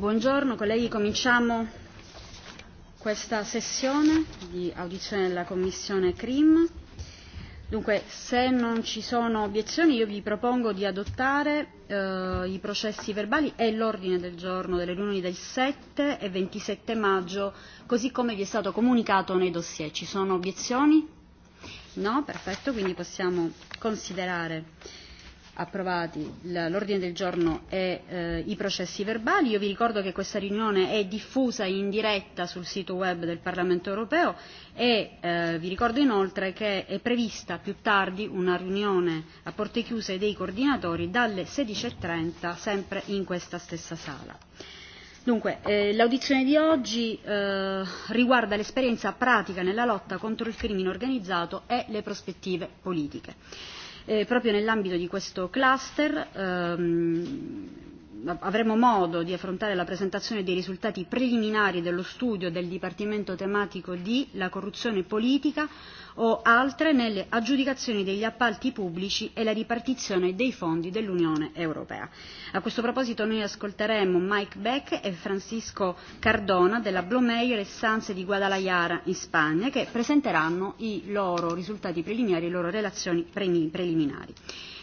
Buongiorno colleghi, cominciamo questa sessione di audizione della Commissione CRIM. Dunque, se non ci sono obiezioni, io vi propongo di adottare eh, i processi verbali e l'ordine del giorno delle riunioni del 7 e 27 maggio, così come vi è stato comunicato nei dossier. Ci sono obiezioni? No? Perfetto, quindi possiamo considerare approvati l'ordine del giorno e eh, i processi verbali. Io vi ricordo che questa riunione è diffusa in diretta sul sito web del Parlamento europeo e eh, vi ricordo inoltre che è prevista più tardi una riunione a porte chiuse dei coordinatori dalle 16.30 e sempre in questa stessa sala. Dunque, eh, l'audizione di oggi eh, riguarda l'esperienza pratica nella lotta contro il crimine organizzato e le prospettive politiche. Eh, proprio nell'ambito di questo cluster ehm, avremo modo di affrontare la presentazione dei risultati preliminari dello studio del Dipartimento tematico di la corruzione politica o altre nelle aggiudicazioni degli appalti pubblici e la ripartizione dei fondi dell'Unione Europea. A questo proposito noi ascolteremo Mike Beck e Francisco Cardona della Blomeyer e Sanz di Guadalajara in Spagna che presenteranno i loro risultati preliminari e le loro relazioni preliminari.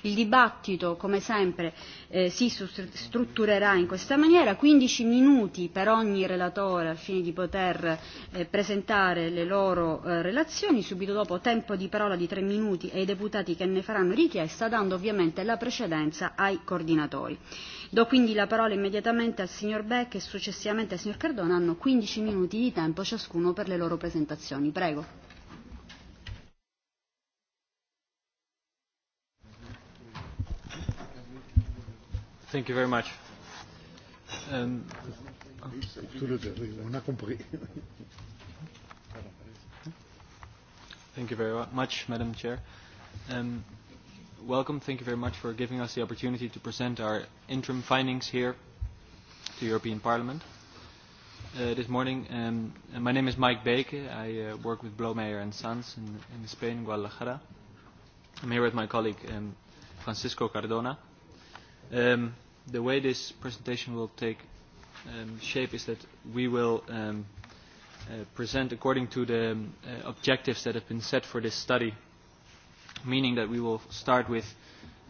Il dibattito, come sempre, eh, si strutturerà in questa maniera, 15 minuti per ogni relatore al fine di poter eh, presentare le loro eh, relazioni, subito dopo tempo di parola di 3 minuti ai deputati che ne faranno richiesta, dando ovviamente la precedenza ai coordinatori. Do quindi la parola immediatamente al signor Beck e successivamente al signor Cardona, hanno 15 minuti di tempo ciascuno per le loro presentazioni. Prego. Thank you very much. Um, on a compris. Thank you very much, Madam Chair. Um, welcome. Thank you very much for giving us the opportunity to present our interim findings here to European Parliament. Uh, this morning, um, uh, my name is Mike Beke. I uh, work with Blomeyer and Sons in, in Spain, Guadalajara. I'm here with my colleague um, Francisco Cardona Um, the way this presentation will take um, shape is that we will um, uh, present according to the um, uh, objectives that have been set for this study, meaning that we will start with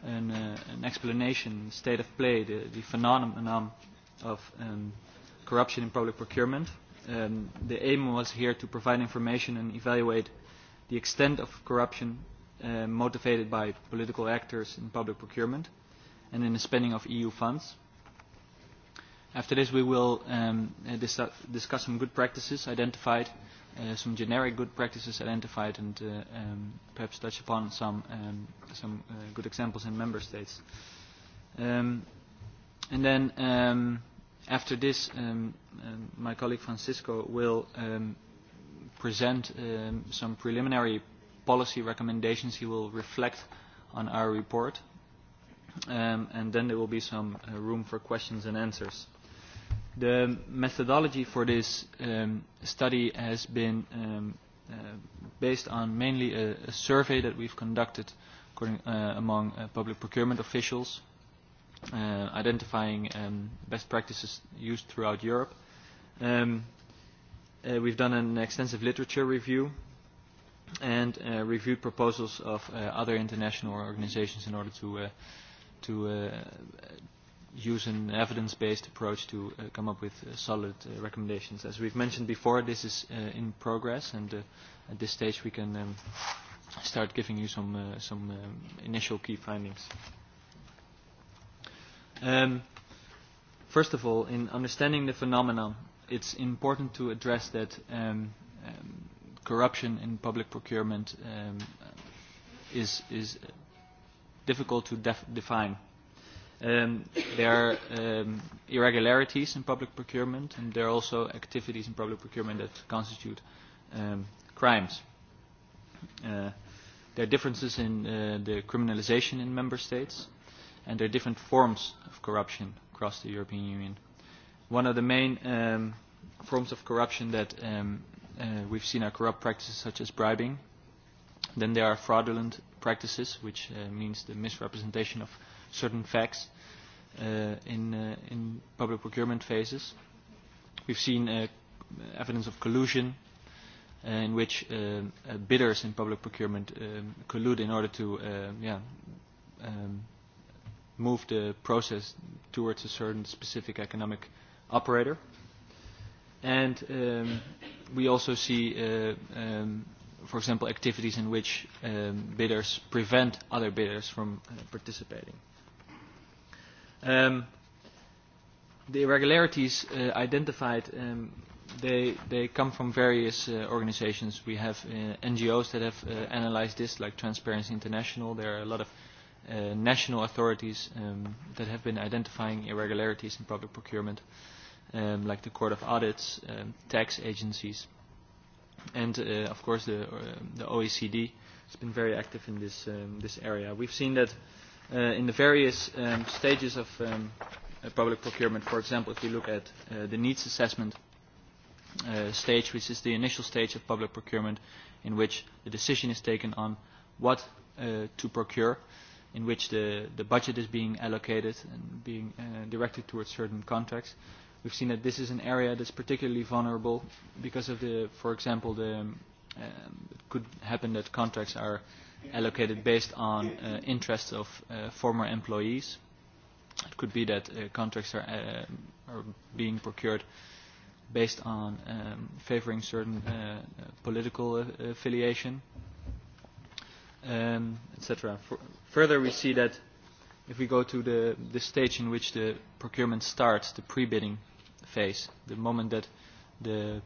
an, uh, an explanation, state of play, the, the phenomenon of um, corruption in public procurement. Um, the aim was here to provide information and evaluate the extent of corruption uh, motivated by political actors in public procurement. Uh, and in the spending of EU funds. After this, we will um, uh, dis discuss some good practices identified, uh, some generic good practices identified, and uh, um, perhaps touch upon some, um, some uh, good examples in member states. Um, and then um, after this, um, um, my colleague Francisco will um, present um, some preliminary policy recommendations. He will reflect on our report um, and then there will be some uh, room for questions and answers. The methodology for this um, study has been um, uh, based on mainly a, a survey that we've conducted according, uh, among uh, public procurement officials, uh, identifying um, best practices used throughout Europe. Um, uh, we've done an extensive literature review and uh, reviewed proposals of uh, other international organizations in order to uh, to uh, use an evidence-based approach to uh, come up with uh, solid uh, recommendations. As we've mentioned before, this is uh, in progress, and uh, at this stage we can um, start giving you some, uh, some um, initial key findings. Um, first of all, in understanding the phenomenon, it's important to address that um, um, corruption in public procurement um, is, is difficult to def define. Um, there are um, irregularities in public procurement, and there are also activities in public procurement that constitute um, crimes. Uh, there are differences in uh, the criminalization in member states, and there are different forms of corruption across the European Union. One of the main um, forms of corruption that um, uh, we've seen are corrupt practices such as bribing. Then there are fraudulent practices, which uh, means the misrepresentation of certain facts uh, in, uh, in public procurement phases. We've seen uh, evidence of collusion uh, in which uh, uh, bidders in public procurement um, collude in order to uh, yeah, um, move the process towards a certain specific economic operator. And um, we also see uh, um, for example, activities in which um, bidders prevent other bidders from uh, participating. Um, the irregularities uh, identified, um, they, they come from various uh, organizations. We have uh, NGOs that have uh, analyzed this, like Transparency International. There are a lot of uh, national authorities um, that have been identifying irregularities in public procurement, um, like the Court of Audits, um, tax agencies and uh, of course the, uh, the OECD has been very active in this, um, this area. We've seen that uh, in the various um, stages of um, uh, public procurement, for example, if you look at uh, the needs assessment uh, stage, which is the initial stage of public procurement in which the decision is taken on what uh, to procure, in which the, the budget is being allocated and being uh, directed towards certain contracts we've seen that this is an area that's particularly vulnerable because of the, for example, the um, it could happen that contracts are allocated based on uh, interests of uh, former employees. It could be that uh, contracts are, uh, are being procured based on um, favoring certain uh, political uh, affiliation, um, etc. Further, we see that if we go to the, the stage in which the procurement starts, the pre-bidding phase, the moment that the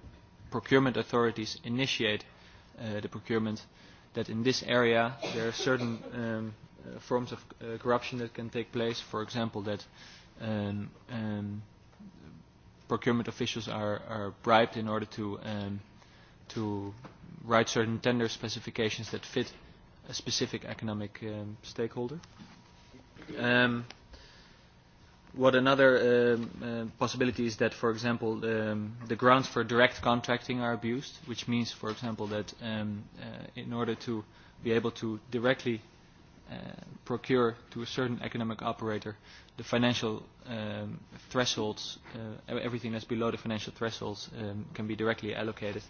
procurement authorities initiate uh, the procurement, that in this area there are certain um, uh, forms of uh, corruption that can take place. For example, that um, um, procurement officials are, are bribed in order to, um, to write certain tender specifications that fit a specific economic um, stakeholder. Um, what another um, uh, possibility is that, for example, um, the grounds for direct contracting are abused, which means, for example, that um, uh, in order to be able to directly uh, procure to a certain economic operator the financial um, thresholds, uh, e-, everything that's below the financial thresholds um, can be directly allocated.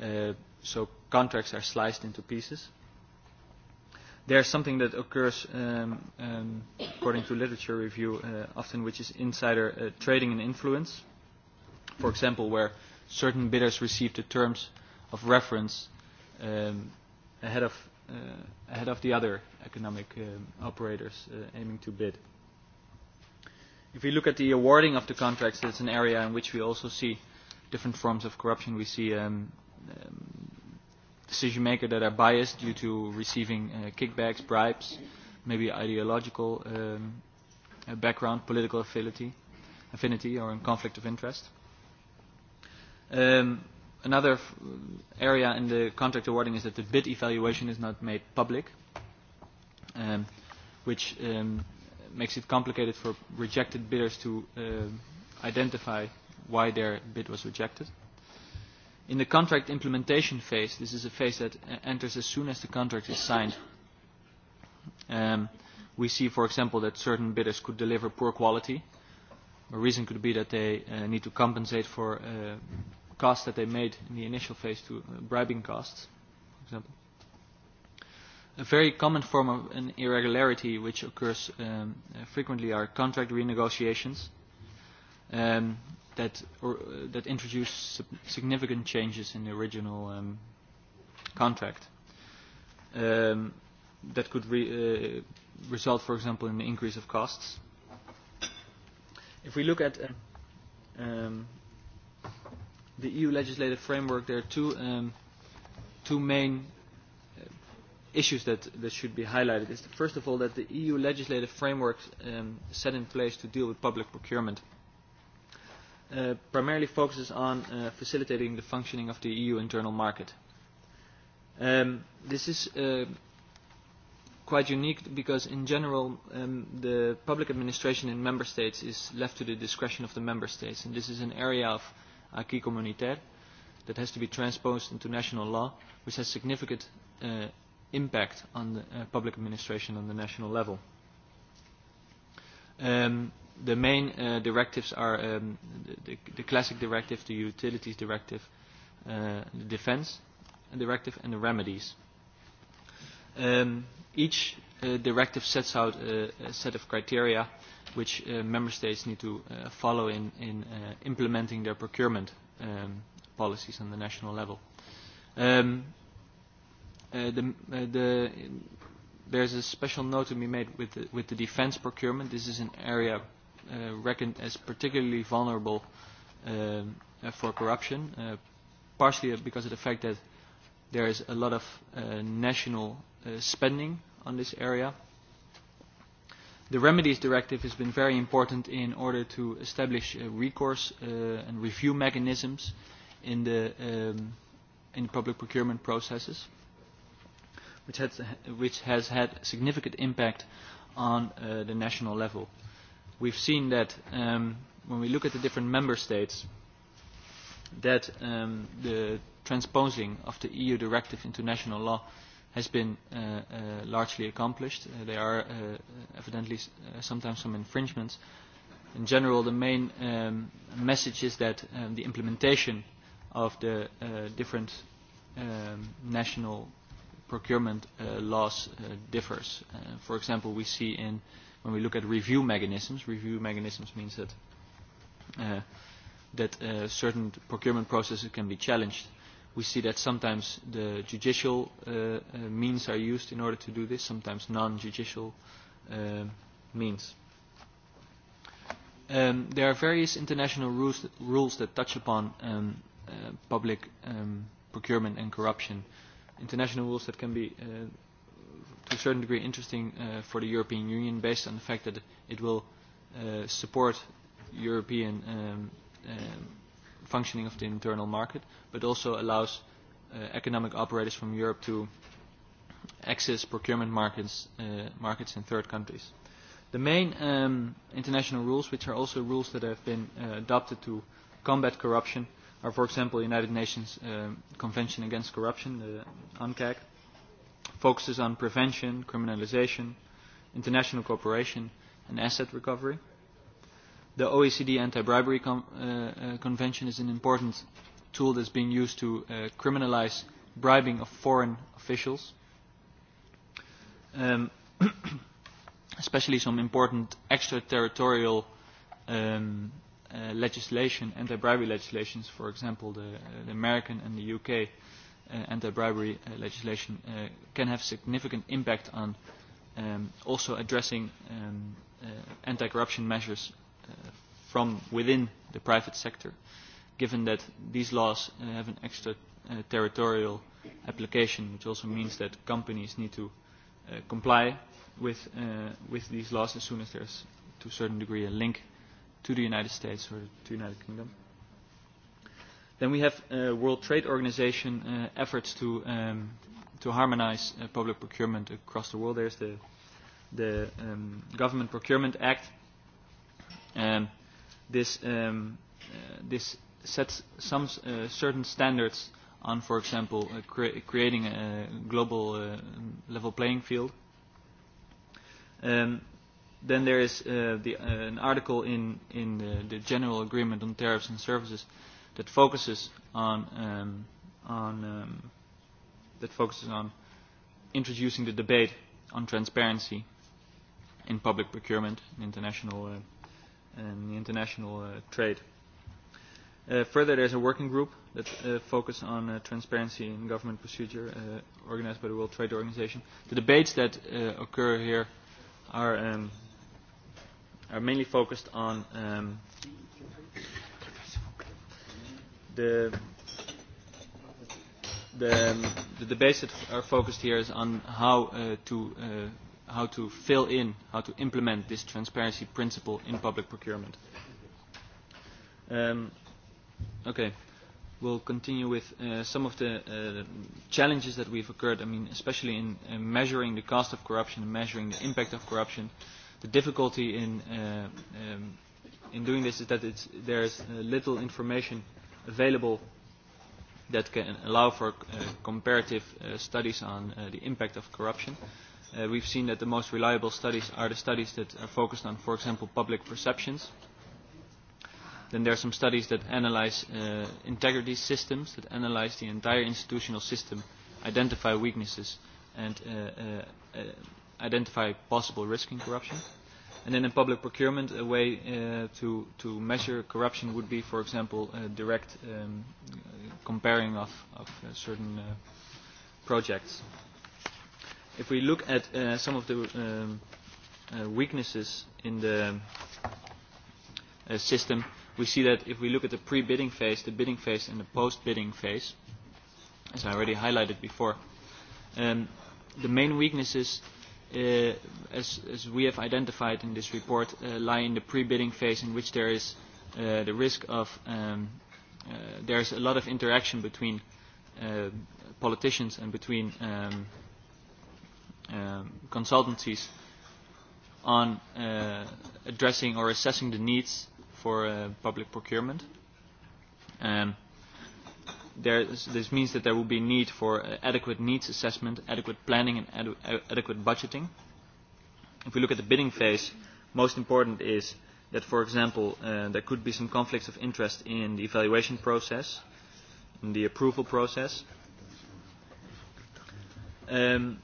Uh, so contracts are sliced into pieces there's something that occurs, um, um, according to literature review, uh, often which is insider uh, trading and influence. For example, where certain bidders receive the terms of reference um, ahead of uh, ahead of the other economic um, operators uh, aiming to bid. If we look at the awarding of the contracts, it's an area in which we also see different forms of corruption. We see um, um, decision maker that are biased due to receiving uh, kickbacks, bribes, maybe ideological um, uh, background, political affinity, affinity or in conflict of interest. Um, another f area in the contract awarding is that the bid evaluation is not made public, um, which um, makes it complicated for rejected bidders to uh, identify why their bid was rejected. In the contract implementation phase, this is a phase that e-, enters as soon as the contract is signed, um, we see, for example, that certain bidders could deliver poor quality. A reason could be that they uh, need to compensate for uh, costs that they made in the initial phase to uh, bribing costs, for example. A very common form of an irregularity which occurs um, uh, frequently are contract renegotiations. Um, that or, uh, that introduced significant changes in the original um, contract. Um, that could re, uh, result, for example, in the increase of costs. If we look at uh, um, the EU legislative framework, there are two um, two main uh, issues that, that should be highlighted is first of all that the EU legislative framework um, set in place to deal with public procurement Uh, primarily focuses on uh, facilitating the functioning of the EU internal market. Um, this is uh, quite unique because in general um, the public administration in member states is left to the discretion of the member states and this is an area of acquis communautaire that has to be transposed into national law which has significant uh, impact on the uh, public administration on the national level. Um, the main uh, directives are um, the, the classic directive, the utilities directive, uh, the defense directive, and the remedies. Um, each uh, directive sets out a, a set of criteria which uh, member states need to uh, follow in, in uh, implementing their procurement um, policies on the national level. Um, uh, the, uh, the, there's a special note to be made with the, with the defense procurement. This is an area uh, eh, reckoned as particularly vulnerable um, uh, for corruption, uh, partially because of the fact that there is a lot of uh, national uh, spending on this area. The Remedies Directive has been very important in order to establish uh, recourse uh, and review mechanisms in the, um, in public procurement processes, which has, which has had significant impact on uh, the national level we've seen that um, when we look at the different member states, that um, the transposing of the EU directive into national law has been uh, uh, largely accomplished. Uh, there are uh, evidently uh, sometimes some infringements. In general, the main um, message is that um, the implementation of the uh, different um, national procurement uh, laws uh, differs. Uh, for example, we see in uh, when we look at review mechanisms, review mechanisms means that uh, that uh, certain procurement processes can be challenged. We see that sometimes the judicial uh, uh, means are used in order to do this, sometimes non-judicial uh, means. Um, there are various international rules that, rules that touch upon um, uh, public um, procurement and corruption. International rules that can be uh, to a certain degree interesting uh, for the European Union based on the fact that it will uh, support European um, um, functioning of the internal market, but also allows uh, economic operators from Europe to access procurement markets, uh, markets in third countries. The main um, international rules, which are also rules that have been uh, adopted to combat corruption, are, for example, the United Nations um, Convention Against Corruption, the UNCAC, focuses on prevention, criminalisation, international cooperation and asset recovery. The OECD Anti-Bribery Con uh, uh, Convention is an important tool that is being used to uh, criminalise bribing of foreign officials. Um, especially some important extraterritorial um, uh, legislation, anti-bribery legislations, for example, the, uh, the American and the UK uh, anti-bribery uh, legislation uh, can have significant impact on um, also addressing um, uh, anti-corruption measures uh, from within the private sector, given that these laws uh, have an extra uh, territorial application, which also means that companies need to uh, comply with, uh, with these laws as soon as there's, to a certain degree, a link to the United States or to the United Kingdom. Then we have uh, World Trade Organization uh, efforts to um, to harmonize uh, public procurement across the world. There's the the um, Government Procurement Act. Um, this um, uh, this sets some uh, certain standards on, for example, uh, cre creating a global uh, level playing field. Um, then there is uh, the, uh, an article in in the, the General Agreement on Tariffs and Services uh, that focuses on um, on um, that focuses on introducing the debate on transparency in public procurement and international uh, and international uh, trade. Uh, further, there's a working group that uh, focuses on uh, transparency in government procedure uh, organized by the World Trade Organization. The debates that uh, occur here are, um, are mainly focused on um, the the, the debates that are focused here is on how uh, to uh, how to fill in, how to implement this transparency principle in public procurement. Um, okay, we'll continue with uh, some of the uh, challenges that we've occurred. I mean, especially in uh, measuring the cost of corruption, and measuring the impact of corruption, the difficulty in uh, um, in doing this is that it's, there's uh, little information available that can allow for uh, comparative uh, studies on uh, the impact of corruption. Uh, we've seen that the most reliable studies are the studies that are focused on, for example, public perceptions. Then there are some studies that analyze uh, integrity systems, that analyze the entire institutional system, identify weaknesses, and uh, uh, uh, identify possible risk in corruption. Uh, And then in public procurement, a way uh, to, measure corruption would be, for example, uh, direct um, comparing of, uh, certain uh, projects. If we look at some of the um, weaknesses in the system, we see that if we look at the pre-bidding phase, the bidding phase, and the post-bidding phase, as I already highlighted before, um, the main weaknesses Uh, as, as we have identified in this report, uh, lie in the pre-bidding phase in which there is uh, the risk of um, uh, a lot of interaction between uh, politicians and between um, um, consultancies on uh, addressing or assessing the needs for uh, public procurement. Um, there, this means that there will be need for uh, adequate needs assessment, adequate planning and ad uh, adequate budgeting. If we look at the bidding phase, most important is that, for example, uh, there could be some conflicts of interest in the evaluation process, in the approval process. Um,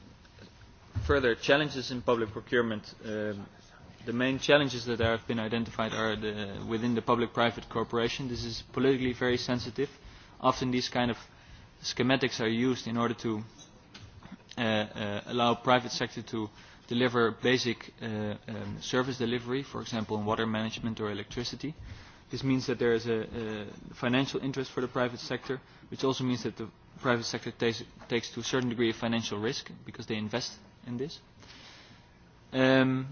further challenges in public procurement. Um, the main challenges that have been identified are the, within the public-private cooperation. This is politically very sensitive often these kind of schematics are used in order to uh, uh, allow the private sector to deliver basic uh, um, service delivery, for example, in water management or electricity. This means that there is a, financial interest for the private sector, which also means that the private sector takes, to a certain degree of financial risk because they invest in this. Um,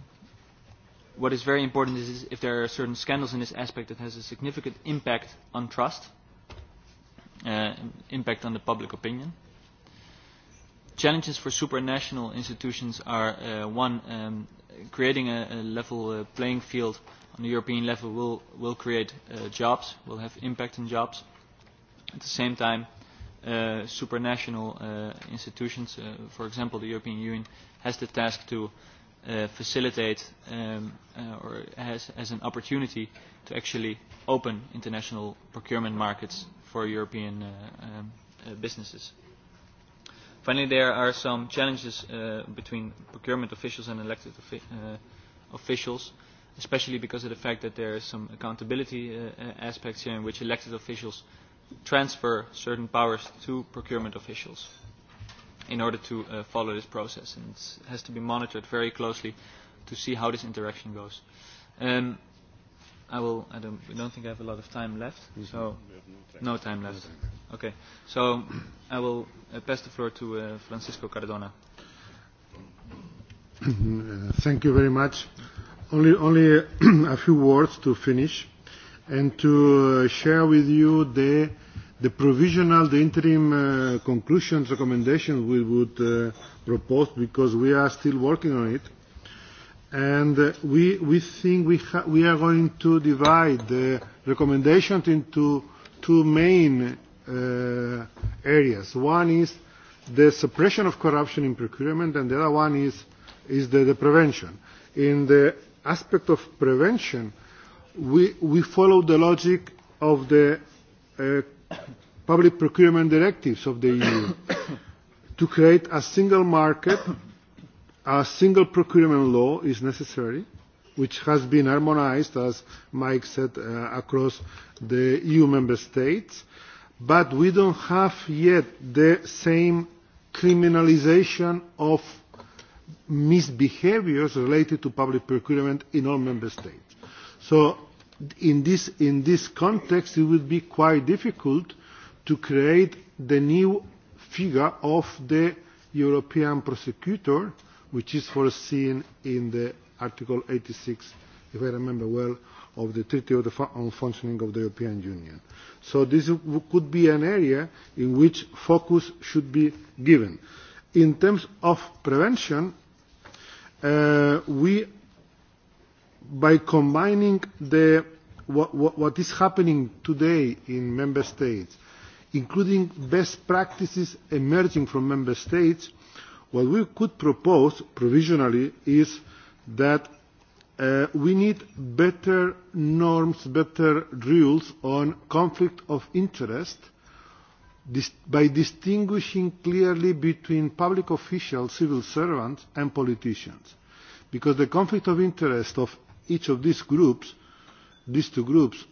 what is very important is, is if there are certain scandals in this aspect that has a significant impact on trust, uh, impact on the public opinion. Challenges for supranational institutions are uh, one, um, creating a, a level uh, playing field on the European level will, will create uh, jobs, will have impact on jobs. At the same time, uh, supranational uh, institutions, uh, for example the European Union, has the task to uh, facilitate um, uh, or has, has an opportunity to actually open international procurement markets for European uh, uh, businesses. Finally, there are some challenges uh, between procurement officials and elected uh, officials, especially because of the fact that there are some accountability uh, uh, aspects here in which elected officials transfer certain powers to procurement officials in order to uh, follow this process. And it has to be monitored very closely to see how this interaction goes. Um, i will. I don't. We don't think I have a lot of time left. Mm-hmm. So no, no time left. No okay. So I will uh, pass the floor to uh, Francisco Cardona. Uh, thank you very much. Only, only a few words to finish, and to uh, share with you the the provisional, the interim uh, conclusions, recommendations we would uh, propose because we are still working on it and uh, we, we think we, ha we are going to divide the recommendations into two main uh, areas. One is the suppression of corruption in procurement, and the other one is, is the, the prevention. In the aspect of prevention, we, we follow the logic of the uh, public procurement directives of the EU to create a single market a single procurement law is necessary, which has been harmonised as Mike said, uh, across the EU member states. But we don't have yet the same criminalisation of misbehaviours related to public procurement in all member states. So in this, in this context, it would be quite difficult to create the new figure of the European prosecutor which is foreseen in article Article 86, if I remember well, of the Treaty on the Functioning of the European Union. So this could be an area in which focus should be given. In terms of prevention, uh, we, by combining the, what, what, what is happening today in member states, including best practices emerging from member states, What we could propose provisionally is that uh, we need better norms, better rules on conflict of interest dis by distinguishing clearly between public officials, civil servants and politicians. Because the conflict of interest of each of these groups, these two groups,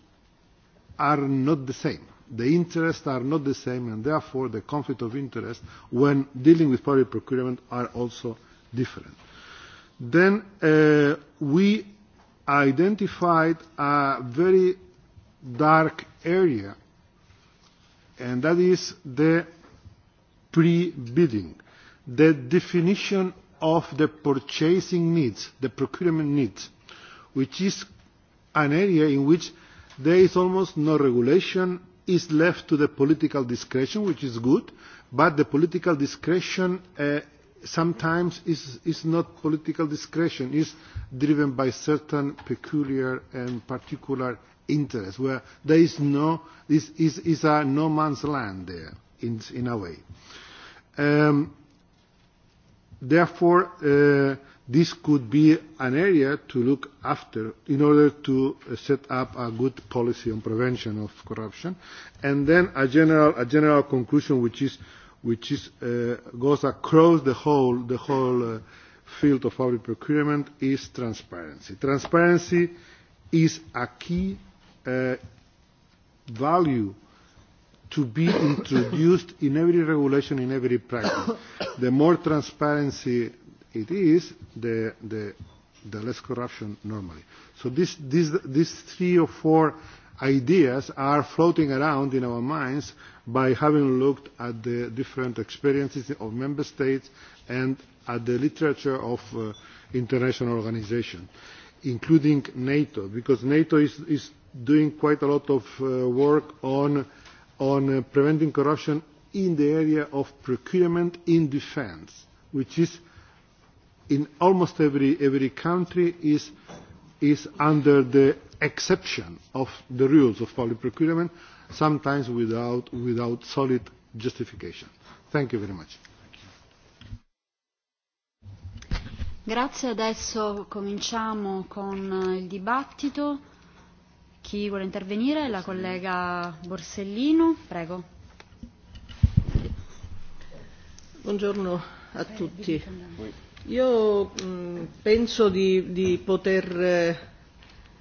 are not the same the interests are not the same and therefore the conflict of interest when dealing with public procurement are also different. Then uh, we identified a very dark area and that is the pre-bidding, the definition of the purchasing needs, the procurement needs, which is an area in which there is almost no regulation is left to the political discretion, which is good, but the political discretion uh, sometimes is, is not political discretion, is driven by certain peculiar and particular interests, where there is no, this is, is a no man's land there, in, in a way. Um, therefore, uh, this could be an area to look after in order to uh, set up a good policy on prevention of corruption. And then a general, a general conclusion which, is, which is, uh, goes across the whole, the whole uh, field of public procurement is transparency. Transparency is a key uh, value to be introduced in every regulation, in every practice. The more transparency it is, the, the, the less corruption normally. So this, this, these three or four ideas are floating around in our minds by having looked at the different experiences of member states and at the literature of uh, international organizations, including NATO, because NATO is, is doing quite a lot of uh, work on, on uh, preventing corruption in the area of procurement in defense, which is in almost every, every country is, is under the exception of the rules of public procurement, sometimes without, without solid justification. Thank you very much. Grazie, adesso cominciamo con il dibattito. Chi vuole intervenire? La collega Borsellino, prego. Buongiorno a tutti. Io mm, penso di, di poter eh,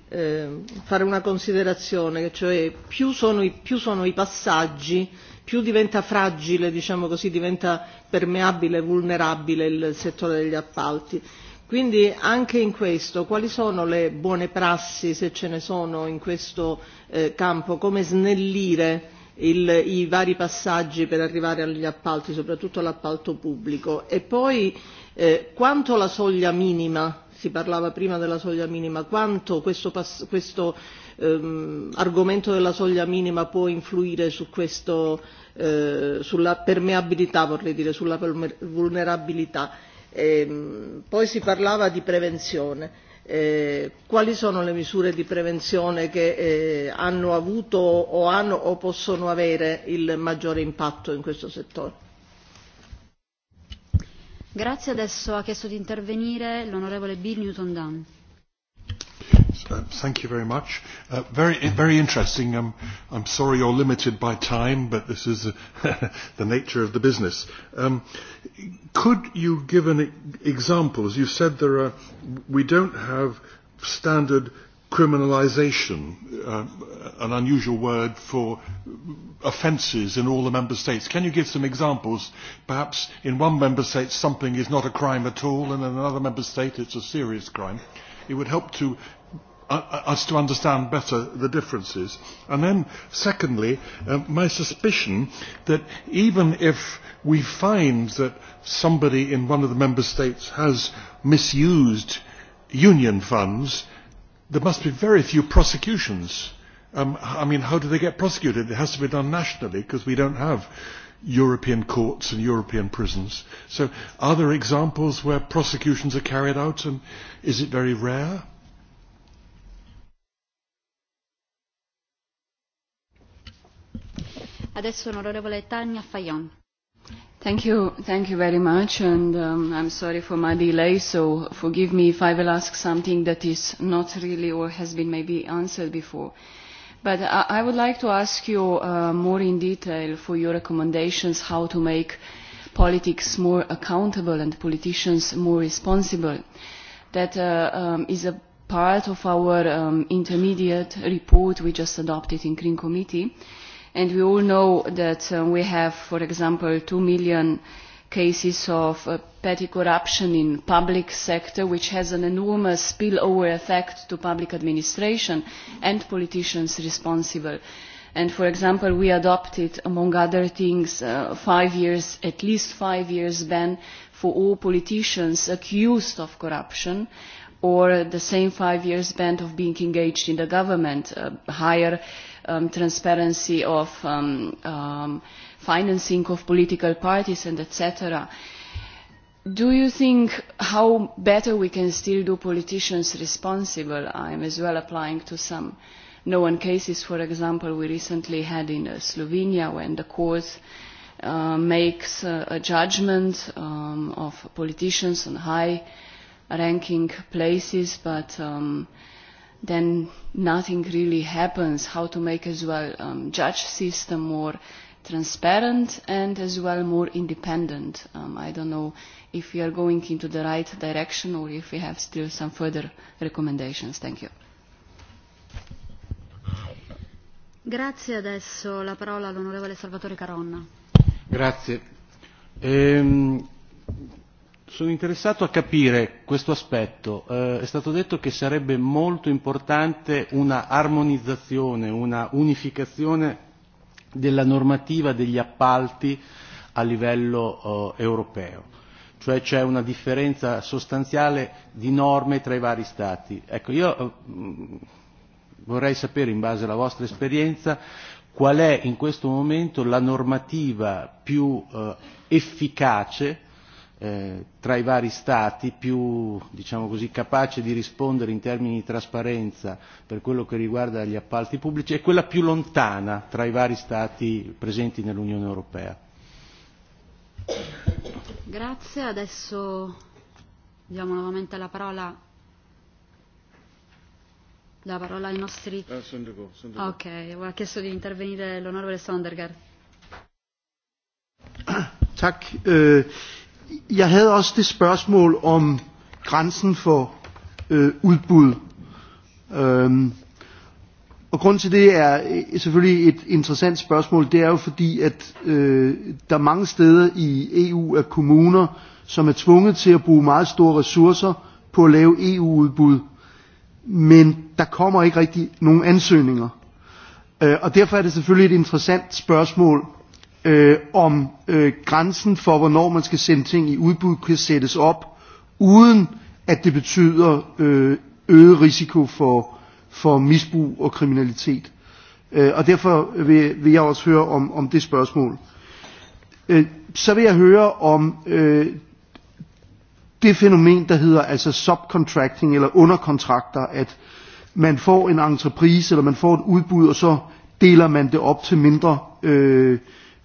eh fare una considerazione, cioè più sono, i, più sono i passaggi, più diventa fragile, diciamo così, diventa permeabile, vulnerabile il settore degli appalti. Quindi anche in questo, quali sono le buone prassi, se ce ne sono, in questo eh, campo? Come snellire il, i vari passaggi per arrivare agli appalti, soprattutto all'appalto pubblico. E poi eh, quanto la soglia minima, si parlava prima della soglia minima, quanto questo, pass- questo ehm, argomento della soglia minima può influire su questo, eh, sulla permeabilità, vorrei dire, sulla vulnerabilità. E poi si parlava di prevenzione Eh, quali sono le misure di prevenzione che eh, hanno avuto o hanno o possono avere il maggiore impatto in questo settore? Grazie, adesso ha chiesto di intervenire l'onorevole Bill Newton Dunn. Uh, thank you very much. Uh, very, very interesting. Um, I'm sorry you're limited by time, but this is uh, the nature of the business. Um, could you give an e-, example? As you said, there are, we don't have standard criminalization, uh, an unusual word for offences in all the member states. Can you give some examples? Perhaps in one member state something is not a crime at all, and in another member state it's a serious crime. It would help to uh, us to understand better the differences. And then, secondly, uh, my suspicion that even if we find that somebody in one of the member states has misused union funds, there must be very few prosecutions. Um, I mean, how do they get prosecuted? It has to be done nationally because we don't have European courts and European prisons. So are there examples where prosecutions are carried out and is it very rare? Adesso l'onorevole Tania Fayon. Thank you, thank you very much, and um, I'm sorry for my delay, so forgive me if I will ask something that is not really or has been maybe answered before. But I, I would like to ask you uh, more in detail for your recommendations how to make politics more accountable and politicians more responsible. That uh, um, is a part of our um, intermediate report we just adopted in Green Committee and we all know that uh, we have, for example, 2 million cases of uh, petty corruption in public sector, which has an enormous spillover effect to public administration and politicians responsible. And for example, we adopted, among other things, uh, five years, at least five years ban for all politicians accused of corruption or the same five years ban of being engaged in the government, uh, higher uh, um, transparency of um, um, financing of political parties and etc. Do you think how better we can still do politicians responsible? I am as well applying to some known cases, for example, we recently had in uh, Slovenia when the court uh, makes uh, a judgment um, of politicians on high ranking places, but um, uh, then nothing really happens. How to make as well um, judge system more transparent and as well more independent. Um, I don't know if we are going into the right direction or if we have still some further recommendations. Thank you. Grazie, adesso la parola all'onorevole Salvatore Caronna. Grazie. Ehm, Sono interessato a capire questo aspetto. Eh, è stato detto che sarebbe molto importante una armonizzazione, una unificazione della normativa degli appalti a livello eh, europeo, cioè c'è una differenza sostanziale di norme tra i vari Stati. Ecco, io eh, mm, vorrei sapere, in base alla vostra esperienza, qual è in questo momento la normativa più eh, efficace Eh, tra i vari Stati più diciamo così, capace di rispondere in termini di trasparenza per quello che riguarda gli appalti pubblici è quella più lontana tra i vari Stati presenti nell'Unione Europea. Grazie, adesso diamo nuovamente la parola la parola ai nostri... Eh, ah, Sundugo, Sundugo. Ok, ha chiesto di intervenire l'onorevole Sondergaard. Tack. Eh, Jeg havde også det spørgsmål om grænsen for øh, udbud. Øhm, og grund til det er øh, selvfølgelig et interessant spørgsmål. Det er jo fordi, at øh, der mange steder i EU er kommuner, som er tvunget til at bruge meget store ressourcer på at lave EU-udbud. Men der kommer ikke rigtig nogen ansøgninger. Øh, og derfor er det selvfølgelig et interessant spørgsmål, øh, om øh, grænsen for, hvornår man skal sende ting i udbud, kan sættes op, uden at det betyder øh, øget risiko for, for misbrug og kriminalitet. Øh, og derfor vil, vil jeg også høre om, om det spørgsmål. Øh, så vil jeg høre om øh, det fænomen, der hedder altså subcontracting eller underkontrakter, at man får en entreprise, eller man får et udbud, og så deler man det op til mindre øh,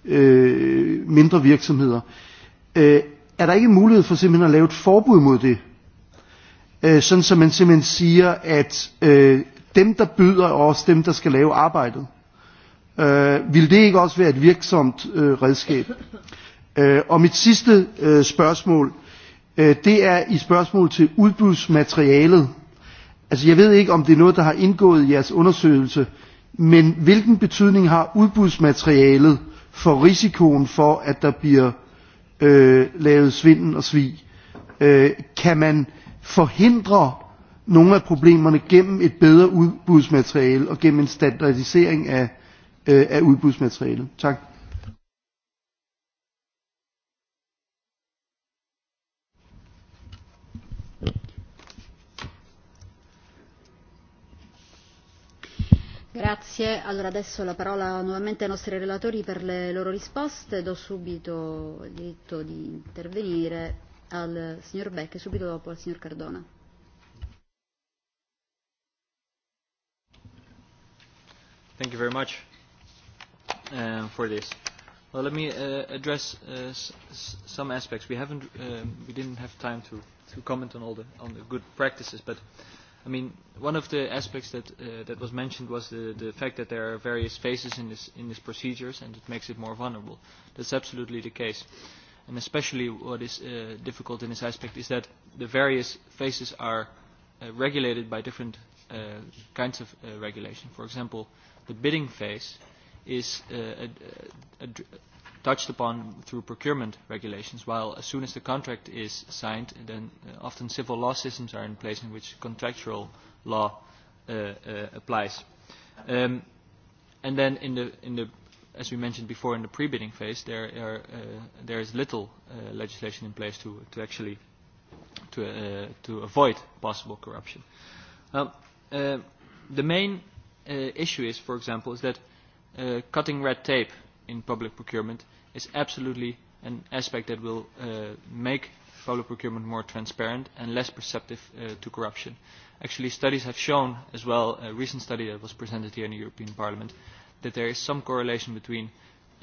øh, mindre virksomheder. Øh, er der ikke mulighed for simpelthen at lave et forbud mod det? Øh, sådan så man simpelthen siger, at øh, dem, der byder, er også dem, der skal lave arbejdet. Øh, vil det ikke også være et virksomt øh, redskab? Øh, og mit sidste øh, spørgsmål, øh, det er i spørgsmål til udbudsmaterialet. Altså jeg ved ikke, om det er noget, der har indgået i jeres undersøgelse, men hvilken betydning har udbudsmaterialet for risikoen for, at der bliver øh, lavet svindel og svig? Øh, kan man forhindre nogle af problemerne gennem et bedre udbudsmateriale og gennem en standardisering af, øh, af udbudsmaterialet? Tak. Grazie. Allora adesso la parola nuovamente ai nostri relatori per le loro risposte. Do subito il diritto di intervenire al signor Beck e subito dopo al signor Cardona. Thank you very much uh, for this. Well, let me uh, address uh, s s some aspects. We haven't, uh, we didn't have time to, to comment on all the on the good practices, but uh, i mean, one of the aspects that, uh, that was mentioned was the, the fact that there are various phases in this, in these procedures and it makes it more vulnerable. That's absolutely the case. And especially what is uh, difficult in this aspect is that the various phases are uh, regulated by different uh, kinds of uh, regulation. For example, the bidding phase is uh, a, a, a touched upon through procurement regulations, while as soon as the contract is signed, then uh, often civil law systems are in place in which contractual law uh, uh, applies. Um, and then in the, in the, as we mentioned before, in the pre-bidding phase, there, are, uh, there is little uh, legislation in place to, to actually to, uh, to avoid possible corruption. Now, uh, the main uh, issue is, for example, is that uh, cutting red tape in public procurement is absolutely an aspect that will uh, make public procurement more transparent and less perceptive uh, to corruption. Actually, studies have shown as well, a recent study that was presented here in the European Parliament, that there is some correlation between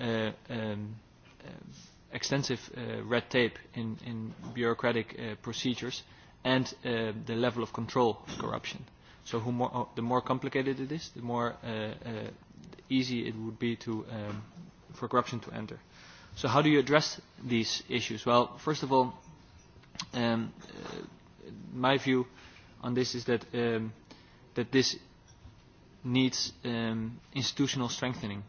uh, um, uh, extensive uh, red tape in, in bureaucratic uh, procedures and uh, the level of control of corruption. So who more, uh, the more complicated it is, the more uh, uh, easy it would be to, um, for corruption to enter. So how do you address these issues? Well, first of all, um, uh, my view on this is that um, that this needs um, institutional strengthening.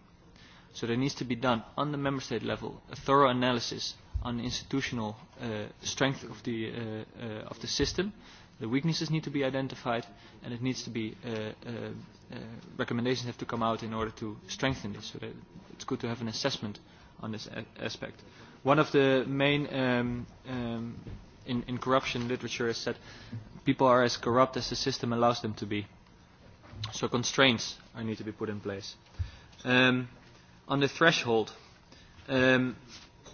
So there needs to be done on the member state level a thorough analysis on the institutional uh, strength of the uh, uh, of the system. The weaknesses need to be identified, and it needs to be uh, uh, uh, recommendations have to come out in order to strengthen this. So that it's good to have an assessment on this aspect. One of the main um, um, in, in corruption literature is that people are as corrupt as the system allows them to be. So constraints are need to be put in place. Um, on the threshold, um,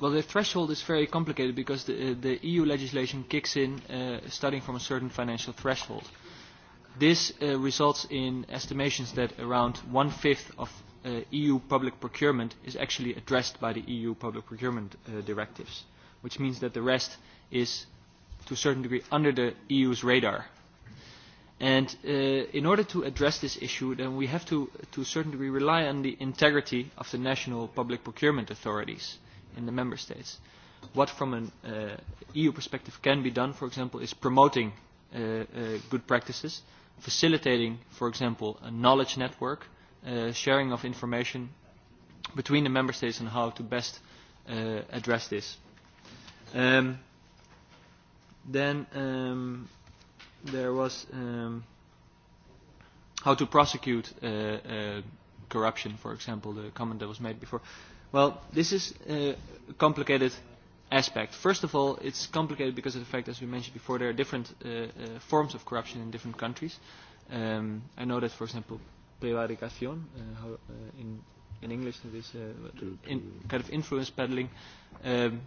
well, the threshold is very complicated because the, uh, the EU legislation kicks in uh, starting from a certain financial threshold. This uh, results in estimations that around one-fifth of Uh, EU public procurement is actually addressed by the EU public procurement uh, directives, which means that the rest is to a certain degree under the EU's radar. And uh, in order to address this issue, then we have to, to a certain degree, rely on the integrity of the national public procurement authorities in the member states. What, from an uh, EU perspective, can be done, for example, is promoting uh, uh, good practices, facilitating, for example, a knowledge network Uh, sharing of information between the member states on how to best uh, address this. Um, then um, there was um, how to prosecute uh, uh, corruption, for example, the comment that was made before. Well, this is uh, a complicated aspect. First of all, it's complicated because of the fact, as we mentioned before, there are different uh, uh, forms of corruption in different countries. Um, I know that, for example, prevarication, uh, how, uh, in, in English it is uh, in, kind of influence peddling. Um,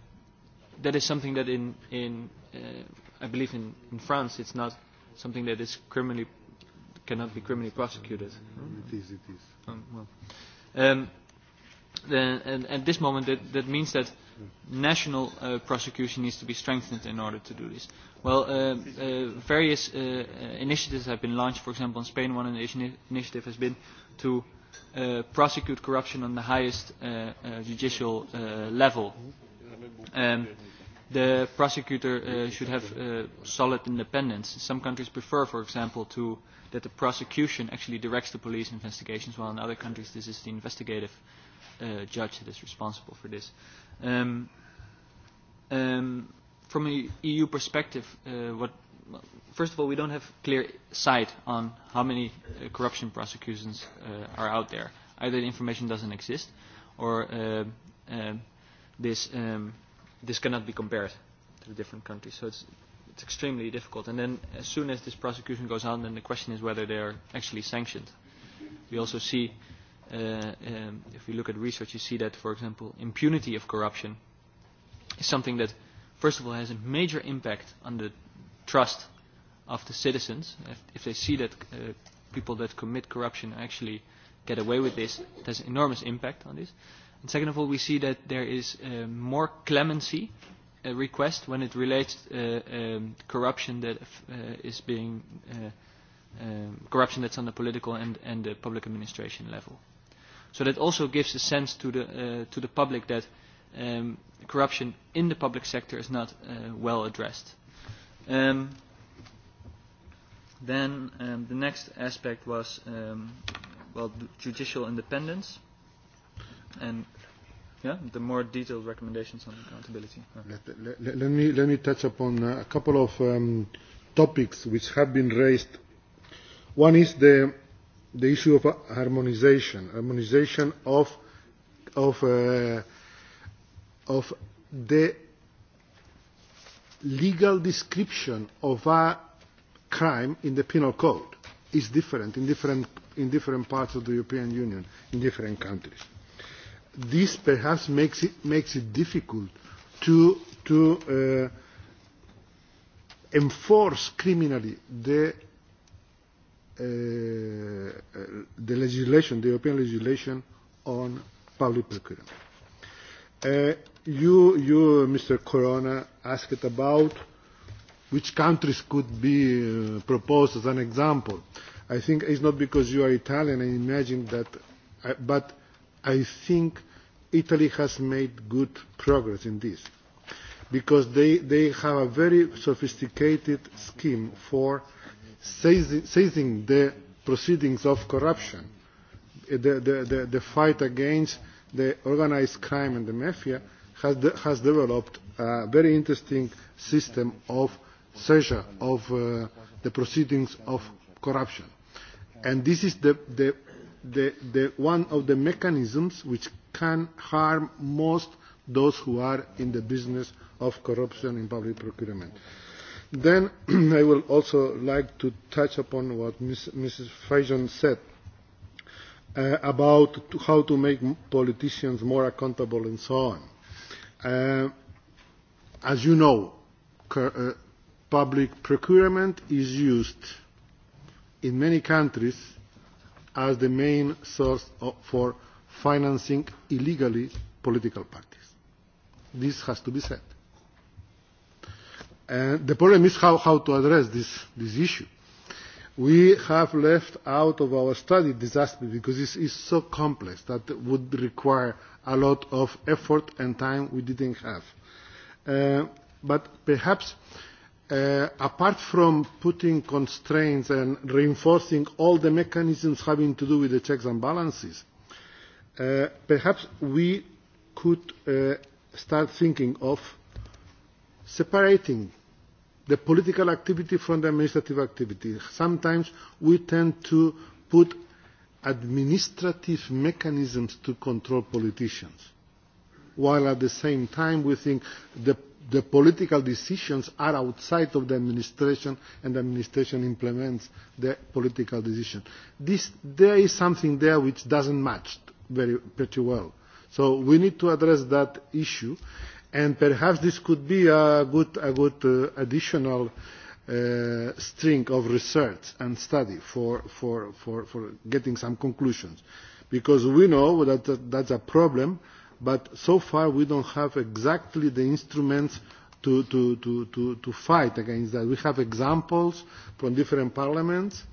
that is something that in, in uh, I believe in, in France it's not something that is criminally cannot be criminally prosecuted. It is, it is. Um, well. um, then, and at this moment that, that means that national uh, prosecution needs to be strengthened in order to do this. Well, uh, uh, various uh, uh initiatives have been launched. For example, in Spain, one initiative has been to uh, prosecute corruption on the highest uh, uh, judicial uh, level. Um, the prosecutor uh, should have uh, solid independence. Some countries prefer, for example, to, that the prosecution actually directs the police investigations, while in other countries this is the investigative uh, judge that is responsible for this. Uh, Um, um, from an EU perspective, uh, what, first of all, we don't have clear sight on how many uh, corruption prosecutions uh, are out there. Either the information doesn't exist, or uh, uh, this um, this cannot be compared to the different countries. So it's it's extremely difficult. And then as soon as this prosecution goes on, then the question is whether they are actually sanctioned. We also see Uh, uh, if we look at research, you see that, for example, impunity of corruption is something that, first of all, has a major impact on the trust of the citizens. If, if they see that uh, people that commit corruption actually get away with this, it has enormous impact on this. And second of all, we see that there is uh, more clemency uh, request when it relates uh, um, corruption that uh, is being uh, um, corruption that's on the political and, and the public administration level. So that also gives a sense to the, uh, to the public that um, corruption in the public sector is not uh, well addressed. Um, then um, the next aspect was um, well judicial independence and yeah the more detailed recommendations on accountability. Yeah. Let, let, let me let me touch upon uh, a couple of um, topics which have been raised. One is the the issue of harmonisation, harmonisation of of uh, of the legal description of a crime in the penal code is different in different in different parts of the European Union, in different countries. This perhaps makes it makes it difficult to to uh, enforce criminally the Uh, the legislation, the European legislation on public procurement. Uh, you, you, Mr. Corona, asked about which countries could be uh, proposed as an example. I think it's not because you are Italian, I imagine that, uh, but I think Italy has made good progress in this because they, they have a very sophisticated scheme for uh, seizing the proceedings of corruption, the, the, the, the fight against the organized crime and the mafia has, de, has developed a very interesting system of seizure of uh, the proceedings of corruption. And this is the, the, the, the one of the mechanisms which can harm most those who are in the business of corruption in public procurement. Uh, Then I would also like to touch upon what Mrs. Fajon said uh, about how to make politicians more accountable and so on. Uh, as you know, uh, public procurement is used in many countries as the main source for financing illegally political parties. This has to be said Uh, the problem is how, how to address this, this issue. We have left out of our study disaster because it is so complex that it would require a lot of effort and time we didn't have. Uh, but perhaps uh, apart from putting constraints and reinforcing all the mechanisms having to do with the checks and balances, uh, perhaps we could uh, start thinking of separating the political activity from the administrative activity. Sometimes we tend to put administrative mechanisms to control politicians, while at the same time we think the, the political decisions are outside of the administration and the administration implements the political decision. This, there is something there which doesn't match very, pretty well. So we need to address that issue and perhaps this could be a good, a good uh, additional uh, string of research and study for, for, for, for getting some conclusions. Because we know that that's a problem, but so far we don't have exactly the instruments to, to, to, to, to fight against that. We have examples from different parliaments.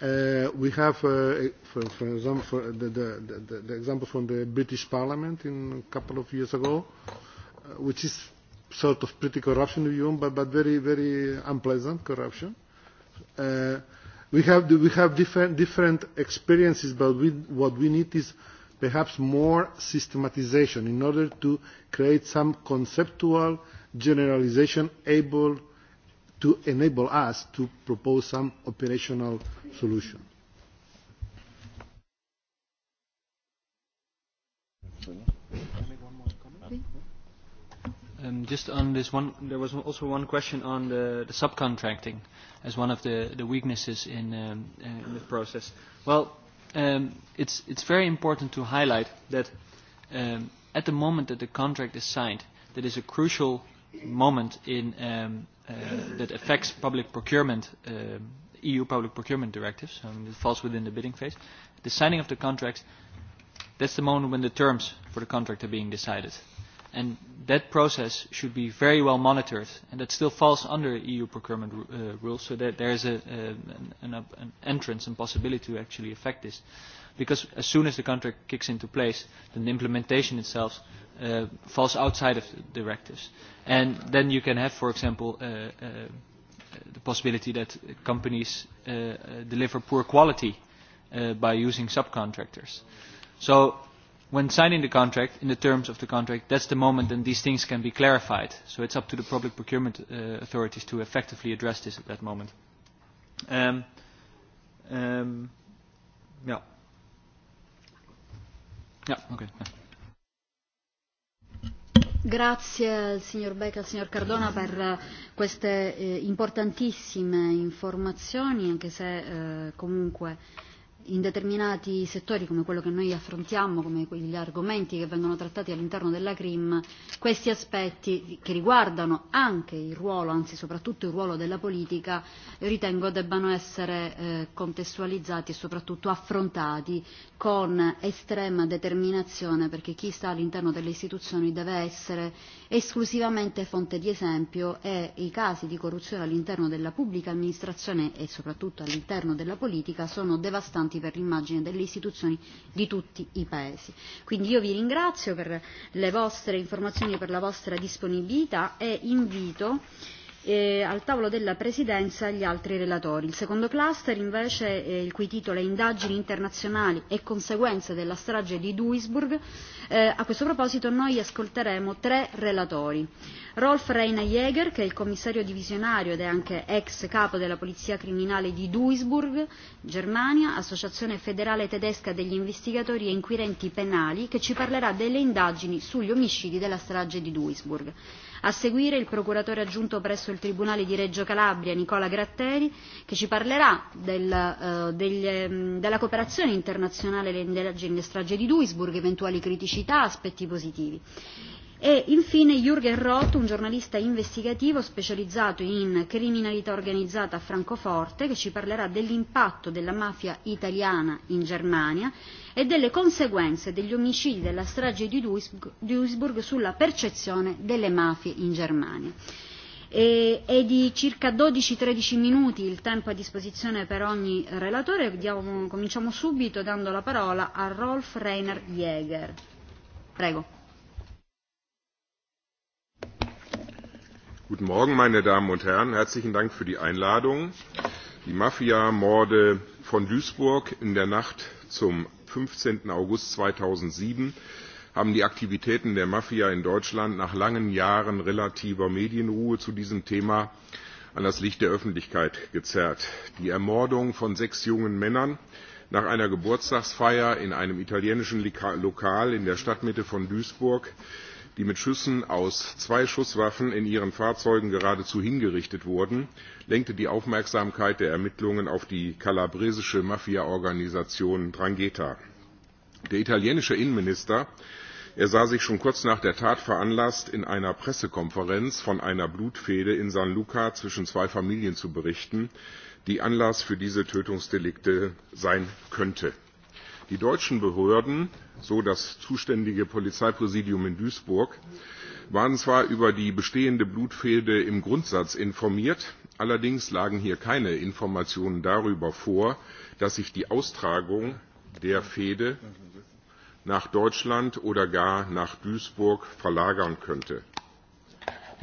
Uh, we have, uh, for, for example, for the, the, the, the example from the British Parliament in a couple of years ago. Uh, which is sort of pretty corruption in but, but very, very unpleasant corruption. Uh, we have, we have different, different experiences, but we, what we need is perhaps more systematization in order to create some conceptual generalization able to enable us to propose some operational solution. Thank you. Um, just on this one, there was also one question on the, the subcontracting as one of the, the weaknesses in, um, uh, in the process. Well, um, it's, it's very important to highlight that um, at the moment that the contract is signed, that is a crucial moment in, um, uh, that affects public procurement, um, EU public procurement directives, um, and it falls within the bidding phase. The signing of the contracts, that's the moment when the terms for the contract are being decided and that process should be very well monitored and that still falls under eu procurement uh, rules so that there is a, a, an, an entrance and possibility to actually affect this because as soon as the contract kicks into place then the implementation itself uh, falls outside of the directives and then you can have for example uh, uh, the possibility that companies uh, deliver poor quality uh, by using subcontractors so when signing the contract, in the terms of the contract, is the moment when these things can be clarified. So is up to the public procurement uh, authorities to effectively address this at that moment. Um, um, yeah. Yeah, okay. Grazie signor Becca, signor Cardona per eh, queste eh, importantissime informazioni, anche se eh, comunque eh, in determinati settori come quello che noi affrontiamo, come gli argomenti che vengono trattati all'interno della CRIM, questi aspetti che riguardano anche il ruolo, anzi soprattutto il ruolo della politica, ritengo debbano essere eh, contestualizzati e soprattutto affrontati con estrema determinazione perché chi sta all'interno delle istituzioni deve essere esclusivamente fonte di esempio e i casi di corruzione all'interno della pubblica amministrazione e soprattutto all'interno della politica sono devastanti importanti per l'immagine delle istituzioni di tutti i Paesi. Quindi io vi ringrazio per le vostre informazioni e per la vostra disponibilità e invito e al tavolo della Presidenza gli altri relatori. Il secondo cluster invece, eh, il cui titolo è Indagini internazionali e conseguenze della strage di Duisburg, eh, a questo proposito noi ascolteremo tre relatori. Rolf Reina Jäger, che è il commissario divisionario ed è anche ex capo della Polizia Criminale di Duisburg, Germania, Associazione Federale Tedesca degli Investigatori e Inquirenti Penali, che ci parlerà delle indagini sugli omicidi della strage di Duisburg. A seguire il procuratore aggiunto presso il Tribunale di Reggio Calabria, Nicola Gratteri, che ci parlerà del, eh, degli, ehm, della cooperazione internazionale nelle strage di Duisburg, eventuali criticità, aspetti positivi. E infine Jürgen Roth, un giornalista investigativo specializzato in criminalità organizzata a Francoforte, che ci parlerà dell'impatto della mafia italiana in Germania e delle conseguenze degli omicidi della strage di Duisburg, sulla percezione delle mafie in Germania. E, è di circa 12-13 minuti il tempo a disposizione per ogni relatore. Diamo, cominciamo subito dando la parola a Rolf Reiner Jäger. Prego. Guten Morgen, meine Damen und Herren. Herzlichen Dank für die Einladung. Die Mafia-Morde von Duisburg in der Nacht zum 15. August 2007 haben die Aktivitäten der Mafia in Deutschland nach langen Jahren relativer Medienruhe zu diesem Thema an das Licht der Öffentlichkeit gezerrt. Die Ermordung von sechs jungen Männern nach einer Geburtstagsfeier in einem italienischen Lokal in der Stadtmitte von Duisburg die mit Schüssen aus zwei Schusswaffen in ihren Fahrzeugen geradezu hingerichtet wurden, lenkte die Aufmerksamkeit der Ermittlungen auf die kalabresische Mafiaorganisation Drangheta. Der italienische Innenminister er sah sich schon kurz nach der Tat veranlasst, in einer Pressekonferenz von einer Blutfehde in San Luca zwischen zwei Familien zu berichten, die Anlass für diese Tötungsdelikte sein könnte. Die deutschen Behörden, so das zuständige Polizeipräsidium in Duisburg, waren zwar über die bestehende Blutfehde im Grundsatz informiert, allerdings lagen hier keine Informationen darüber vor, dass sich die Austragung der Fehde nach Deutschland oder gar nach Duisburg verlagern könnte.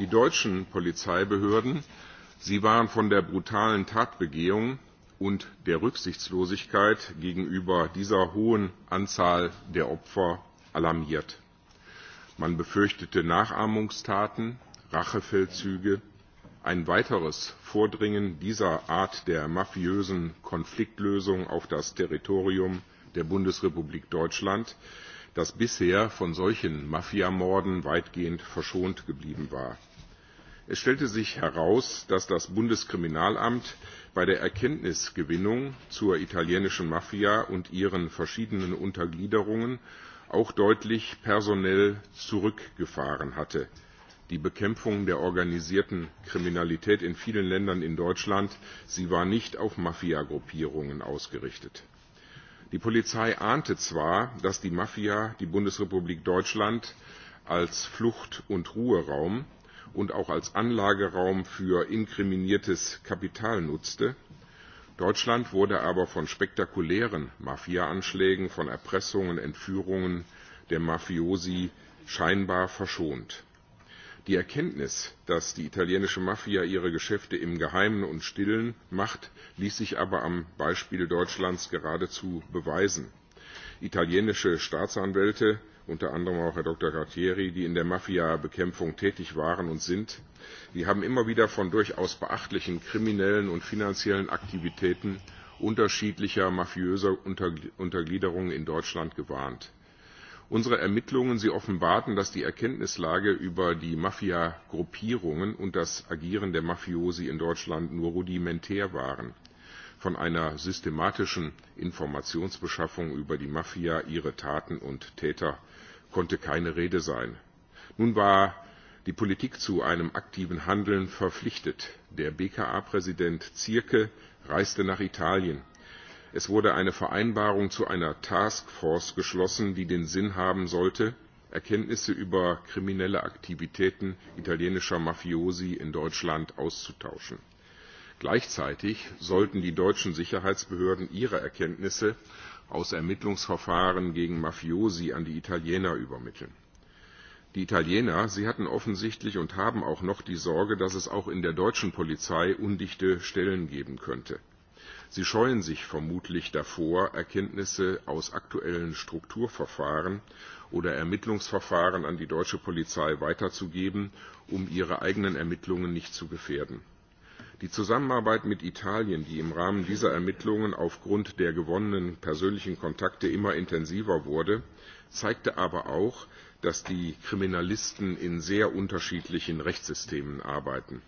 Die deutschen Polizeibehörden, sie waren von der brutalen Tatbegehung und der Rücksichtslosigkeit gegenüber dieser hohen Anzahl der Opfer alarmiert. Man befürchtete Nachahmungstaten, Rachefeldzüge, ein weiteres Vordringen dieser Art der mafiösen Konfliktlösung auf das Territorium der Bundesrepublik Deutschland, das bisher von solchen Mafiamorden weitgehend verschont geblieben war. Es stellte sich heraus, dass das Bundeskriminalamt bei der Erkenntnisgewinnung zur italienischen Mafia und ihren verschiedenen Untergliederungen auch deutlich personell zurückgefahren hatte. Die Bekämpfung der organisierten Kriminalität in vielen Ländern in Deutschland, sie war nicht auf Mafiagruppierungen ausgerichtet. Die Polizei ahnte zwar, dass die Mafia die Bundesrepublik Deutschland als Flucht- und Ruheraum und auch als Anlageraum für inkriminiertes Kapital nutzte. Deutschland wurde aber von spektakulären Mafia-Anschlägen, von Erpressungen, Entführungen der Mafiosi scheinbar verschont. Die Erkenntnis, dass die italienische Mafia ihre Geschäfte im Geheimen und Stillen macht, ließ sich aber am Beispiel Deutschlands geradezu beweisen. Italienische Staatsanwälte unter anderem auch Herr Dr. Gartieri, die in der Mafia-Bekämpfung tätig waren und sind. Die haben immer wieder von durchaus beachtlichen kriminellen und finanziellen Aktivitäten unterschiedlicher mafiöser Untergliederungen in Deutschland gewarnt. Unsere Ermittlungen, sie offenbarten, dass die Erkenntnislage über die Mafia-Gruppierungen und das Agieren der Mafiosi in Deutschland nur rudimentär waren. Von einer systematischen Informationsbeschaffung über die Mafia, ihre Taten und Täter konnte keine Rede sein. Nun war die Politik zu einem aktiven Handeln verpflichtet. Der BKA-Präsident Zierke reiste nach Italien. Es wurde eine Vereinbarung zu einer Taskforce geschlossen, die den Sinn haben sollte, Erkenntnisse über kriminelle Aktivitäten italienischer Mafiosi in Deutschland auszutauschen. Gleichzeitig sollten die deutschen Sicherheitsbehörden ihre Erkenntnisse aus Ermittlungsverfahren gegen Mafiosi an die Italiener übermitteln. Die Italiener, sie hatten offensichtlich und haben auch noch die Sorge, dass es auch in der deutschen Polizei undichte Stellen geben könnte. Sie scheuen sich vermutlich davor, Erkenntnisse aus aktuellen Strukturverfahren oder Ermittlungsverfahren an die deutsche Polizei weiterzugeben, um ihre eigenen Ermittlungen nicht zu gefährden. Die Zusammenarbeit mit Italien, die im Rahmen dieser Ermittlungen aufgrund der gewonnenen persönlichen Kontakte immer intensiver wurde, zeigte aber auch, dass die Kriminalisten in sehr unterschiedlichen Rechtssystemen arbeiten.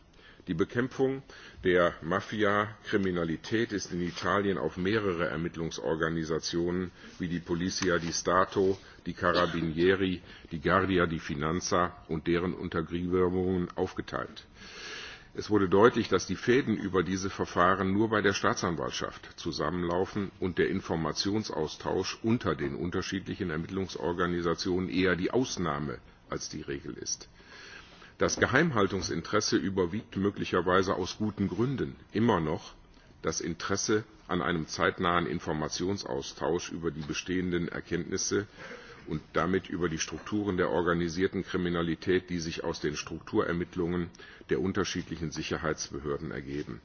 Die Bekämpfung der Mafia-Kriminalität ist in Italien auf mehrere Ermittlungsorganisationen wie die Polizia di Stato, die Carabinieri, die Guardia di Finanza und deren Untergliederungen aufgeteilt. Es wurde deutlich, dass die Fäden über diese Verfahren nur bei der Staatsanwaltschaft zusammenlaufen und der Informationsaustausch unter den unterschiedlichen Ermittlungsorganisationen eher die Ausnahme als die Regel ist. Das Geheimhaltungsinteresse überwiegt möglicherweise aus guten Gründen immer noch das Interesse an einem zeitnahen Informationsaustausch über die bestehenden Erkenntnisse und damit über die Strukturen der organisierten Kriminalität, die sich aus den Strukturermittlungen der unterschiedlichen Sicherheitsbehörden ergeben.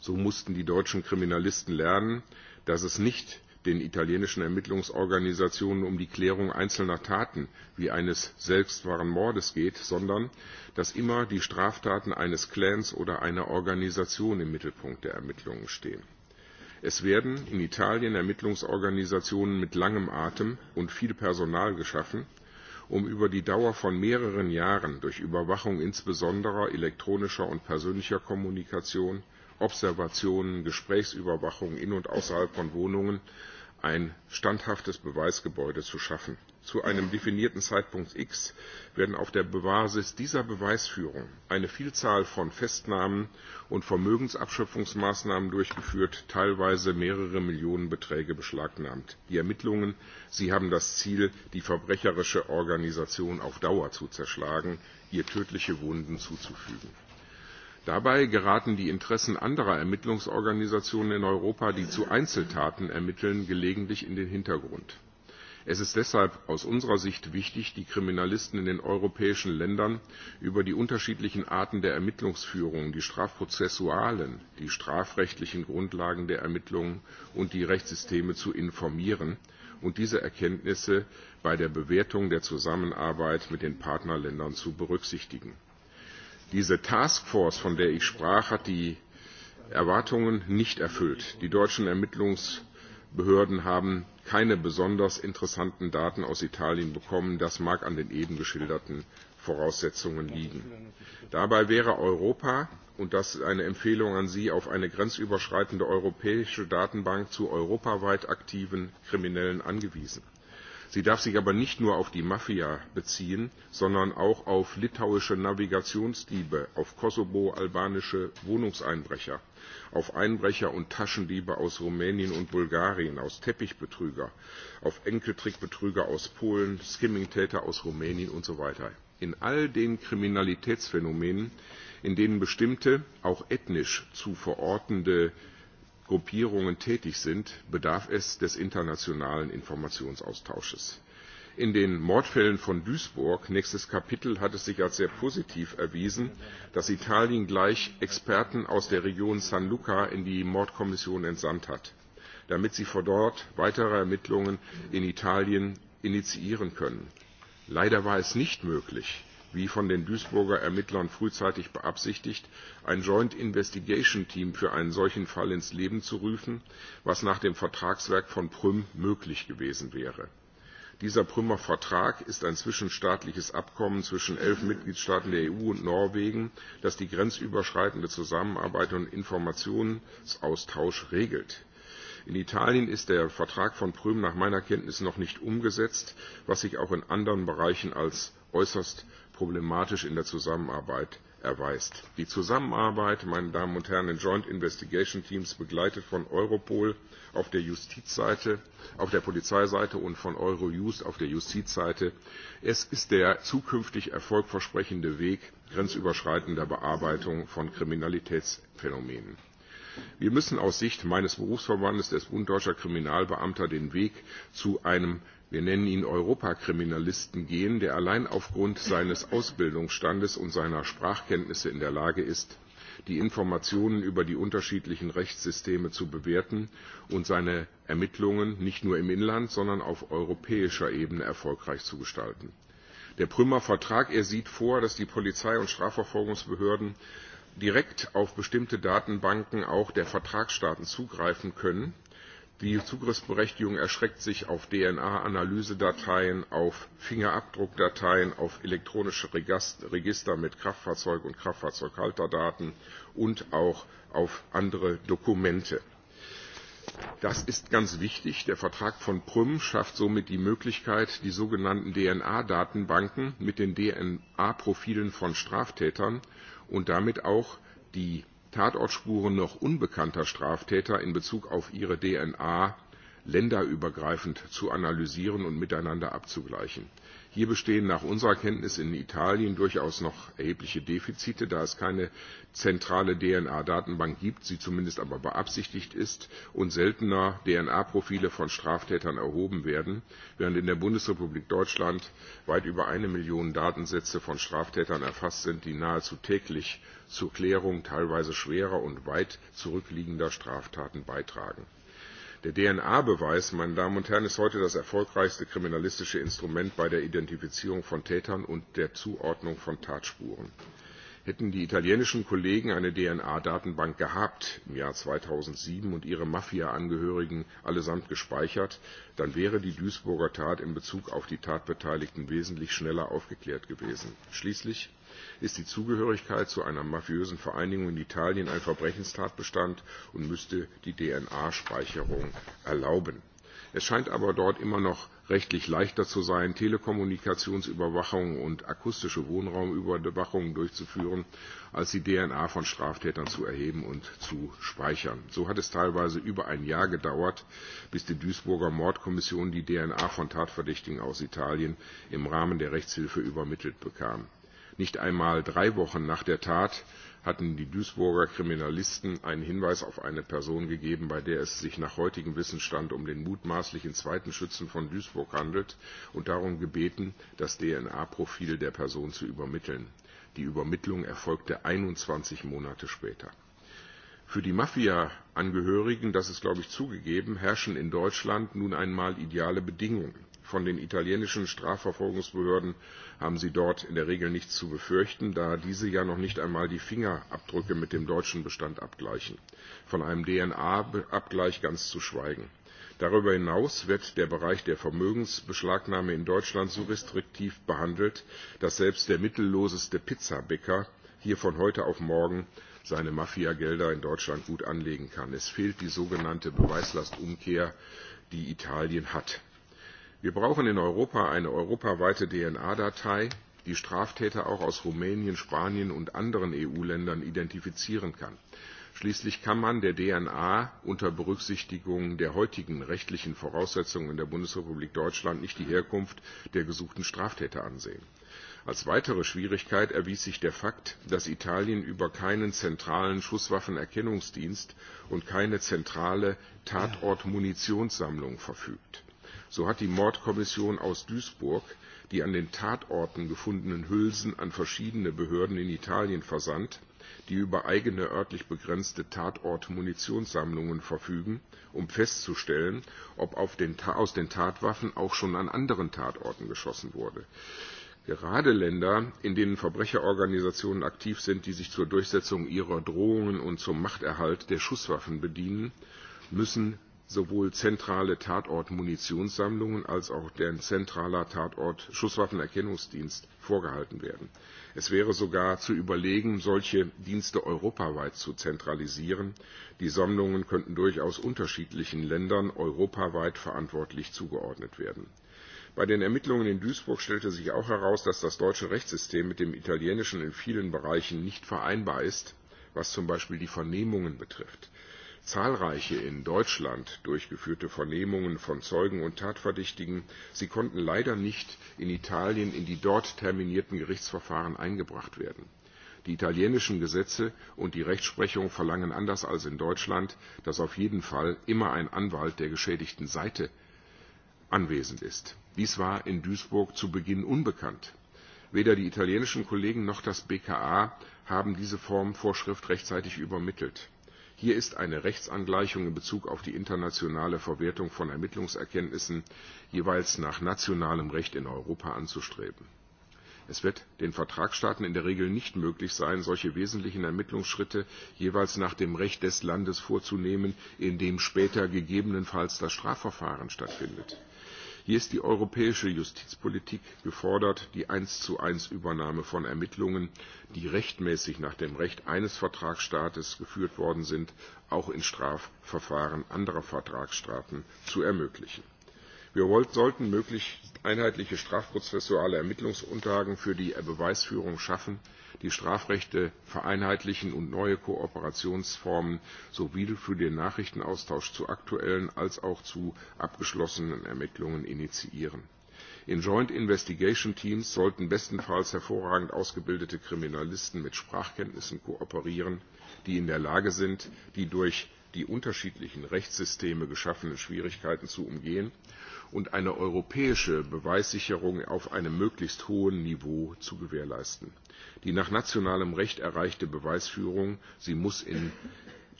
So mussten die deutschen Kriminalisten lernen, dass es nicht den italienischen Ermittlungsorganisationen um die Klärung einzelner Taten wie eines selbstwahren Mordes geht, sondern dass immer die Straftaten eines Clans oder einer Organisation im Mittelpunkt der Ermittlungen stehen. Es werden in Italien Ermittlungsorganisationen mit langem Atem und viel Personal geschaffen, um über die Dauer von mehreren Jahren durch Überwachung insbesondere elektronischer und persönlicher Kommunikation, Observationen, Gesprächsüberwachung in und außerhalb von Wohnungen ein standhaftes Beweisgebäude zu schaffen zu einem definierten Zeitpunkt X werden auf der Basis dieser Beweisführung eine Vielzahl von Festnahmen und Vermögensabschöpfungsmaßnahmen durchgeführt, teilweise mehrere Millionen Beträge beschlagnahmt. Die Ermittlungen, sie haben das Ziel, die verbrecherische Organisation auf Dauer zu zerschlagen, ihr tödliche Wunden zuzufügen. Dabei geraten die Interessen anderer Ermittlungsorganisationen in Europa, die zu Einzeltaten ermitteln, gelegentlich in den Hintergrund es ist deshalb aus unserer sicht wichtig die kriminalisten in den europäischen ländern über die unterschiedlichen arten der ermittlungsführung die strafprozessualen die strafrechtlichen grundlagen der ermittlungen und die rechtssysteme zu informieren und diese erkenntnisse bei der bewertung der zusammenarbeit mit den partnerländern zu berücksichtigen. diese taskforce von der ich sprach hat die erwartungen nicht erfüllt. die deutschen ermittlungsbehörden haben keine besonders interessanten Daten aus Italien bekommen. Das mag an den eben geschilderten Voraussetzungen liegen. Dabei wäre Europa, und das ist eine Empfehlung an Sie, auf eine grenzüberschreitende europäische Datenbank zu europaweit aktiven Kriminellen angewiesen. Sie darf sich aber nicht nur auf die Mafia beziehen, sondern auch auf litauische Navigationsdiebe, auf Kosovo-albanische Wohnungseinbrecher, auf Einbrecher und Taschendiebe aus Rumänien und Bulgarien, aus Teppichbetrüger, auf Enkeltrickbetrüger aus Polen, Skimmingtäter aus Rumänien und so weiter. In all den Kriminalitätsphänomenen, in denen bestimmte, auch ethnisch zu verortende Gruppierungen tätig sind, bedarf es des internationalen Informationsaustausches. In den Mordfällen von Duisburg, nächstes Kapitel, hat es sich als sehr positiv erwiesen, dass Italien gleich Experten aus der Region San Luca in die Mordkommission entsandt hat, damit sie vor dort weitere Ermittlungen in Italien initiieren können. Leider war es nicht möglich, wie von den Duisburger Ermittlern frühzeitig beabsichtigt, ein Joint Investigation Team für einen solchen Fall ins Leben zu rufen, was nach dem Vertragswerk von Prüm möglich gewesen wäre. Dieser Prümer Vertrag ist ein zwischenstaatliches Abkommen zwischen elf Mitgliedstaaten der EU und Norwegen, das die grenzüberschreitende Zusammenarbeit und Informationsaustausch regelt. In Italien ist der Vertrag von Prüm nach meiner Kenntnis noch nicht umgesetzt, was sich auch in anderen Bereichen als äußerst problematisch in der Zusammenarbeit erweist. Die Zusammenarbeit, meine Damen und Herren, in Joint Investigation Teams begleitet von Europol auf der Justizseite, auf der Polizeiseite und von Eurojust auf der Justizseite. Es ist der zukünftig erfolgversprechende Weg grenzüberschreitender Bearbeitung von Kriminalitätsphänomenen. Wir müssen aus Sicht meines Berufsverbandes des Bund Deutscher Kriminalbeamter den Weg zu einem wir nennen ihn Europakriminalisten gehen, der allein aufgrund seines Ausbildungsstandes und seiner Sprachkenntnisse in der Lage ist, die Informationen über die unterschiedlichen Rechtssysteme zu bewerten und seine Ermittlungen nicht nur im Inland, sondern auf europäischer Ebene erfolgreich zu gestalten. Der Prümmer Vertrag er sieht vor, dass die Polizei und Strafverfolgungsbehörden direkt auf bestimmte Datenbanken auch der Vertragsstaaten zugreifen können Die Zugriffsberechtigung erschreckt sich auf DNA-Analysedateien, auf Fingerabdruckdateien, auf elektronische Register mit Kraftfahrzeug- und Kraftfahrzeughalterdaten und auch auf andere Dokumente. Das ist ganz wichtig. Der Vertrag von Prüm schafft somit die Möglichkeit, die sogenannten DNA-Datenbanken mit den DNA-Profilen von Straftätern und damit auch die Tatortspuren noch unbekannter Straftäter in Bezug auf ihre DNA länderübergreifend zu analysieren und miteinander abzugleichen Hier bestehen nach unserer Kenntnis in Italien durchaus noch erhebliche Defizite, da es keine zentrale DNA-Datenbank gibt, sie zumindest aber beabsichtigt ist und seltener DNA-Profile von Straftätern erhoben werden, während in der Bundesrepublik Deutschland weit über eine Million Datensätze von Straftätern erfasst sind, die nahezu täglich zur Klärung teilweise schwerer und weit zurückliegender Straftaten beitragen. Der DNA-Beweis, meine Damen und Herren, ist heute das erfolgreichste kriminalistische Instrument bei der Identifizierung von Tätern und der Zuordnung von Tatspuren. Hätten die italienischen Kollegen eine DNA-Datenbank gehabt im Jahr 2007 und ihre Mafia-Angehörigen allesamt gespeichert, dann wäre die Duisburger Tat in Bezug auf die Tatbeteiligten wesentlich schneller aufgeklärt gewesen. Schließlich ist die Zugehörigkeit zu einer mafiösen Vereinigung in Italien ein Verbrechenstatbestand und müsste die DNA-Speicherung erlauben. Es scheint aber dort immer noch rechtlich leichter zu sein, Telekommunikationsüberwachung und akustische Wohnraumüberwachung durchzuführen, als die DNA von Straftätern zu erheben und zu speichern. So hat es teilweise über ein Jahr gedauert, bis die Duisburger Mordkommission die DNA von Tatverdächtigen aus Italien im Rahmen der Rechtshilfe übermittelt bekam. Nicht einmal drei Wochen nach der Tat hatten die Duisburger Kriminalisten einen Hinweis auf eine Person gegeben, bei der es sich nach heutigem Wissensstand um den mutmaßlichen zweiten Schützen von Duisburg handelt und darum gebeten, das DNA-Profil der Person zu übermitteln. Die Übermittlung erfolgte 21 Monate später. Für die Mafia-Angehörigen, das ist, glaube ich, zugegeben, herrschen in Deutschland nun einmal ideale Bedingungen von den italienischen Strafverfolgungsbehörden haben sie dort in der Regel nichts zu befürchten, da diese ja noch nicht einmal die Fingerabdrücke mit dem deutschen Bestand abgleichen, von einem DNA-Abgleich ganz zu schweigen. Darüber hinaus wird der Bereich der Vermögensbeschlagnahme in Deutschland so restriktiv behandelt, dass selbst der mittelloseste Pizzabäcker hier von heute auf morgen seine Mafiagelder in Deutschland gut anlegen kann. Es fehlt die sogenannte Beweislastumkehr, die Italien hat. Wir brauchen in Europa eine europaweite DNA-Datei, die Straftäter auch aus Rumänien, Spanien und anderen EU-Ländern identifizieren kann. Schließlich kann man der DNA unter Berücksichtigung der heutigen rechtlichen Voraussetzungen in der Bundesrepublik Deutschland nicht die Herkunft der gesuchten Straftäter ansehen. Als weitere Schwierigkeit erwies sich der Fakt, dass Italien über keinen zentralen Schusswaffenerkennungsdienst und keine zentrale Tatortmunitionssammlung verfügt. So hat die Mordkommission aus Duisburg die an den Tatorten gefundenen Hülsen an verschiedene Behörden in Italien versandt, die über eigene örtlich begrenzte Tatort-Munitionssammlungen verfügen, um festzustellen, ob auf den, aus den Tatwaffen auch schon an anderen Tatorten geschossen wurde. Gerade Länder, in denen Verbrecherorganisationen aktiv sind, die sich zur Durchsetzung ihrer Drohungen und zum Machterhalt der Schusswaffen bedienen, müssen sowohl zentrale Tatortmunitionssammlungen als auch deren zentraler Tatort-Schusswaffenerkennungsdienst vorgehalten werden. Es wäre sogar zu überlegen, solche Dienste europaweit zu zentralisieren. Die Sammlungen könnten durchaus unterschiedlichen Ländern europaweit verantwortlich zugeordnet werden. Bei den Ermittlungen in Duisburg stellte sich auch heraus, dass das deutsche Rechtssystem mit dem italienischen in vielen Bereichen nicht vereinbar ist, was zum Beispiel die Vernehmungen betrifft zahlreiche in Deutschland durchgeführte Vernehmungen von Zeugen und Tatverdächtigen. Sie konnten leider nicht in Italien in die dort terminierten Gerichtsverfahren eingebracht werden. Die italienischen Gesetze und die Rechtsprechung verlangen anders als in Deutschland, dass auf jeden Fall immer ein Anwalt der geschädigten Seite anwesend ist. Dies war in Duisburg zu Beginn unbekannt. Weder die italienischen Kollegen noch das BKA haben diese Formvorschrift rechtzeitig übermittelt. Hier ist eine Rechtsangleichung in Bezug auf die internationale Verwertung von Ermittlungserkenntnissen jeweils nach nationalem Recht in Europa anzustreben. Es wird den Vertragsstaaten in der Regel nicht möglich sein, solche wesentlichen Ermittlungsschritte jeweils nach dem Recht des Landes vorzunehmen, in dem später gegebenenfalls das Strafverfahren stattfindet. Hier ist die europäische Justizpolitik gefordert, die eins zu eins Übernahme von Ermittlungen, die rechtmäßig nach dem Recht eines Vertragsstaates geführt worden sind, auch in Strafverfahren anderer Vertragsstaaten zu ermöglichen. Wir sollten möglichst einheitliche strafprozessuale Ermittlungsunterlagen für die Beweisführung schaffen, die Strafrechte vereinheitlichen und neue Kooperationsformen sowohl für den Nachrichtenaustausch zu aktuellen als auch zu abgeschlossenen Ermittlungen initiieren. In Joint Investigation Teams sollten bestenfalls hervorragend ausgebildete Kriminalisten mit Sprachkenntnissen kooperieren, die in der Lage sind, die durch die unterschiedlichen Rechtssysteme geschaffene Schwierigkeiten zu umgehen und eine europäische Beweissicherung auf einem möglichst hohen Niveau zu gewährleisten. Die nach nationalem Recht erreichte Beweisführung, sie muss in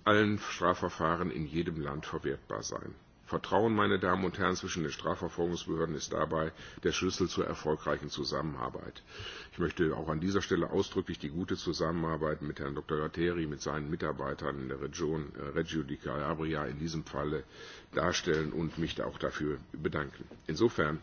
allen Strafverfahren in jedem Land verwertbar sein. Vertrauen, meine Damen und Herren, zwischen den Strafverfolgungsbehörden ist dabei der Schlüssel zur erfolgreichen Zusammenarbeit. Ich möchte auch an dieser Stelle ausdrücklich die gute Zusammenarbeit mit Herrn Dr. Gatteri, mit seinen Mitarbeitern in der Region äh, Reggio di Calabria in diesem Falle darstellen und mich auch dafür bedanken. Insofern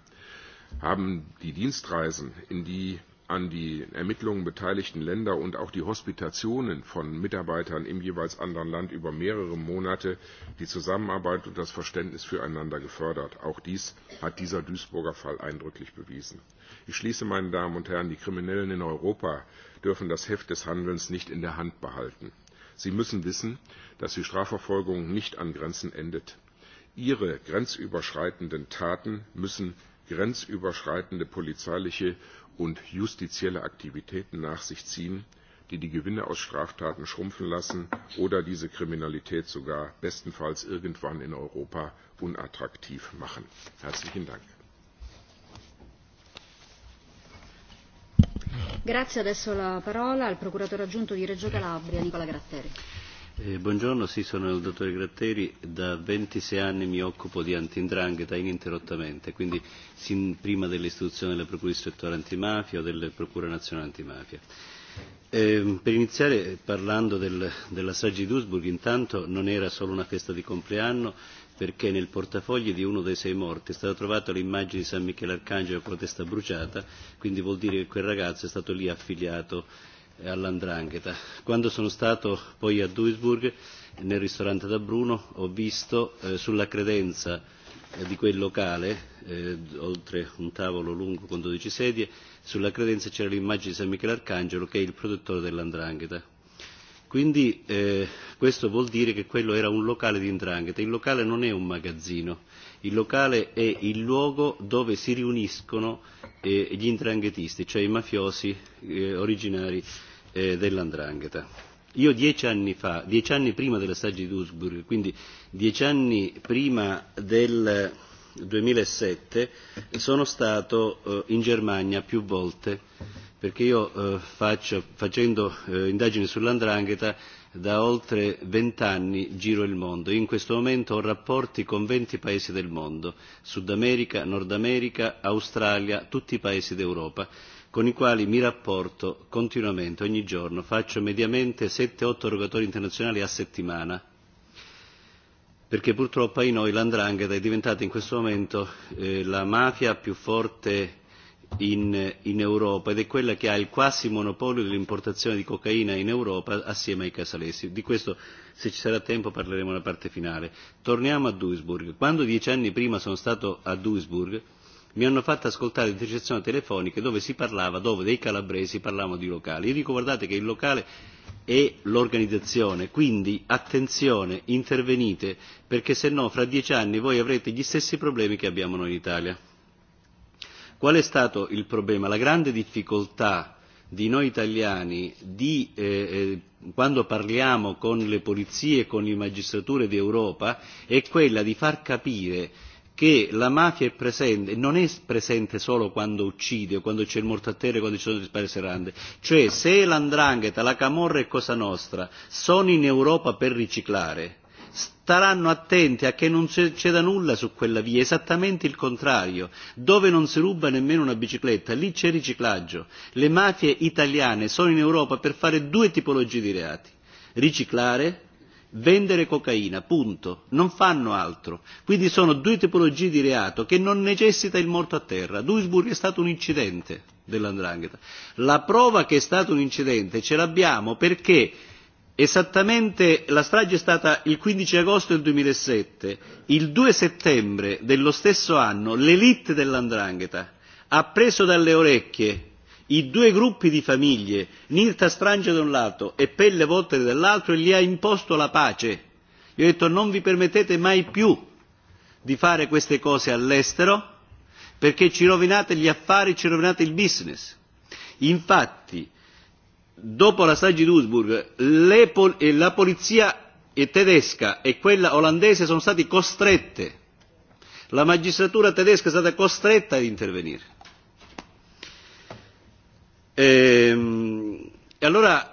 haben die Dienstreisen in die an die Ermittlungen beteiligten Länder und auch die Hospitationen von Mitarbeitern im jeweils anderen Land über mehrere Monate die Zusammenarbeit und das Verständnis füreinander gefördert. Auch dies hat dieser Duisburger Fall eindrücklich bewiesen. Ich schließe, meine Damen und Herren, die Kriminellen in Europa dürfen das Heft des Handelns nicht in der Hand behalten. Sie müssen wissen, dass die Strafverfolgung nicht an Grenzen endet. Ihre grenzüberschreitenden Taten müssen grenzüberschreitende polizeiliche und justizielle Aktivitäten nach sich ziehen, die die Gewinne aus Straftaten schrumpfen lassen oder diese Kriminalität sogar bestenfalls irgendwann in Europa unattraktiv machen. Herzlichen Dank. Grazie adesso la parola al procuratore aggiunto di Reggio Calabria Nicola Gratteri. Eh, buongiorno, sì, sono il dottore Gratteri, da 26 anni mi occupo di antindrangheta ininterrottamente, quindi sin prima dell'istituzione della Procura distrettuale antimafia o della Procura nazionale antimafia. Eh, per iniziare parlando del, della Saggi di Duisburg, intanto non era solo una festa di compleanno, perché nel portafogli di uno dei sei morti è stata trovata l'immagine di San Michele Arcangelo con la testa bruciata, quindi vuol dire che quel ragazzo è stato lì affiliato e all'Andrangheta. Quando sono stato poi a Duisburg, nel ristorante da Bruno, ho visto eh, sulla credenza eh, di quel locale, eh, oltre un tavolo lungo con 12 sedie, sulla credenza c'era l'immagine di San Michele Arcangelo che è il protettore dell'Andrangheta. Quindi eh, questo vuol dire che quello era un locale di Indrangheta. Il locale non è un magazzino il locale è il luogo dove si riuniscono eh, gli 'ndranghetisti, cioè i mafiosi eh, originari eh, dell'andrangheta. Io dieci anni fa, dieci anni prima della strage di Duisburg, quindi dieci anni prima del 2007, sono stato eh, in Germania più volte perché io eh, faccio, facendo eh, indagini sull'andrangheta da oltre vent'anni giro il mondo e in questo momento ho rapporti con venti paesi del mondo Sud America, Nord America, Australia, tutti i paesi d'Europa con i quali mi rapporto continuamente ogni giorno, faccio mediamente 7-8 rogatori internazionali a settimana perché purtroppo ai noi l'andrangheta è diventata in questo momento eh, la mafia più forte in, in Europa ed è quella che ha il quasi monopolio dell'importazione di cocaina in Europa assieme ai casalesi. Di questo, se ci sarà tempo, parleremo nella parte finale. Torniamo a Duisburg. Quando dieci anni prima sono stato a Duisburg, mi hanno fatto ascoltare intercettazioni telefoniche dove si parlava, dove dei calabresi parlavano di locali. Io dico guardate che il locale è l'organizzazione, quindi attenzione, intervenite, perché se no fra dieci anni voi avrete gli stessi problemi che abbiamo noi in Italia. Qual è stato il problema? La grande difficoltà di noi italiani di, eh, eh quando parliamo con le polizie e con le magistrature d'Europa è quella di far capire che la mafia è presente, non è presente solo quando uccide, o quando c'è il morto a mortattero, e quando ci sono le spalle serrande. Cioè, se l'andrangheta, la camorra e Cosa Nostra sono in Europa per riciclare, staranno attenti a che non succeda nulla su quella via, esattamente il contrario. Dove non si ruba nemmeno una bicicletta, lì c'è riciclaggio. Le mafie italiane sono in Europa per fare due tipologie di reati. Riciclare vendere cocaina, punto, non fanno altro. Quindi sono due tipologie di reato che non necessita il morto a terra. Duisburg è stato un incidente dell'andrangheta. La prova che è stato un incidente ce l'abbiamo perché Esattamente la strage è stata il 15 agosto del 2007. Il 2 settembre dello stesso anno l'elite dell'andrangheta ha preso dalle orecchie i due gruppi di famiglie, Nirta Strange da un lato e Pelle Voltere dall'altro, e gli ha imposto la pace. Gli ho detto non vi permettete mai più di fare queste cose all'estero perché ci rovinate gli affari, ci rovinate il business. Infatti dopo la strage di Duisburg pol- e la polizia tedesca e quella olandese sono state costrette, la magistratura tedesca è stata costretta ad intervenire. E, e allora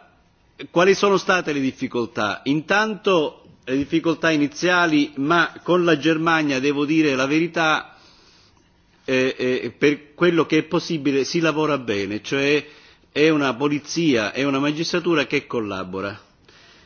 quali sono state le difficoltà? Intanto le difficoltà iniziali, ma con la Germania devo dire la verità, eh, eh, per quello che è possibile si lavora bene, cioè è una polizia è una magistratura che collabora.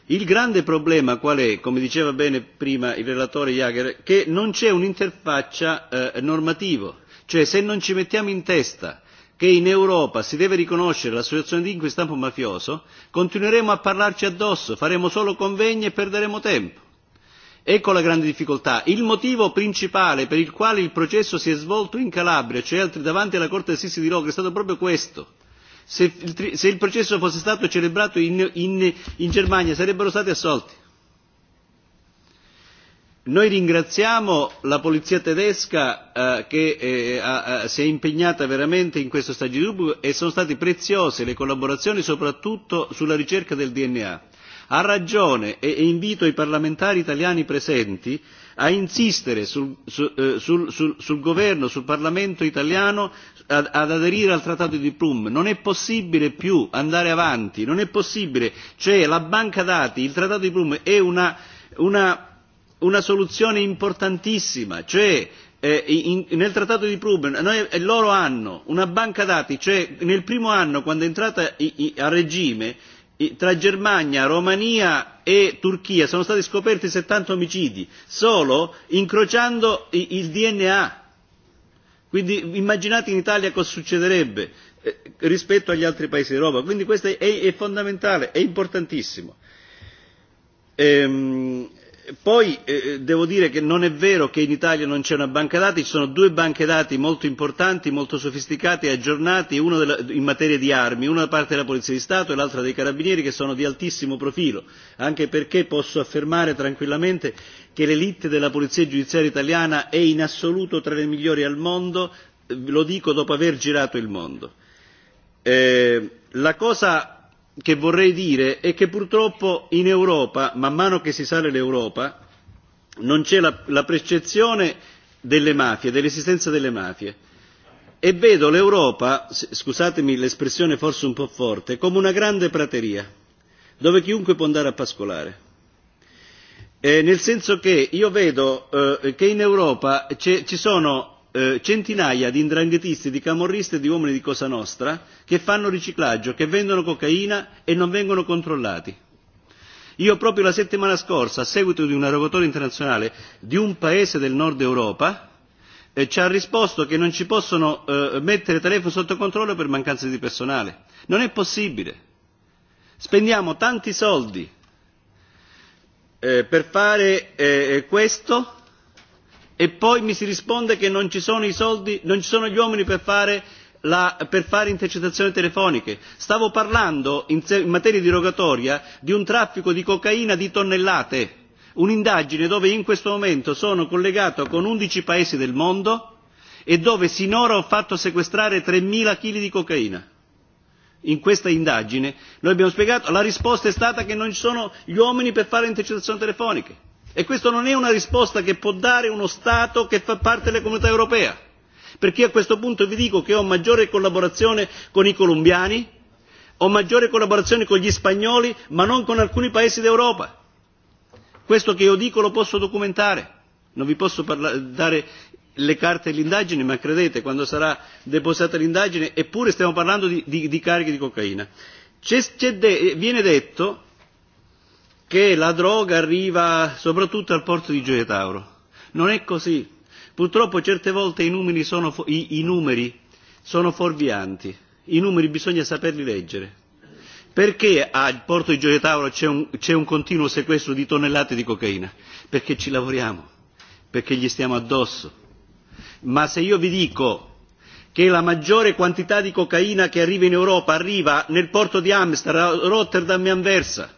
Il grande problema qual è, come diceva bene prima il relatore Jager, che non c'è un'interfaccia eh, normativa, cioè se non ci mettiamo in testa che in Europa si deve riconoscere l'associazione di inquisito stampo mafioso, continueremo a parlarci addosso, faremo solo convegni e perderemo tempo. Ecco la grande difficoltà. Il motivo principale per il quale il processo si è svolto in Calabria, cioè altri davanti alla Corte d'Assisi di Roma, è stato proprio questo se il, se il processo fosse stato celebrato in, in, in Germania sarebbero stati assolti. Noi ringraziamo la polizia tedesca eh, che eh, ha, si è impegnata veramente in questo stagio di dubbio e sono state preziose le collaborazioni soprattutto sulla ricerca del DNA. Ha ragione e, e invito i parlamentari italiani presenti a insistere sul, eh, sul, sul, sul governo, sul Parlamento italiano ad, ad aderire al Trattato di Prum. Non è possibile più andare avanti, non è possibile. Cioè la banca dati, il Trattato di Prum è una, una, una soluzione importantissima, cioè eh, in, nel trattato di Pruben eh, loro hanno una banca dati, cioè nel primo anno quando è entrata i, i, a regime tra Germania, Romania e Turchia sono stati scoperti 70 omicidi solo incrociando il DNA. Quindi immaginate in Italia cosa succederebbe eh, rispetto agli altri paesi d'Europa. Quindi questo è, è fondamentale, è importantissimo. Ehm, Poi eh, eh, devo dire che non è vero che in Italia non c'è una banca dati, ci sono due banche dati molto importanti, molto sofisticate e aggiornate, una in materia di armi, una da parte della Polizia di Stato e l'altra dei Carabinieri che sono di altissimo profilo, anche perché posso affermare tranquillamente che l'elite della Polizia giudiziaria italiana è in assoluto tra le migliori al mondo, eh, lo dico dopo aver girato il mondo. Eh, la cosa che vorrei dire è che purtroppo in Europa, man mano che si sale l'Europa, non c'è la, la percezione delle mafie, dell'esistenza delle mafie. E vedo l'Europa, scusatemi l'espressione forse un po' forte, come una grande prateria, dove chiunque può andare a pascolare. Eh, nel senso che io vedo eh, che in Europa ci sono Eh, centinaia di indranghetisti, di camorristi e di uomini di Cosa Nostra che fanno riciclaggio, che vendono cocaina e non vengono controllati. Io proprio la settimana scorsa, a seguito di un erogatore internazionale di un paese del nord Europa, eh, ci ha risposto che non ci possono eh, mettere telefono sotto controllo per mancanza di personale. Non è possibile. Spendiamo tanti soldi eh, per fare eh, questo e poi mi si risponde che non ci sono i soldi, non ci sono gli uomini per fare, la, per fare intercettazioni telefoniche. Stavo parlando in, in materia di rogatoria di un traffico di cocaina di tonnellate, un'indagine dove in questo momento sono collegato con 11 paesi del mondo e dove sinora ho fatto sequestrare 3.000 kg di cocaina in questa indagine, noi abbiamo spiegato, la risposta è stata che non ci sono gli uomini per fare intercettazioni telefoniche. E questa non è una risposta che può dare uno Stato che fa parte della comunità europea. Perché a questo punto vi dico che ho maggiore collaborazione con i colombiani, ho maggiore collaborazione con gli spagnoli, ma non con alcuni paesi d'Europa. Questo che io dico lo posso documentare. Non vi posso dare le carte dell'indagine, ma credete, quando sarà deposata l'indagine, eppure stiamo parlando di, di, di cariche di cocaina. C'è, c'è de- viene detto che la droga arriva soprattutto al porto di Gioia Tauro. Non è così. Purtroppo certe volte i numeri sono, i, i numeri sono fuorvianti. I numeri bisogna saperli leggere. Perché al porto di Gioia Tauro c'è un, c'è un continuo sequestro di tonnellate di cocaina? Perché ci lavoriamo, perché gli stiamo addosso. Ma se io vi dico che la maggiore quantità di cocaina che arriva in Europa arriva nel porto di Amsterdam, Rotterdam e Anversa,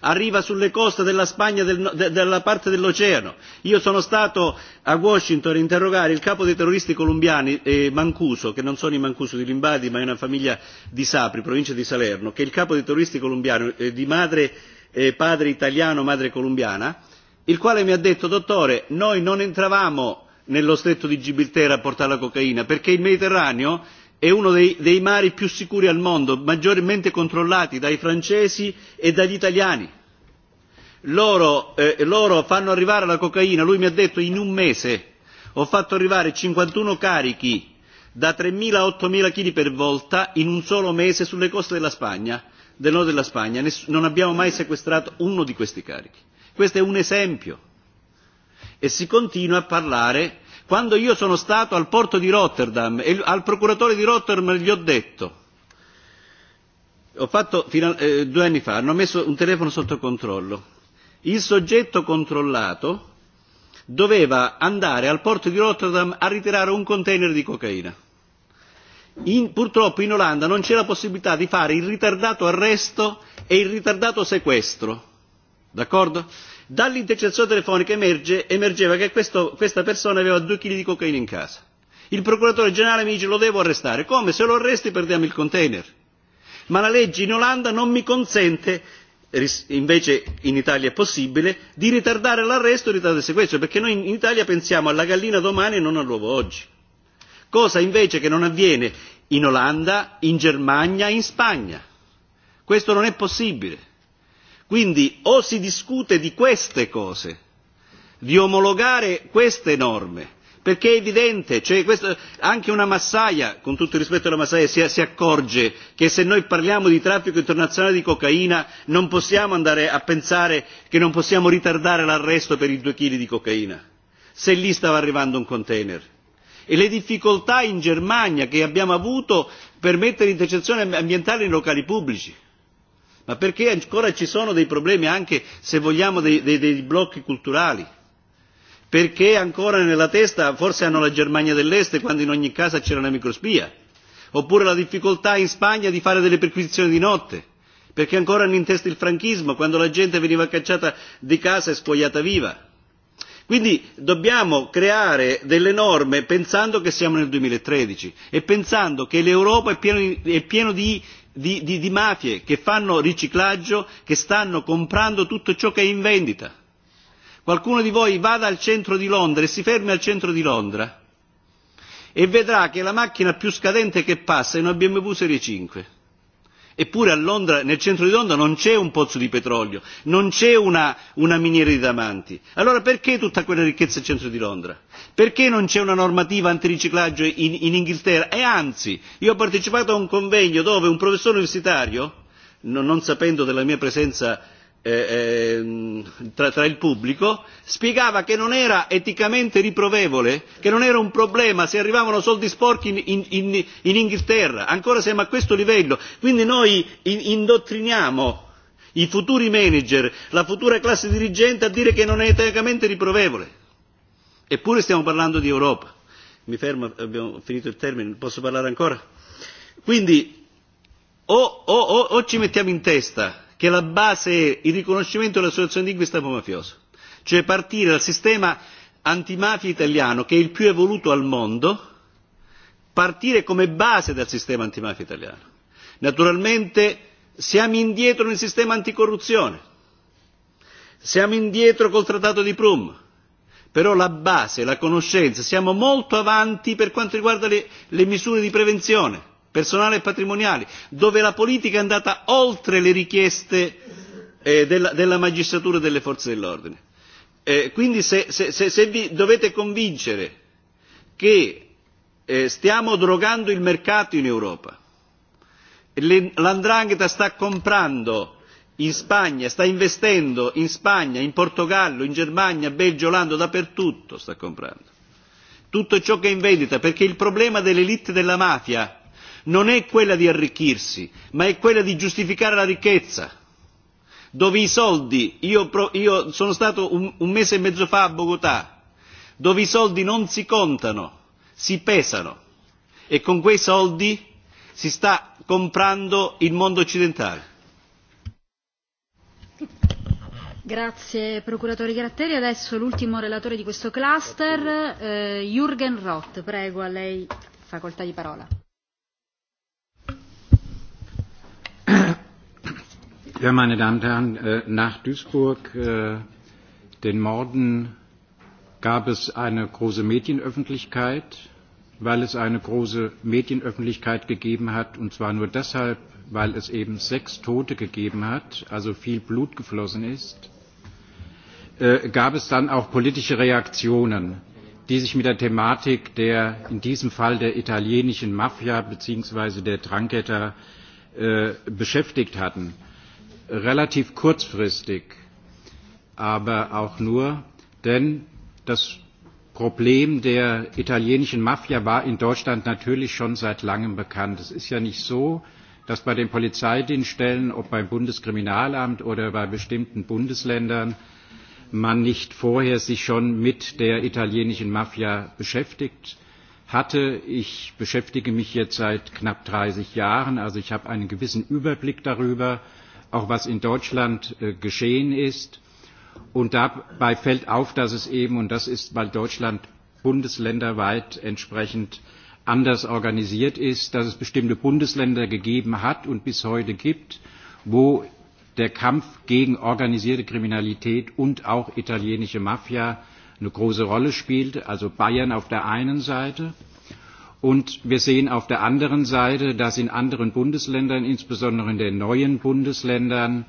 arriva sulle coste della Spagna, del, no, de, della parte dell'oceano. Io sono stato a Washington a interrogare il capo dei terroristi colombiani, eh, Mancuso, che non sono i Mancuso di Limbadi, ma è una famiglia di Sapri, provincia di Salerno, che è il capo dei terroristi colombiani, eh, di madre, eh, padre italiano, madre colombiana, il quale mi ha detto, dottore, noi non entravamo nello stretto di Gibilterra a portare la cocaina, perché il Mediterraneo è uno dei, dei mari più sicuri al mondo, maggiormente controllati dai francesi e dagli italiani. Loro, eh, loro fanno arrivare la cocaina, lui mi ha detto in un mese ho fatto arrivare 51 carichi da 3.000 a 8.000 kg per volta in un solo mese sulle coste della Spagna, del nord della Spagna. Ness- non abbiamo mai sequestrato uno di questi carichi. Questo è un esempio. E si continua a parlare Quando io sono stato al porto di Rotterdam e al procuratore di Rotterdam gli ho detto ho fatto fino a, eh, due anni fa, hanno messo un telefono sotto controllo. Il soggetto controllato doveva andare al porto di Rotterdam a ritirare un container di cocaina. In, purtroppo in Olanda non c'è la possibilità di fare il ritardato arresto e il ritardato sequestro. D'accordo? Dall'intercettazione telefonica emerge, emergeva che questo, questa persona aveva due chili di cocaina in casa. Il procuratore generale mi dice lo devo arrestare. Come? Se lo arresti perdiamo il container. Ma la legge in Olanda non mi consente invece in Italia è possibile, di ritardare l'arresto e ritardare il sequestro, perché noi in Italia pensiamo alla gallina domani e non all'uovo oggi. Cosa invece che non avviene in Olanda, in Germania, in Spagna. Questo non è possibile. Quindi o si discute di queste cose, di omologare queste norme, perché è evidente, cioè questo, anche una massaia, con tutto il rispetto alla massaia, si, si accorge che se noi parliamo di traffico internazionale di cocaina non possiamo andare a pensare che non possiamo ritardare l'arresto per i due chili di cocaina, se lì stava arrivando un container. E le difficoltà in Germania che abbiamo avuto per mettere intercezione ambientale in locali pubblici ma perché ancora ci sono dei problemi anche, se vogliamo, dei, dei, dei blocchi culturali. Perché ancora nella testa forse hanno la Germania dell'Est quando in ogni casa c'era una microspia. Oppure la difficoltà in Spagna di fare delle perquisizioni di notte. Perché ancora hanno in testa il franchismo quando la gente veniva cacciata di casa e spogliata viva. Quindi dobbiamo creare delle norme pensando che siamo nel 2013 e pensando che l'Europa è piena di, è pieno di di, di, di mafie che fanno riciclaggio, che stanno comprando tutto ciò che è in vendita. Qualcuno di voi vada al centro di Londra e si fermi al centro di Londra e vedrà che la macchina più scadente che passa è una BMW Serie 5 eppure a Londra, nel centro di Londra non c'è un pozzo di petrolio, non c'è una, una miniera di diamanti. Allora perché tutta quella ricchezza al centro di Londra? Perché non c'è una normativa antiriciclaggio in, in Inghilterra? E anzi, io ho partecipato a un convegno dove un professore universitario, non, non sapendo della mia presenza eh, ehm, tra, tra il pubblico, spiegava che non era eticamente riprovevole, che non era un problema se arrivavano soldi sporchi in, in, in, in Inghilterra, ancora siamo a questo livello, quindi noi in, indottriniamo i futuri manager, la futura classe dirigente a dire che non è eticamente riprovevole, eppure stiamo parlando di Europa. Mi fermo, abbiamo finito il termine, posso parlare ancora? Quindi o, o, o, o ci mettiamo in testa che è la base il riconoscimento dell'associazione di Guistavo mafioso, cioè partire dal sistema antimafia italiano che è il più evoluto al mondo, partire come base dal sistema antimafia italiano. Naturalmente siamo indietro nel sistema anticorruzione, siamo indietro col trattato di Prum, però la base, la conoscenza, siamo molto avanti per quanto riguarda le, le misure di prevenzione personale e patrimoniale, dove la politica è andata oltre le richieste eh, della, della magistratura e delle forze dell'ordine. Eh, quindi se, se, se, se vi dovete convincere che eh, stiamo drogando il mercato in Europa, l'andrangheta sta comprando in Spagna, sta investendo in Spagna, in Portogallo, in Germania, Belgio, Olanda, dappertutto sta comprando. Tutto ciò che è in vendita, perché il problema dell'elite della mafia non è quella di arricchirsi, ma è quella di giustificare la ricchezza. Dove i soldi, io, io sono stato un, un mese e mezzo fa a Bogotà, dove i soldi non si contano, si pesano e con quei soldi si sta comprando il mondo occidentale. Grazie procuratore Gratteri. Adesso l'ultimo relatore di questo cluster, eh, Jürgen Roth. Prego, a lei facoltà di parola. Ja, meine Damen und Herren, äh, nach Duisburg, äh, den Morden, gab es eine große Medienöffentlichkeit, weil es eine große Medienöffentlichkeit gegeben hat, und zwar nur deshalb, weil es eben sechs Tote gegeben hat, also viel Blut geflossen ist, äh, gab es dann auch politische Reaktionen, die sich mit der Thematik der, in diesem Fall der italienischen Mafia bzw. der Drangheta Äh, beschäftigt hatten, relativ kurzfristig, aber auch nur, denn das Problem der italienischen Mafia war in Deutschland natürlich schon seit langem bekannt. Es ist ja nicht so, dass bei den Polizeidienststellen, ob beim Bundeskriminalamt oder bei bestimmten Bundesländern, man nicht vorher sich schon mit der italienischen Mafia beschäftigt hatte. Ich beschäftige mich jetzt seit knapp 30 Jahren, also ich habe einen gewissen Überblick darüber, auch was in Deutschland äh, geschehen ist. Und dabei fällt auf, dass es eben, und das ist, weil Deutschland bundesländerweit entsprechend anders organisiert ist, dass es bestimmte Bundesländer gegeben hat und bis heute gibt, wo der Kampf gegen organisierte Kriminalität und auch italienische Mafia eine große Rolle spielt, also Bayern auf der einen Seite. Und wir sehen auf der anderen Seite, dass in anderen Bundesländern, insbesondere in den neuen Bundesländern,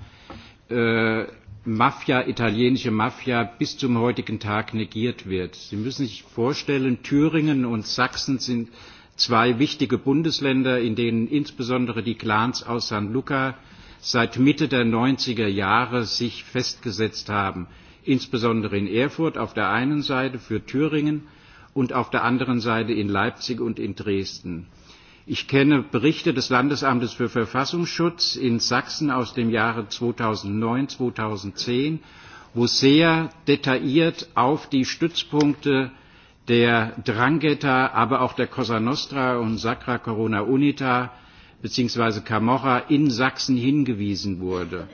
äh, Mafia, italienische Mafia bis zum heutigen Tag negiert wird. Sie müssen sich vorstellen, Thüringen und Sachsen sind zwei wichtige Bundesländer, in denen insbesondere die Clans aus San Luca seit Mitte der 90er Jahre sich festgesetzt haben insbesondere in Erfurt auf der einen Seite für Thüringen und auf der anderen Seite in Leipzig und in Dresden. Ich kenne Berichte des Landesamtes für Verfassungsschutz in Sachsen aus dem Jahre 2009, 2010, wo sehr detailliert auf die Stützpunkte der Drangheta, aber auch der Cosa Nostra und Sacra Corona Unita bzw. Camorra in Sachsen hingewiesen wurde.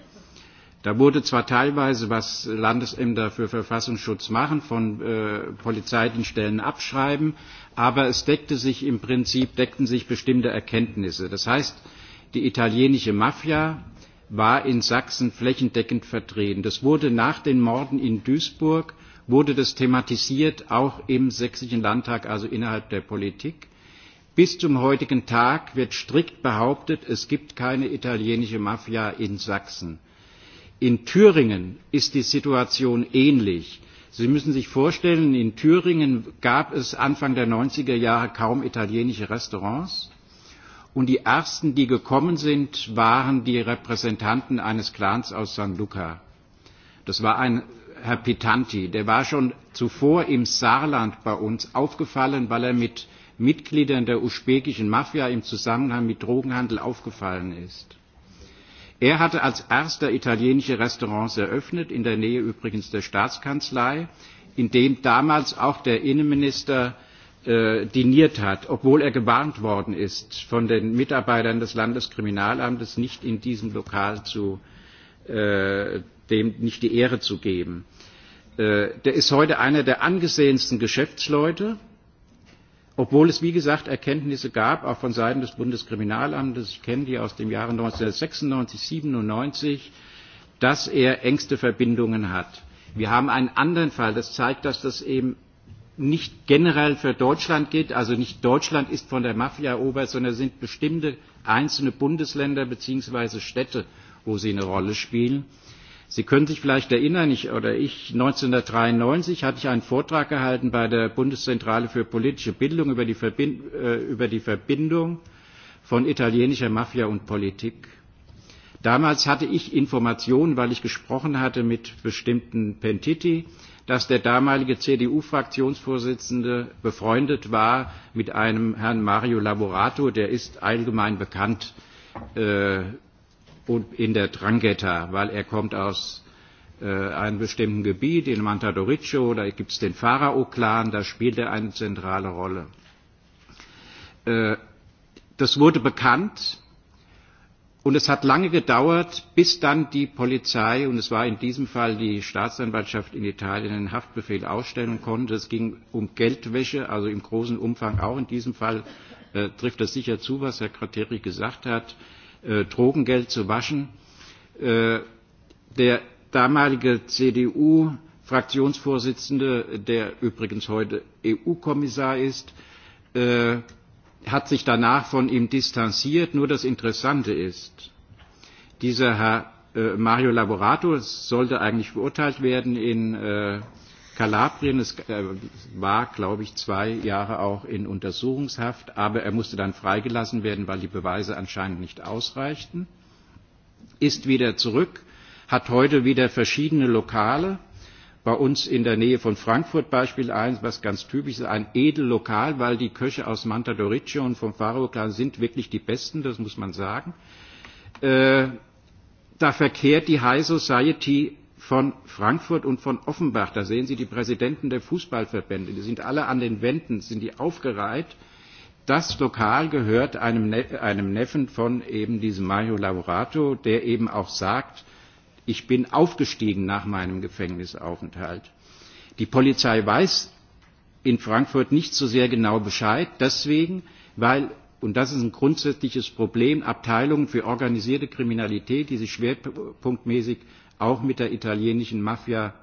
Da wurde zwar teilweise, was Landesämter für Verfassungsschutz machen, von äh, Polizeidienststellen abschreiben, aber es deckte sich im Prinzip, deckten sich bestimmte Erkenntnisse. Das heißt, die italienische Mafia war in Sachsen flächendeckend vertreten. Das wurde nach den Morden in Duisburg wurde das thematisiert, auch im sächsischen Landtag, also innerhalb der Politik. Bis zum heutigen Tag wird strikt behauptet, es gibt keine italienische Mafia in Sachsen. In Thüringen ist die Situation ähnlich. Sie müssen sich vorstellen, in Thüringen gab es Anfang der 90er Jahre kaum italienische Restaurants. Und die ersten, die gekommen sind, waren die Repräsentanten eines Clans aus San Luca. Das war ein Herr Pitanti, der war schon zuvor im Saarland bei uns aufgefallen, weil er mit Mitgliedern der usbekischen Mafia im Zusammenhang mit Drogenhandel aufgefallen ist. Er hatte als erster italienische Restaurants eröffnet, in der Nähe übrigens der Staatskanzlei, in dem damals auch der Innenminister äh, diniert hat, obwohl er gewarnt worden ist, von den Mitarbeitern des Landeskriminalamtes nicht in diesem Lokal zu, äh, dem nicht die Ehre zu geben. Äh, der ist heute einer der angesehensten Geschäftsleute obwohl es, wie gesagt, Erkenntnisse gab, auch von Seiten des Bundeskriminalamtes, ich kenne die aus dem Jahre 1996, 97, dass er engste Verbindungen hat. Wir haben einen anderen Fall, das zeigt, dass das eben nicht generell für Deutschland gilt, also nicht Deutschland ist von der Mafia erobert, sondern sind bestimmte einzelne Bundesländer bzw. Städte, wo sie eine Rolle spielen. Sie können sich vielleicht erinnern, ich oder ich, 1993 hatte ich einen Vortrag gehalten bei der Bundeszentrale für politische Bildung über die, Verbind, äh, über die Verbindung von italienischer Mafia und Politik. Damals hatte ich Informationen, weil ich gesprochen hatte mit bestimmten Pentiti, dass der damalige CDU-Fraktionsvorsitzende befreundet war mit einem Herrn Mario Laborato, der ist allgemein bekannt äh, in der Drangheta, weil er kommt aus äh, einem bestimmten Gebiet, in Mantadoriccio, da gibt es den Pharao-Clan, da spielt er eine zentrale Rolle. Äh, das wurde bekannt und es hat lange gedauert, bis dann die Polizei, und es war in diesem Fall die Staatsanwaltschaft in Italien, einen Haftbefehl ausstellen konnte. Es ging um Geldwäsche, also im großen Umfang auch in diesem Fall äh, trifft das sicher zu, was Herr Krateri gesagt hat. Äh, äh, Drogengeld zu waschen. Äh, der damalige CDU-Fraktionsvorsitzende, der übrigens heute EU-Kommissar ist, äh, hat sich danach von ihm distanziert. Nur das Interessante ist, dieser Herr äh, Mario Laborato sollte eigentlich verurteilt werden in äh, Kalabrien. Es äh, war, glaube ich, zwei Jahre auch in Untersuchungshaft, aber er musste dann freigelassen werden, weil die Beweise anscheinend nicht ausreichten. Ist wieder zurück, hat heute wieder verschiedene Lokale. Bei uns in der Nähe von Frankfurt Beispiel eins, was ganz typisch ist, ein Edellokal, weil die Köche aus Doriccio und vom Faro Clan sind wirklich die besten, das muss man sagen. Äh, da verkehrt die High Society von Frankfurt und von Offenbach. Da sehen Sie die Präsidenten der Fußballverbände. Die sind alle an den Wänden, sind die aufgereiht. Das Lokal gehört einem, ne einem Neffen von eben diesem Mario Lavorato, der eben auch sagt, ich bin aufgestiegen nach meinem Gefängnisaufenthalt. Die Polizei weiß in Frankfurt nicht so sehr genau Bescheid, deswegen, weil und das ist ein grundsätzliches Problem, Abteilungen für organisierte Kriminalität, die sich schwerpunktmäßig auch mit der italienischen Mafia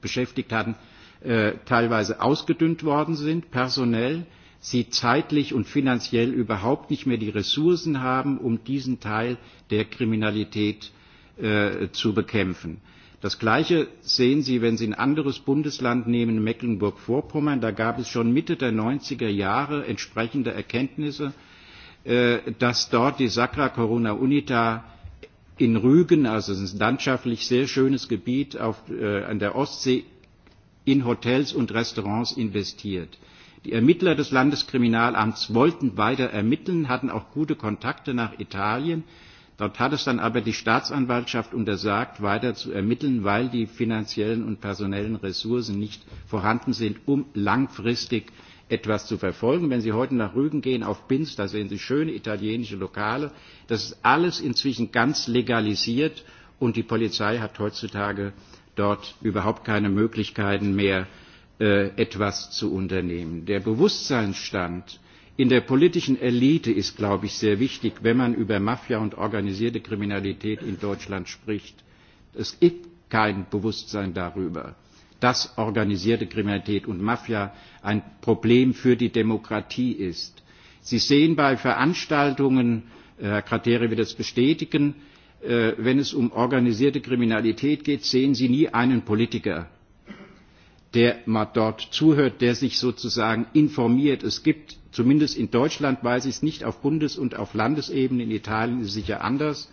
beschäftigt hatten, äh, teilweise ausgedünnt worden sind, personell, sie zeitlich und finanziell überhaupt nicht mehr die Ressourcen haben, um diesen Teil der Kriminalität äh, zu bekämpfen. Das Gleiche sehen Sie, wenn Sie ein anderes Bundesland nehmen, Mecklenburg-Vorpommern. Da gab es schon Mitte der 90er Jahre entsprechende Erkenntnisse, äh, dass dort die Sacra Corona Unita in Rügen, also es ist ein landschaftlich sehr schönes Gebiet auf, äh, an der Ostsee, in Hotels und Restaurants investiert. Die Ermittler des Landeskriminalamts wollten weiter ermitteln, hatten auch gute Kontakte nach Italien. Dort hat es dann aber die Staatsanwaltschaft untersagt, weiter zu ermitteln, weil die finanziellen und personellen Ressourcen nicht vorhanden sind, um langfristig etwas zu verfolgen. Wenn Sie heute nach Rügen gehen auf Binz, da sehen Sie schöne italienische Lokale. Das ist alles inzwischen ganz legalisiert und die Polizei hat heutzutage dort überhaupt keine Möglichkeiten mehr, äh, etwas zu unternehmen. Der Bewusstseinsstand in der politischen Elite ist, glaube ich, sehr wichtig, wenn man über Mafia und organisierte Kriminalität in Deutschland spricht. Es gibt kein Bewusstsein darüber dass organisierte Kriminalität und Mafia ein Problem für die Demokratie ist. Sie sehen bei Veranstaltungen, äh, Herr Krateri wird das bestätigen, äh, wenn es um organisierte Kriminalität geht, sehen Sie nie einen Politiker, der mal dort zuhört, der sich sozusagen informiert. Es gibt, zumindest in Deutschland weiß ich es nicht, auf Bundes- und auf Landesebene, in Italien ist es sicher anders,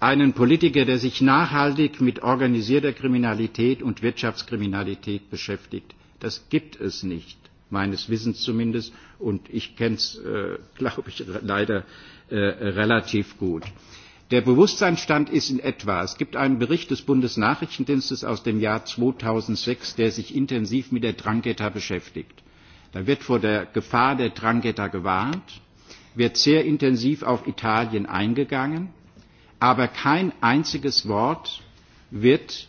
einen Politiker, der sich nachhaltig mit organisierter Kriminalität und Wirtschaftskriminalität beschäftigt. Das gibt es nicht, meines Wissens zumindest, und ich kenne es, äh, glaube ich, leider äh, relativ gut. Der Bewusstseinsstand ist in etwa. Es gibt einen Bericht des Bundesnachrichtendienstes aus dem Jahr 2006, der sich intensiv mit der Drangheta beschäftigt. Da wird vor der Gefahr der Drangheta gewarnt, wird sehr intensiv auf Italien eingegangen Aber kein einziges Wort wird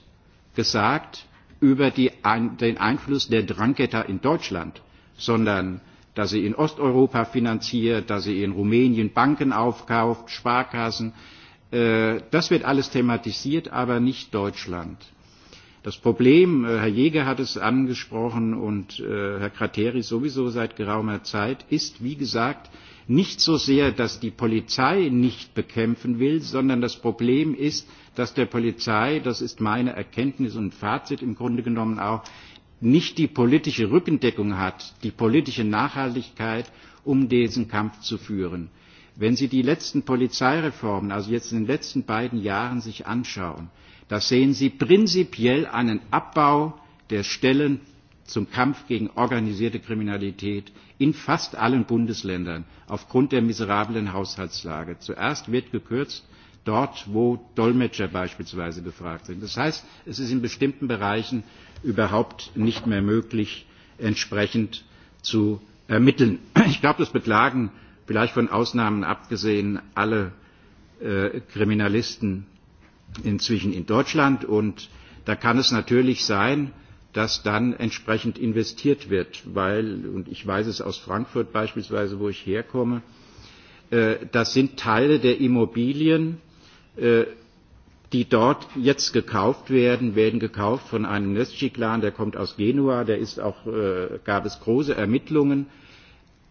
gesagt über die, den Einfluss der Drangheta in Deutschland, sondern dass sie in Osteuropa finanziert, dass sie in Rumänien Banken aufkauft, Sparkassen. Äh, das wird alles thematisiert, aber nicht Deutschland. Das Problem, äh, Herr Jäger hat es angesprochen und äh, Herr Krateri sowieso seit geraumer Zeit, ist, wie gesagt, Nicht so sehr, dass die Polizei nicht bekämpfen will, sondern das Problem ist, dass der Polizei, das ist meine Erkenntnis und Fazit im Grunde genommen auch, nicht die politische Rückendeckung hat, die politische Nachhaltigkeit, um diesen Kampf zu führen. Wenn Sie die letzten Polizeireformen, also jetzt in den letzten beiden Jahren, sich anschauen, da sehen Sie prinzipiell einen Abbau der Stellen zum Kampf gegen organisierte Kriminalität in fast allen Bundesländern aufgrund der miserablen Haushaltslage. Zuerst wird gekürzt dort, wo Dolmetscher beispielsweise gefragt sind. Das heißt, es ist in bestimmten Bereichen überhaupt nicht mehr möglich, entsprechend zu ermitteln. Ich glaube, das beklagen vielleicht von Ausnahmen abgesehen alle äh, Kriminalisten inzwischen in Deutschland. Und da kann es natürlich sein, dass dann entsprechend investiert wird, weil, und ich weiß es aus Frankfurt beispielsweise, wo ich herkomme, äh, das sind Teile der Immobilien, äh, die dort jetzt gekauft werden, werden gekauft von einem nestschi clan der kommt aus Genua, der ist auch, äh, gab es große Ermittlungen.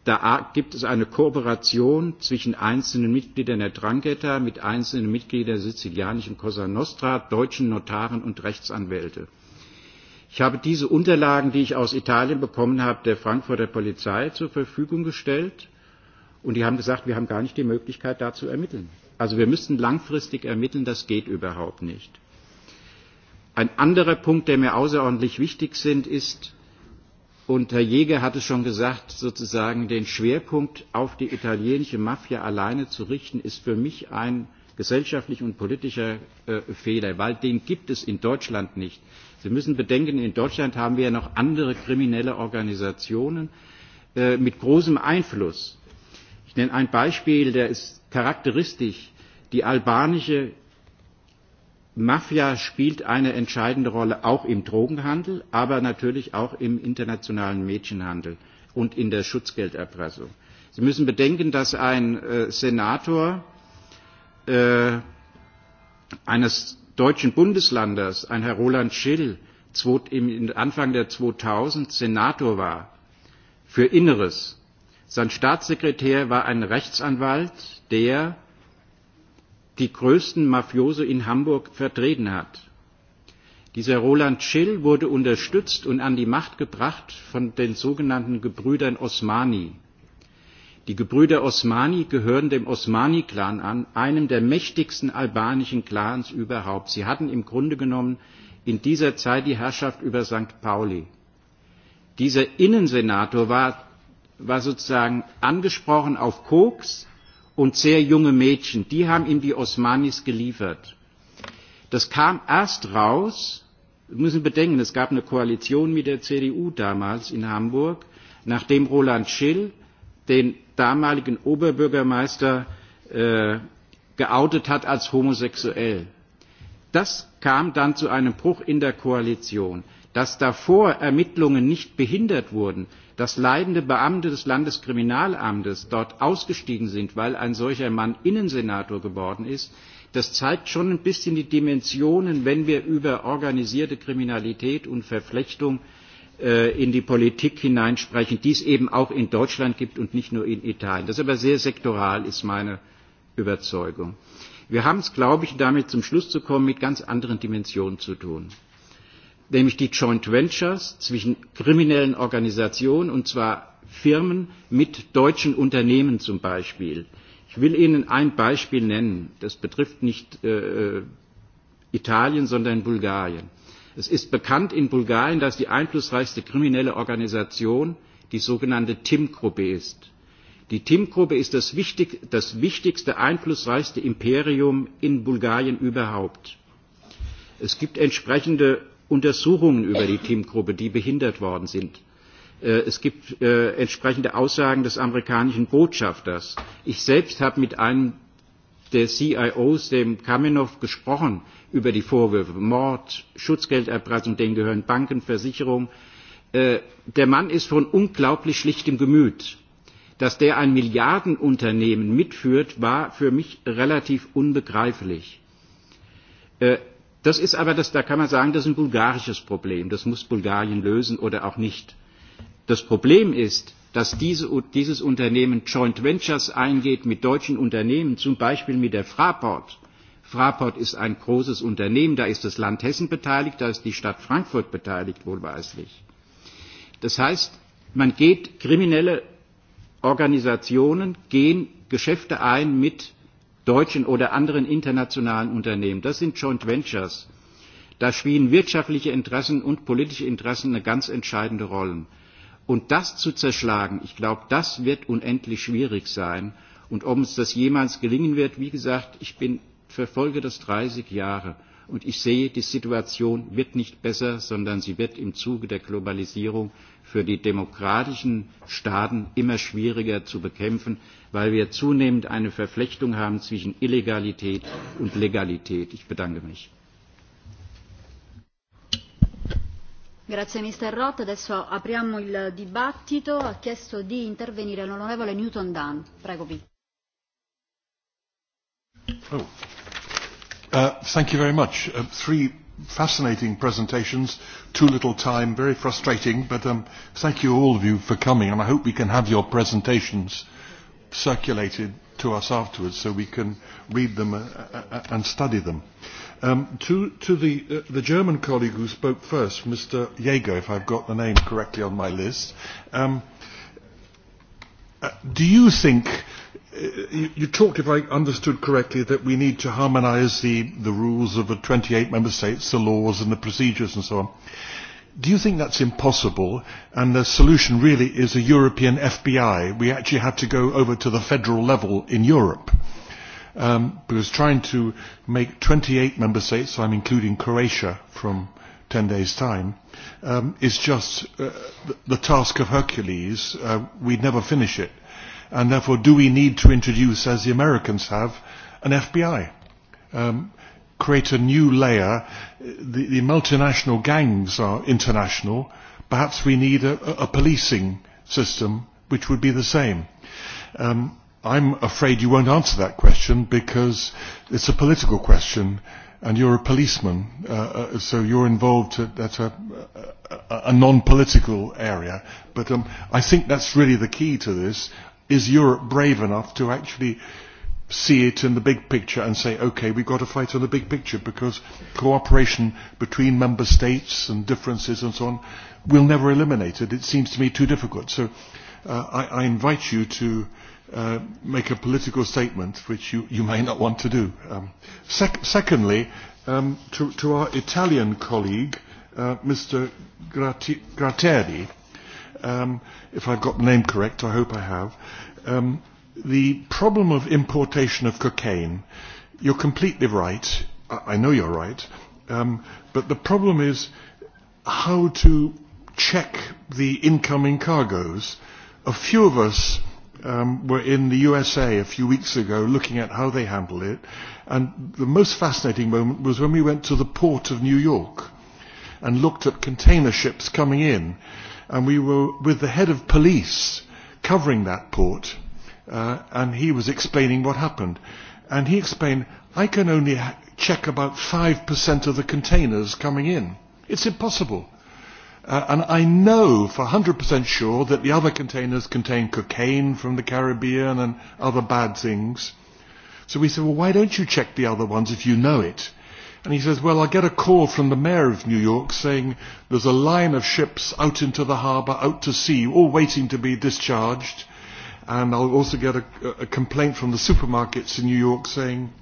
Da gibt es eine Kooperation zwischen einzelnen Mitgliedern der Drangheta mit einzelnen Mitgliedern der sizilianischen Cosa Nostra, deutschen Notaren und Rechtsanwälte. Ich habe diese Unterlagen, die ich aus Italien bekommen habe, der Frankfurter Polizei zur Verfügung gestellt. Und die haben gesagt, wir haben gar nicht die Möglichkeit, da zu ermitteln. Also wir müssten langfristig ermitteln, das geht überhaupt nicht. Ein anderer Punkt, der mir außerordentlich wichtig sind, ist, und Herr Jäger hat es schon gesagt, sozusagen den Schwerpunkt auf die italienische Mafia alleine zu richten, ist für mich ein gesellschaftlich und politischer äh, Fehler, weil den gibt es in Deutschland nicht. Sie müssen bedenken, in Deutschland haben wir ja noch andere kriminelle Organisationen äh, mit großem Einfluss. Ich nenne ein Beispiel, der ist charakteristisch. Die albanische Mafia spielt eine entscheidende Rolle auch im Drogenhandel, aber natürlich auch im internationalen Mädchenhandel und in der Schutzgelderpressung. Sie müssen bedenken, dass ein äh, Senator äh, eines deutschen Bundeslandes, ein Herr Roland Schill, Anfang der 2000 Senator war für Inneres. Sein Staatssekretär war ein Rechtsanwalt, der die größten Mafiosi in Hamburg vertreten hat. Dieser Roland Schill wurde unterstützt und an die Macht gebracht von den sogenannten Gebrüdern Osmani. Die Gebrüder Osmani gehören dem Osmani-Clan an, einem der mächtigsten albanischen Clans überhaupt. Sie hatten im Grunde genommen in dieser Zeit die Herrschaft über St. Pauli. Dieser Innensenator war, war sozusagen angesprochen auf Koks und sehr junge Mädchen. Die haben ihm die Osmanis geliefert. Das kam erst raus, wir müssen bedenken, es gab eine Koalition mit der CDU damals in Hamburg, nachdem Roland Schill den damaligen Oberbürgermeister äh, geoutet hat als homosexuell. Das kam dann zu einem Bruch in der Koalition. Dass davor Ermittlungen nicht behindert wurden, dass leidende Beamte des Landeskriminalamtes dort ausgestiegen sind, weil ein solcher Mann Innensenator geworden ist, das zeigt schon ein bisschen die Dimensionen, wenn wir über organisierte Kriminalität und Verflechtung Äh, in die Politik hineinsprechen, die es eben auch in Deutschland gibt und nicht nur in Italien. Das ist aber sehr sektoral, ist meine Überzeugung. Wir haben es, glaube ich, damit zum Schluss zu kommen, mit ganz anderen Dimensionen zu tun. Nämlich die Joint Ventures zwischen kriminellen Organisationen, und zwar Firmen mit deutschen Unternehmen zum Beispiel. Ich will Ihnen ein Beispiel nennen. Das betrifft nicht äh, äh Italien, sondern Bulgarien. Es ist bekannt in Bulgarien, dass die einflussreichste kriminelle Organisation die sogenannte TIM-Gruppe ist. Die TIM-Gruppe ist das, wichtig, das wichtigste, einflussreichste Imperium in Bulgarien überhaupt. Es gibt entsprechende Untersuchungen über die TIM-Gruppe, die behindert worden sind. Äh, es gibt äh, entsprechende Aussagen des amerikanischen Botschafters. Ich selbst habe mit einem der CIOs, dem Kamenov, gesprochen über die Vorwürfe Mord, Schutzgelderpressung, denen gehören Banken, Versicherungen. Äh, der Mann ist von unglaublich schlichtem Gemüt. Dass der ein Milliardenunternehmen mitführt, war für mich relativ unbegreiflich. Äh, das ist aber, das, da kann man sagen, das ist ein bulgarisches Problem. Das muss Bulgarien lösen oder auch nicht. Das Problem ist, dass diese, dieses Unternehmen Joint Ventures eingeht mit deutschen Unternehmen, zum Beispiel mit der Fraport. Fraport ist ein großes Unternehmen, da ist das Land Hessen beteiligt, da ist die Stadt Frankfurt beteiligt, wohlweislich. Das heißt, man geht, kriminelle Organisationen gehen Geschäfte ein mit deutschen oder anderen internationalen Unternehmen. Das sind Joint Ventures. Da spielen wirtschaftliche Interessen und politische Interessen eine ganz entscheidende Rolle. Und das zu zerschlagen, ich glaube, das wird unendlich schwierig sein. Und ob uns das jemals gelingen wird, wie gesagt, ich bin, verfolge das 30 Jahre. Und ich sehe, die Situation wird nicht besser, sondern sie wird im Zuge der Globalisierung für die demokratischen Staaten immer schwieriger zu bekämpfen, weil wir zunehmend eine Verflechtung haben zwischen Illegalität und Legalität. Ich bedanke mich. Grazie Mr. Roth. Adesso apriamo il dibattito. Ha chiesto di intervenire l'onorevole Newton Dunn. Prego, Vic. Oh. Uh, thank you very much. Uh, three fascinating presentations, too little time, very frustrating, but um, thank you all of you for coming, and I hope we can have your presentations circulated to us afterwards so we can read them uh, uh, uh and study them. Um, to to the, uh, the German colleague who spoke first, Mr. Jaeger, if I've got the name correctly on my list, um, uh, do you think uh, you, you talked, if I understood correctly, that we need to harmonise the, the rules of the 28 member states, the laws and the procedures and so on. Do you think that's impossible and the solution really is a European FBI? We actually have to go over to the federal level in Europe um, because trying to make 28 member states, so I'm including Croatia from 10 days' time, um, is just uh, the task of Hercules. Uh, we'd never finish it. And therefore, do we need to introduce, as the Americans have, an FBI? Um, create a new layer. The, the multinational gangs are international. Perhaps we need a, a policing system which would be the same. Um, i am afraid you won't answer that question because it's a political question and you're a policeman, uh, uh so you're involved at, at a, a, non-political area. But um, I think that's really the key to this. Is Europe brave enough to actually see it in the big picture and say, okay, we've got to fight on the big picture because cooperation between member states and differences and so on will never eliminate it. It seems to me too difficult. So uh, I, I invite you to Uh, make a political statement, which you, you may not want to do. Um, sec secondly, um, to, to our Italian colleague, uh, Mr. Gratteri, um, if I've got the name correct, I hope I have, um, the problem of importation of cocaine, you're completely right. I, I know you're right. Um, but the problem is how to check the incoming cargoes. A few of us um, were in the USA a few weeks ago looking at how they handle it. And the most fascinating moment was when we went to the port of New York and looked at container ships coming in. And we were with the head of police covering that port. Uh, and he was explaining what happened. And he explained, I can only check about 5% of the containers coming in. It's impossible Uh, and I know for 100% sure that the other containers contain cocaine from the Caribbean and other bad things. So we said, well, why don't you check the other ones if you know it? And he says, well, I'll get a call from the mayor of New York saying there's a line of ships out into the harbour, out to sea, all waiting to be discharged. And I'll also get a, a complaint from the supermarkets in New York saying,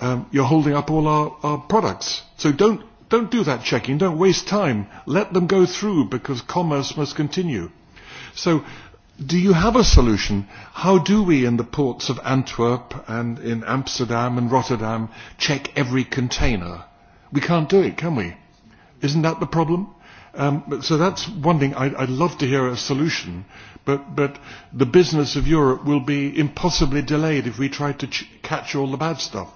um, you're holding up all our, our products. So don't Don't do that checking. Don't waste time. Let them go through because commerce must continue. So do you have a solution? How do we in the ports of Antwerp and in Amsterdam and Rotterdam check every container? We can't do it, can we? Isn't that the problem? Um, so that's one thing. I'd, I'd love to hear a solution, but, but the business of Europe will be impossibly delayed if we try to ch- catch all the bad stuff.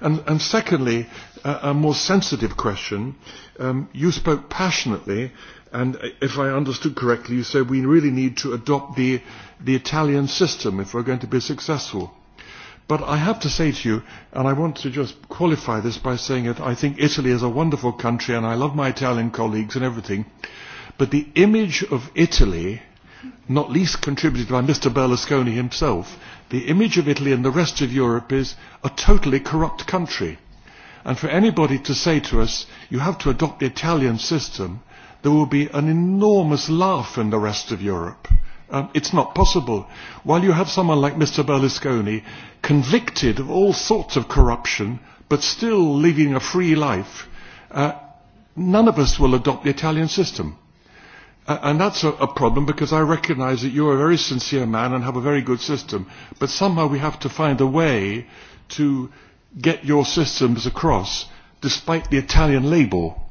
And, and secondly, a more sensitive question. Um, you spoke passionately, and if I understood correctly, you said we really need to adopt the, the Italian system if we're going to be successful. But I have to say to you, and I want to just qualify this by saying that I think Italy is a wonderful country, and I love my Italian colleagues and everything. But the image of Italy, not least contributed by Mr. Berlusconi himself, the image of Italy and the rest of Europe is a totally corrupt country And for anybody to say to us, you have to adopt the Italian system, there will be an enormous laugh in the rest of Europe. Um, it's not possible. While you have someone like Mr. Berlusconi convicted of all sorts of corruption, but still living a free life, uh, none of us will adopt the Italian system. Uh, and that's a, a problem because I recognize that you're a very sincere man and have a very good system, but somehow we have to find a way to get your systems across despite the Italian label.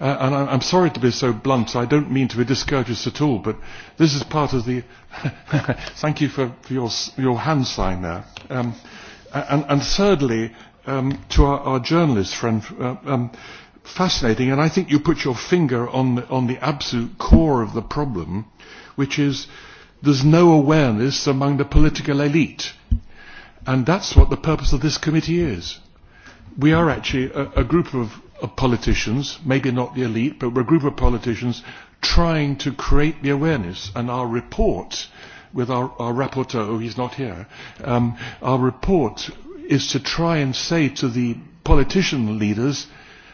Uh, and I, I'm sorry to be so blunt, I don't mean to be discourteous at all, but this is part of the... thank you for, for your, your hand sign there. Um, and, and thirdly, um, to our, our journalist friend, uh, um, fascinating, and I think you put your finger on the, on the absolute core of the problem, which is there's no awareness among the political elite And that's what the purpose of this committee is. We are actually a, a group of, of politicians, maybe not the elite, but we're a group of politicians trying to create the awareness. And our report, with our, our rapporteur, who oh, is not here, um, our report is to try and say to the politician leaders,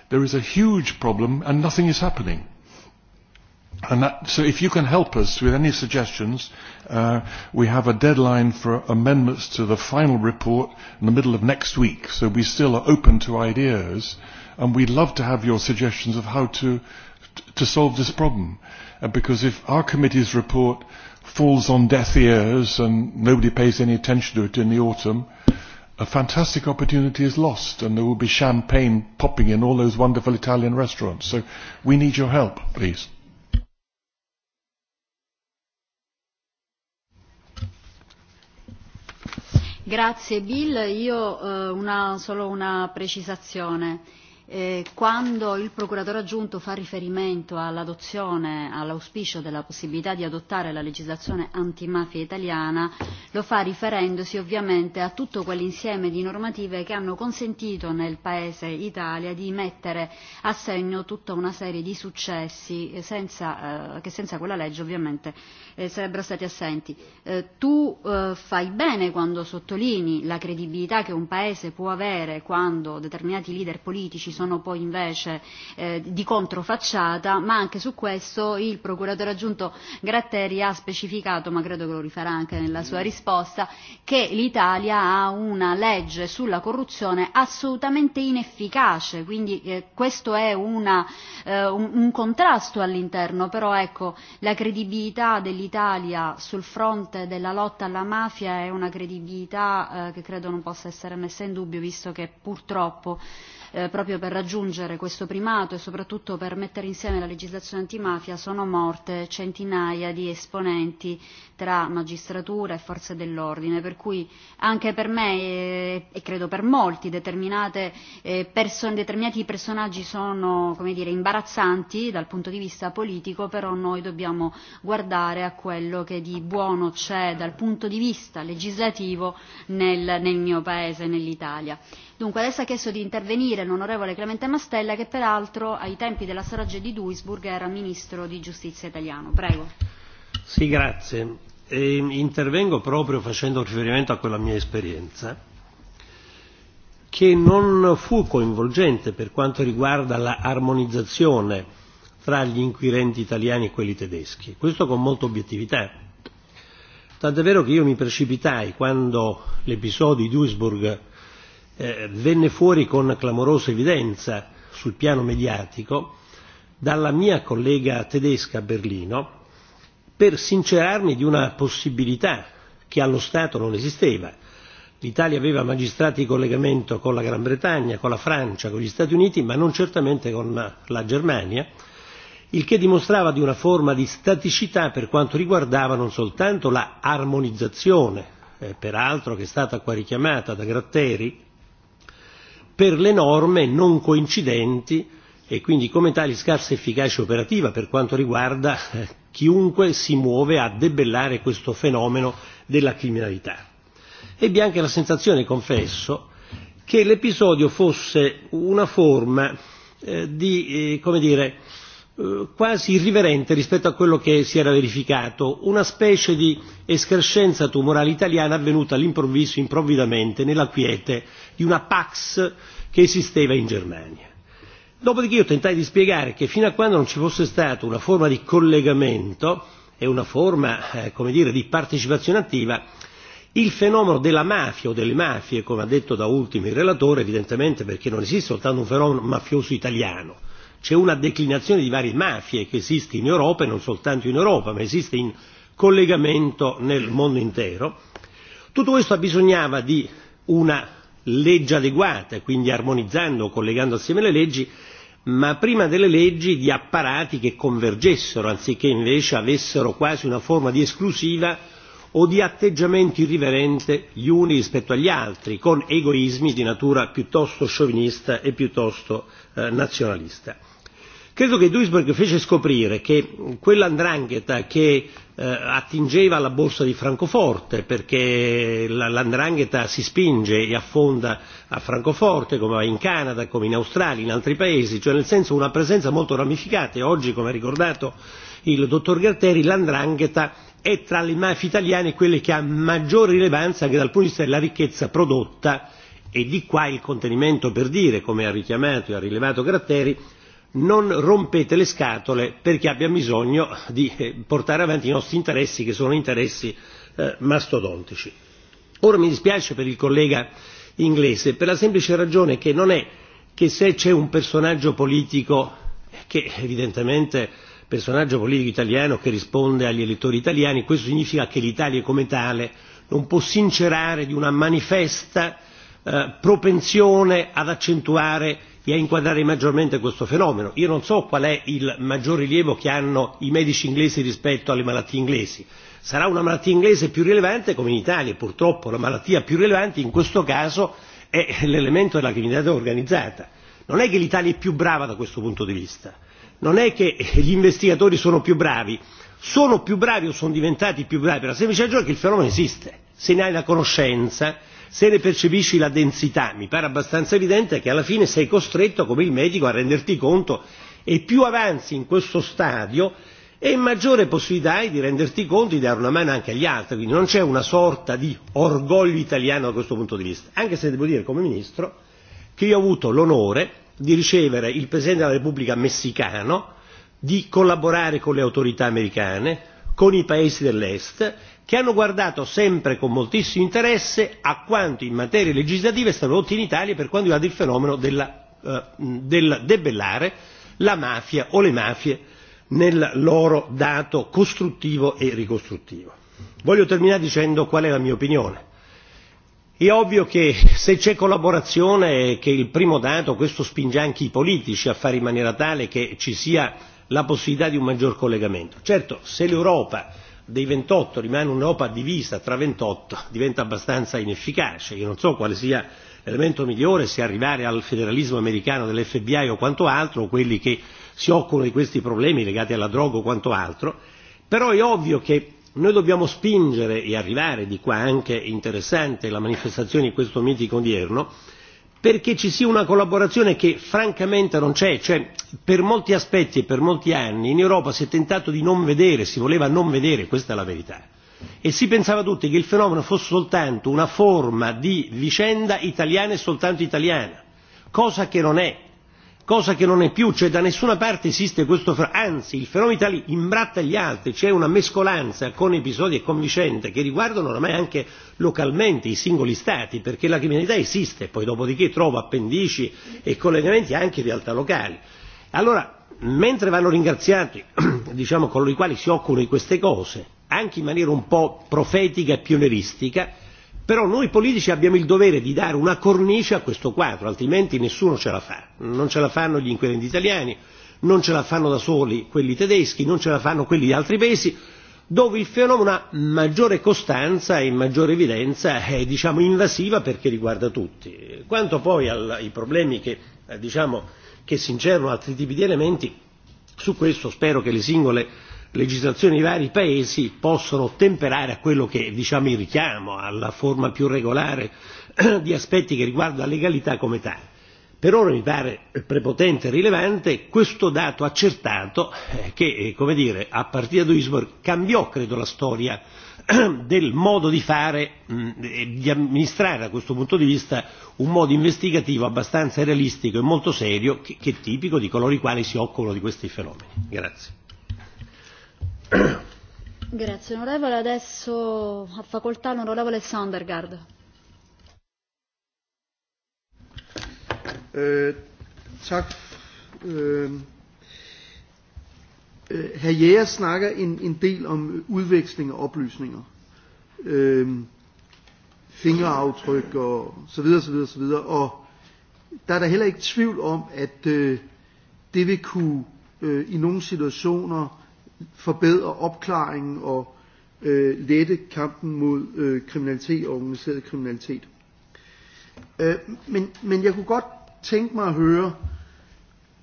there is a huge problem and nothing is happening And that, so if you can help us with any suggestions, uh, we have a deadline for amendments to the final report in the middle of next week. So we still are open to ideas, and we'd love to have your suggestions of how to, to solve this problem. Uh, because if our committee's report falls on deaf ears and nobody pays any attention to it in the autumn, a fantastic opportunity is lost and there will be champagne popping in all those wonderful Italian restaurants. So we need your help, please. Grazie Bill, io eh, una, solo una precisazione. Eh, quando il procuratore aggiunto fa riferimento all'adozione, all'auspicio della possibilità di adottare la legislazione antimafia italiana, lo fa riferendosi ovviamente a tutto quell'insieme di normative che hanno consentito nel Paese Italia di mettere a segno tutta una serie di successi eh, senza, eh, che senza quella legge ovviamente eh, sarebbero stati assenti. Eh, tu eh, fai bene quando sottolinei la credibilità che un Paese può avere quando determinati leader politici sono poi invece eh, di controfacciata, ma anche su questo il procuratore aggiunto Gratteri ha specificato, ma credo che lo rifarà anche nella sua mm. risposta, che l'Italia ha una legge sulla corruzione assolutamente inefficace, quindi eh, questo è una, eh, un, un contrasto all'interno, però ecco la credibilità dell'Italia sul fronte della lotta alla mafia è una credibilità eh, che credo non possa essere messa in dubbio, visto che purtroppo eh, Eh, proprio per raggiungere questo primato e soprattutto per mettere insieme la legislazione antimafia sono morte centinaia di esponenti tra magistratura e forze dell'ordine, per cui anche per me eh, e credo per molti determinate, eh, person- determinati personaggi sono come dire, imbarazzanti dal punto di vista politico, però noi dobbiamo guardare a quello che di buono c'è dal punto di vista legislativo nel, nel mio paese, nell'Italia. Dunque adesso ha chiesto di intervenire Brasile, l'onorevole Clemente Mastella, che peraltro ai tempi della strage di Duisburg era ministro di giustizia italiano. Prego. Sì, grazie. E intervengo proprio facendo riferimento a quella mia esperienza che non fu coinvolgente per quanto riguarda l'armonizzazione tra gli inquirenti italiani e quelli tedeschi, questo con molta obiettività. Tant'è vero che io mi precipitai quando l'episodio di Duisburg Eh, venne fuori con clamorosa evidenza sul piano mediatico dalla mia collega tedesca a Berlino per sincerarmi di una possibilità che allo Stato non esisteva. L'Italia aveva magistrati di collegamento con la Gran Bretagna, con la Francia, con gli Stati Uniti, ma non certamente con la Germania, il che dimostrava di una forma di staticità per quanto riguardava non soltanto la armonizzazione, eh, peraltro che è stata qua richiamata da Gratteri, per le norme non coincidenti e quindi come tali scarsa efficacia operativa per quanto riguarda eh, chiunque si muove a debellare questo fenomeno della criminalità. Ebbi anche la sensazione, confesso, che l'episodio fosse una forma eh, di, eh, come dire, eh, Eh, quasi irriverente rispetto a quello che si era verificato, una specie di escrescenza tumorale italiana avvenuta all'improvviso, improvvidamente, nella quiete di una Pax che esisteva in Germania. Dopodiché io tentai di spiegare che fino a quando non ci fosse stata una forma di collegamento e una forma, eh, come dire, di partecipazione attiva, il fenomeno della mafia o delle mafie, come ha detto da ultimo il relatore, evidentemente perché non esiste soltanto un fenomeno mafioso italiano, c'è una declinazione di varie mafie che esiste in Europa e non soltanto in Europa, ma esiste in collegamento nel mondo intero. Tutto questo bisognava di una legge adeguata, quindi armonizzando, collegando assieme le leggi, ma prima delle leggi di apparati che convergessero, anziché invece avessero quasi una forma di esclusiva o di atteggiamento irriverente gli uni rispetto agli altri, con egoismi di natura piuttosto sciovinista e piuttosto eh, nazionalista Credo che Duisburg fece scoprire che quell'andrangheta che eh, attingeva alla borsa di Francoforte, perché l'andrangheta si spinge e affonda a Francoforte, come in Canada, come in Australia, in altri paesi, cioè nel senso una presenza molto ramificata e oggi, come ha ricordato il dottor Gatteri, l'andrangheta è tra le mafie italiane quelle che ha maggior rilevanza anche dal punto di vista della ricchezza prodotta e di qua il contenimento per dire, come ha richiamato e ha rilevato Gratteri, non rompete le scatole perché abbia bisogno di eh, portare avanti i nostri interessi che sono interessi eh, mastodontici. Ora mi dispiace per il collega inglese per la semplice ragione che non è che se c'è un personaggio politico che evidentemente personaggio politico italiano che risponde agli elettori italiani, questo significa che l'Italia come tale non può sincerare di una manifesta eh, propensione ad accentuare e a inquadrare maggiormente questo fenomeno. Io non so qual è il maggior rilievo che hanno i medici inglesi rispetto alle malattie inglesi. Sarà una malattia inglese più rilevante come in Italia, purtroppo la malattia più rilevante in questo caso è l'elemento della criminalità organizzata. Non è che l'Italia è più brava da questo punto di vista, non è che gli investigatori sono più bravi, sono più bravi o sono diventati più bravi per la semplice ragione che il fenomeno esiste, se ne hai la conoscenza se ne percepisci la densità mi pare abbastanza evidente che alla fine sei costretto come il medico a renderti conto e più avanzi in questo stadio e maggiore possibilità hai di renderti conto e di dare una mano anche agli altri, quindi non c'è una sorta di orgoglio italiano da questo punto di vista, anche se devo dire come Ministro che io ho avuto l'onore di ricevere il Presidente della Repubblica messicano, di collaborare con le autorità americane, con i paesi dell'Est che hanno guardato sempre con moltissimo interesse a quanto in materia legislativa è stato fatto in Italia per quanto riguarda il fenomeno della, eh, del debellare la mafia o le mafie nel loro dato costruttivo e ricostruttivo. Voglio terminare dicendo qual è la mia opinione. È ovvio che se c'è collaborazione, e che il primo dato, questo spinge anche i politici a fare in maniera tale che ci sia la possibilità di un maggior collegamento. Certo, se l'Europa dei 28 rimane un'Europa divisa tra 28 diventa abbastanza inefficace. Io non so quale sia l'elemento migliore, se arrivare al federalismo americano dell'FBI o quanto altro, o quelli che si occupano di questi problemi legati alla droga o quanto altro, però è ovvio che noi dobbiamo spingere e arrivare di qua anche interessante la manifestazione di questo meeting odierno perché ci sia una collaborazione che francamente non c'è cioè per molti aspetti e per molti anni in europa si è tentato di non vedere si voleva non vedere questa è la verità e si pensava tutti che il fenomeno fosse soltanto una forma di vicenda italiana e soltanto italiana cosa che non è cosa che non è più, cioè da nessuna parte esiste questo fenomeno, anzi il fenomeno italiano imbratta gli altri, c'è una mescolanza con episodi e vicende che riguardano oramai anche localmente i singoli stati, perché la criminalità esiste, poi dopodiché trova appendici e collegamenti anche in realtà locali. Allora, mentre vanno ringraziati diciamo, coloro i quali si occupano di queste cose, anche in maniera un po' profetica e pionieristica, Però noi politici abbiamo il dovere di dare una cornice a questo quadro, altrimenti nessuno ce la fa. Non ce la fanno gli inquirenti italiani, non ce la fanno da soli quelli tedeschi, non ce la fanno quelli di altri paesi, dove il fenomeno ha maggiore costanza e maggiore evidenza è eh, diciamo, invasiva perché riguarda tutti. Quanto poi ai problemi che, eh, diciamo, che si ingerono altri tipi di elementi, su questo spero che le singole legislazioni dei vari paesi possono ottemperare a quello che diciamo, il richiamo alla forma più regolare di aspetti che riguardano la legalità come tale. Per ora mi pare prepotente e rilevante questo dato accertato eh, che, eh, come dire, a partire da Duisburg cambiò, credo, la storia del modo di fare e di amministrare da questo punto di vista un modo investigativo abbastanza realistico e molto serio che, che è tipico di coloro i quali si occupano di questi fenomeni. Grazie. Grazie onorevole, adesso ha facoltà l'onorevole Sandergaard. Øh, eh, tak. Øh, Herr Jæger snakker en, en del om udveksling af oplysninger. Øh, fingeraftryk og så videre, så videre, så videre. Og der er der heller ikke tvivl om, at øh, det vil kunne øh, i nogle situationer forbedre opklaringen og øh, lette kampen mod øh, kriminalitet og organiseret kriminalitet. Øh, men, men jeg kunne godt tænke mig at høre,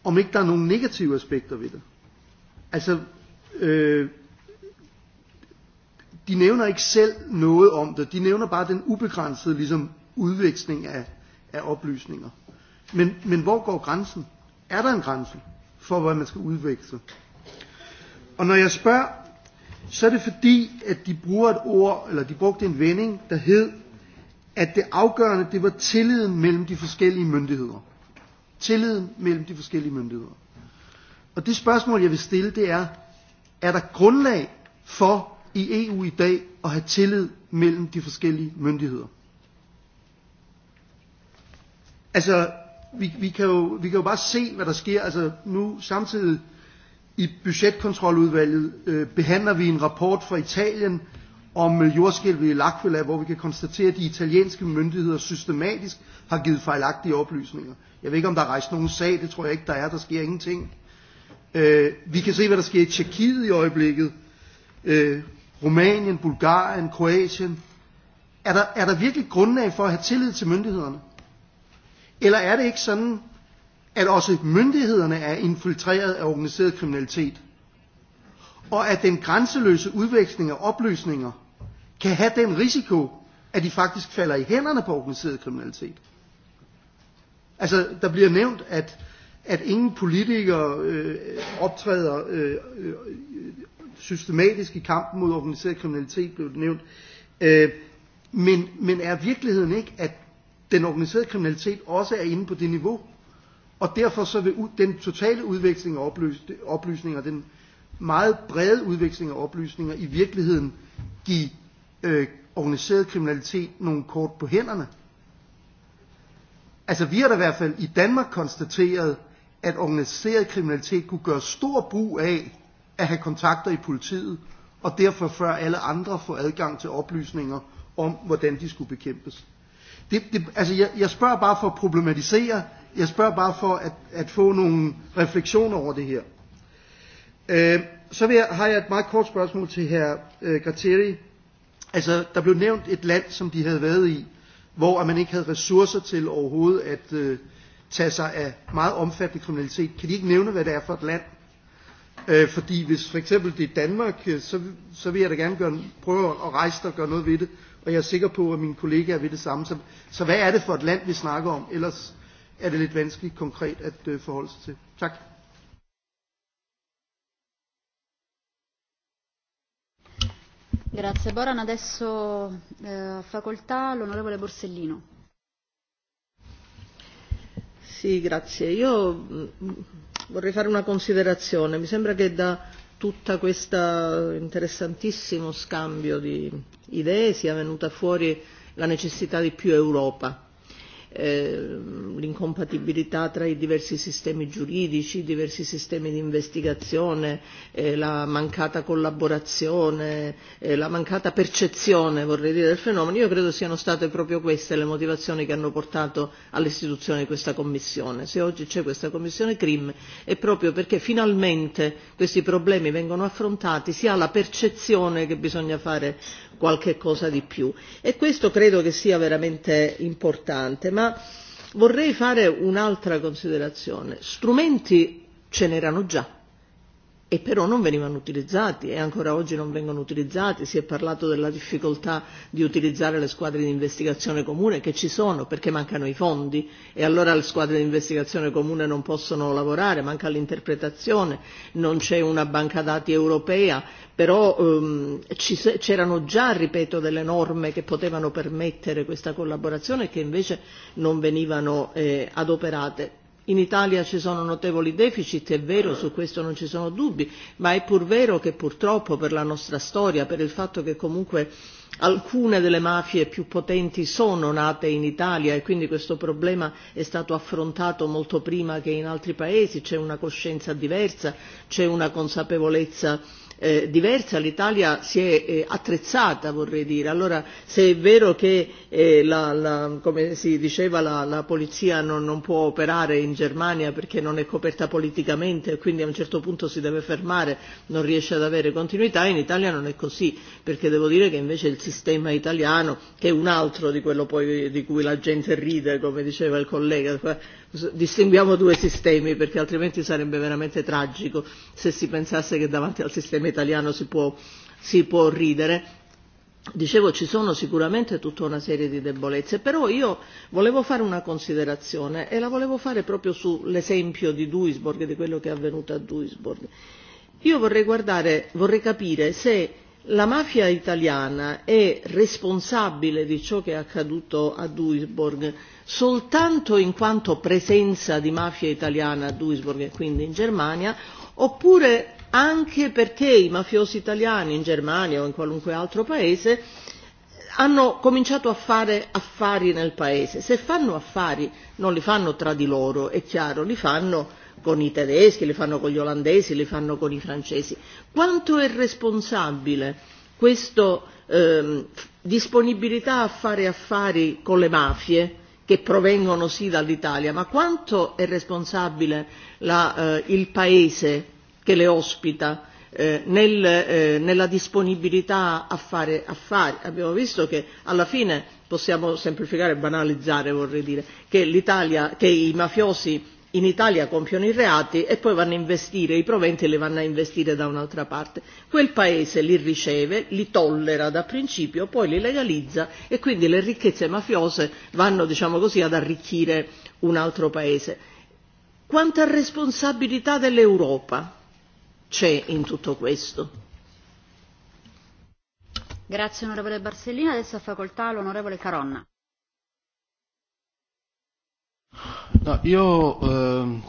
om ikke der er nogle negative aspekter ved det. Altså, øh, de nævner ikke selv noget om det. De nævner bare den ubegrænsede ligesom, udveksling af, af oplysninger. Men, men hvor går grænsen? Er der en grænse for, hvad man skal udveksle? Og når jeg spørger, så er det fordi, at de bruger et ord, eller de brugte en vending, der hed, at det afgørende, det var tilliden mellem de forskellige myndigheder. Tilliden mellem de forskellige myndigheder. Og det spørgsmål, jeg vil stille, det er, er der grundlag for i EU i dag at have tillid mellem de forskellige myndigheder? Altså, vi, vi, kan jo, vi kan jo bare se, hvad der sker. Altså, nu samtidig i budgetkontroludvalget øh, behandler vi en rapport fra Italien om jordskælvet i L'Aquila, hvor vi kan konstatere, at de italienske myndigheder systematisk har givet fejlagtige oplysninger. Jeg ved ikke, om der er rejst nogen sag, det tror jeg ikke, der er. Der sker ingenting. Øh, vi kan se, hvad der sker i Tjekkiet i øjeblikket. Øh, Rumænien, Bulgarien, Kroatien. Er der, er der virkelig grundlag for at have tillid til myndighederne? Eller er det ikke sådan, at også myndighederne er infiltreret af organiseret kriminalitet, og at den grænseløse udveksling af oplysninger kan have den risiko, at de faktisk falder i hænderne på organiseret kriminalitet. Altså, der bliver nævnt, at, at ingen politikere øh, optræder øh, øh, systematisk i kampen mod organiseret kriminalitet, blev det nævnt. Øh, men, men er virkeligheden ikke, at den organiserede kriminalitet også er inde på det niveau, Og derfor så vil den totale udveksling af oplysninger, den meget brede udveksling af oplysninger, i virkeligheden give øh, organiseret kriminalitet nogle kort på hænderne. Altså vi har da i hvert fald i Danmark konstateret, at organiseret kriminalitet kunne gøre stor brug af at have kontakter i politiet, og derfor før alle andre får adgang til oplysninger om, hvordan de skulle bekæmpes. Det, det, altså jeg, jeg spørger bare for at problematisere, Jeg spørger bare for at, at få nogle refleksioner over det her. Øh, så vil jeg, har jeg et meget kort spørgsmål til hr. Øh, Gratteri. Altså, der blev nævnt et land, som de havde været i, hvor man ikke havde ressourcer til overhovedet at øh, tage sig af meget omfattende kriminalitet. Kan de ikke nævne, hvad det er for et land? Øh, fordi hvis for eksempel det er Danmark, øh, så, så vil jeg da gerne gøre, prøve at rejse og gøre noget ved det. Og jeg er sikker på, at mine kollegaer vil det samme. Så, så hvad er det for et land, vi snakker om? Ellers er det lidt vanskeligt konkret at øh, forholde sig til. Tak. Grazie Boran. Adesso eh, facoltà l'onorevole Borsellino. Sì, grazie. Io mm, vorrei fare una considerazione. Mi sembra che da tutta questa interessantissimo scambio di idee sia venuta fuori la necessità di più Europa Eh, l'incompatibilità tra i diversi sistemi giuridici, i diversi sistemi di investigazione, eh, la mancata collaborazione, eh, la mancata percezione vorrei dire, del fenomeno, io credo siano state proprio queste le motivazioni che hanno portato all'istituzione di questa Commissione. Se oggi c'è questa Commissione CRIM è proprio perché finalmente questi problemi vengono affrontati, si ha la percezione che bisogna fare qualche cosa di più e questo credo che sia veramente importante ma vorrei fare un'altra considerazione strumenti ce n'erano già e però non venivano utilizzati e ancora oggi non vengono utilizzati. Si è parlato della difficoltà di utilizzare le squadre di investigazione comune che ci sono perché mancano i fondi e allora le squadre di investigazione comune non possono lavorare, manca l'interpretazione, non c'è una banca dati europea, però ehm, ci, c'erano già, ripeto, delle norme che potevano permettere questa collaborazione e che invece non venivano eh, adoperate In Italia ci sono notevoli deficit, è vero, su questo non ci sono dubbi, ma è pur vero che purtroppo per la nostra storia, per il fatto che comunque alcune delle mafie più potenti sono nate in Italia e quindi questo problema è stato affrontato molto prima che in altri paesi, c'è una coscienza diversa, c'è una consapevolezza eh, diversa, l'Italia si è eh, attrezzata vorrei dire. Allora se è vero che eh, la, la, come si diceva la, la polizia non, non può operare in Germania perché non è coperta politicamente e quindi a un certo punto si deve fermare, non riesce ad avere continuità, in Italia non è così perché devo dire che invece il sistema italiano che è un altro di quello poi di cui la gente ride come diceva il collega distinguiamo due sistemi perché altrimenti sarebbe veramente tragico se si pensasse che davanti al sistema italiano si può, si può ridere, Dicevo, ci sono sicuramente tutta una serie di debolezze, però io volevo fare una considerazione e la volevo fare proprio sull'esempio di Duisburg, di quello che è avvenuto a Duisburg. Io vorrei, guardare, vorrei capire se la mafia italiana è responsabile di ciò che è accaduto a Duisburg soltanto in quanto presenza di mafia italiana a Duisburg e quindi in Germania, oppure anche perché i mafiosi italiani in Germania o in qualunque altro paese hanno cominciato a fare affari nel paese. Se fanno affari non li fanno tra di loro, è chiaro, li fanno con i tedeschi, li fanno con gli olandesi, li fanno con i francesi. Quanto è responsabile questa ehm, disponibilità a fare affari con le mafie? che provengono sì dall'Italia, ma quanto è responsabile la, eh, il Paese che le ospita eh, nel, eh, nella disponibilità a fare affari. Abbiamo visto che alla fine possiamo semplificare e banalizzare, vorrei dire, che, l'Italia, che i mafiosi in Italia compiono i reati e poi vanno a investire i proventi li vanno a investire da un'altra parte. Quel paese li riceve, li tollera da principio, poi li legalizza e quindi le ricchezze mafiose vanno, diciamo così, ad arricchire un altro paese. Quanta responsabilità dell'Europa? c'è in tutto questo. Grazie onorevole Barsellino, adesso ha facoltà l'onorevole Caronna. No, io eh,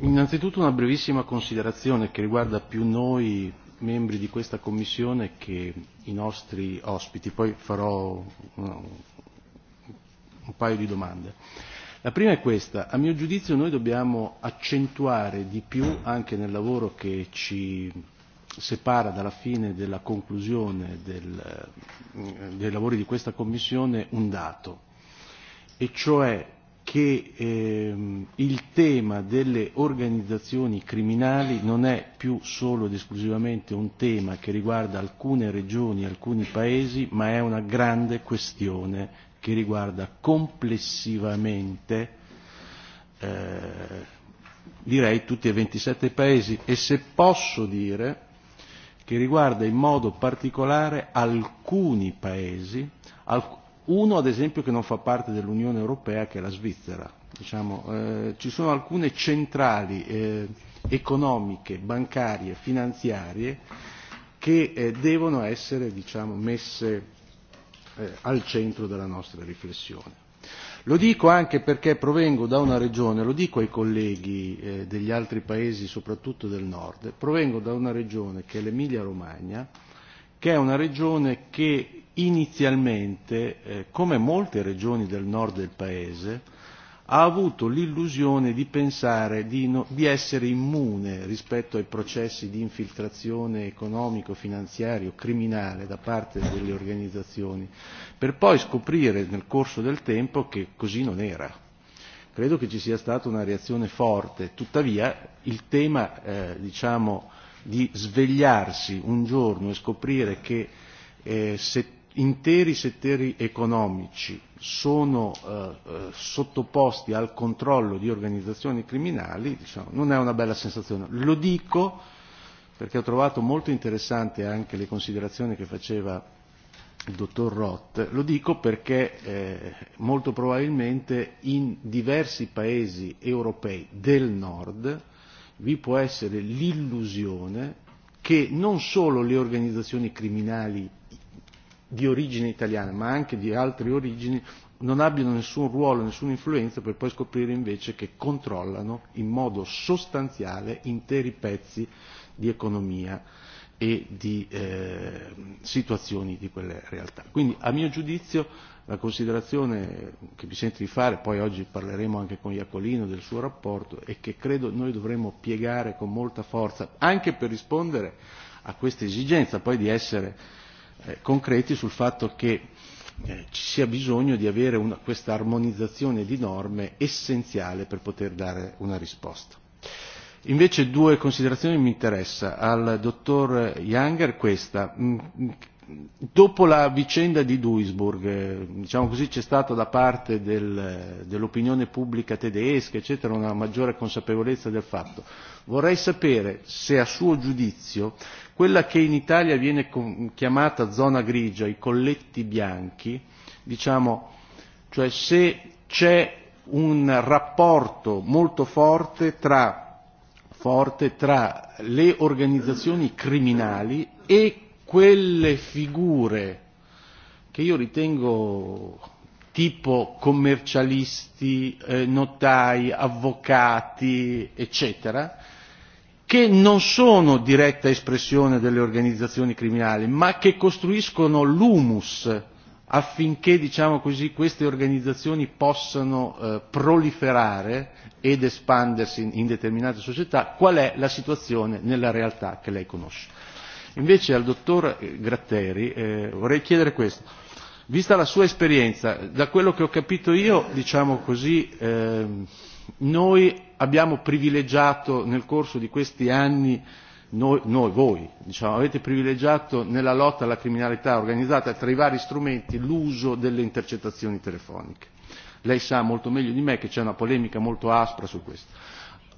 innanzitutto una brevissima considerazione che riguarda più noi membri di questa commissione che i nostri ospiti, poi farò no, un paio di domande. Eh, La prima è questa, a mio giudizio noi dobbiamo accentuare di più anche nel lavoro che ci separa dalla fine della conclusione del, eh, dei lavori di questa Commissione un dato, e cioè che ehm, il tema delle organizzazioni criminali non è più solo ed esclusivamente un tema che riguarda alcune regioni, alcuni paesi, ma è una grande questione che riguarda complessivamente eh, direi tutti e 27 paesi e se posso dire che riguarda in modo particolare alcuni paesi, alc- uno ad esempio che non fa parte dell'Unione Europea che è la Svizzera. Diciamo, eh, ci sono alcune centrali eh, economiche, bancarie, finanziarie che eh, devono essere diciamo, messe eh, al centro della nostra riflessione. Lo dico anche perché provengo da una regione, lo dico ai colleghi eh, degli altri paesi, soprattutto del nord, provengo da una regione che è l'Emilia Romagna, che è una regione che inizialmente, eh, come molte regioni del nord del paese, ha avuto l'illusione di pensare di, no, di essere immune rispetto ai processi di infiltrazione economico, finanziario, criminale da parte delle organizzazioni, per poi scoprire nel corso del tempo che così non era. Credo che ci sia stata una reazione forte, tuttavia il tema eh, diciamo, di svegliarsi un giorno e scoprire che eh, se interi settori economici sono eh, eh, sottoposti al controllo di organizzazioni criminali diciamo, non è una bella sensazione. Lo dico perché ho trovato molto interessante anche le considerazioni che faceva il dottor Roth, lo dico perché eh, molto probabilmente in diversi paesi europei del nord vi può essere l'illusione che non solo le organizzazioni criminali di origine italiana ma anche di altre origini non abbiano nessun ruolo, nessuna influenza per poi scoprire invece che controllano in modo sostanziale interi pezzi di economia e di eh, situazioni di quelle realtà. Quindi a mio giudizio la considerazione che mi sento di fare, poi oggi parleremo anche con Iacolino del suo rapporto, è che credo noi dovremmo piegare con molta forza, anche per rispondere a questa esigenza poi di essere eh, concreti sul fatto che eh, ci sia bisogno di avere una, questa armonizzazione di norme essenziale per poter dare una risposta. Invece due considerazioni mi interessa. Al dottor Younger questa. Mm, dopo la vicenda di Duisburg, eh, diciamo così, c'è stata da parte del, dell'opinione pubblica tedesca eccetera, una maggiore consapevolezza del fatto. Vorrei sapere se a suo giudizio quella che in Italia viene chiamata zona grigia, i colletti bianchi, diciamo, cioè se c'è un rapporto molto forte tra, forte tra le organizzazioni criminali e quelle figure che io ritengo tipo commercialisti, eh, notai, avvocati, eccetera, che non sono diretta espressione delle organizzazioni criminali ma che costruiscono l'humus affinché diciamo così, queste organizzazioni possano eh, proliferare ed espandersi in, in determinate società, qual è la situazione nella realtà che lei conosce. Invece al dottor eh, Gratteri eh, vorrei chiedere questo. Vista la sua esperienza, da quello che ho capito io, diciamo così, eh, noi abbiamo privilegiato nel corso di questi anni noi, noi voi diciamo, avete privilegiato nella lotta alla criminalità organizzata tra i vari strumenti l'uso delle intercettazioni telefoniche. Lei sa molto meglio di me che c'è una polemica molto aspra su questo.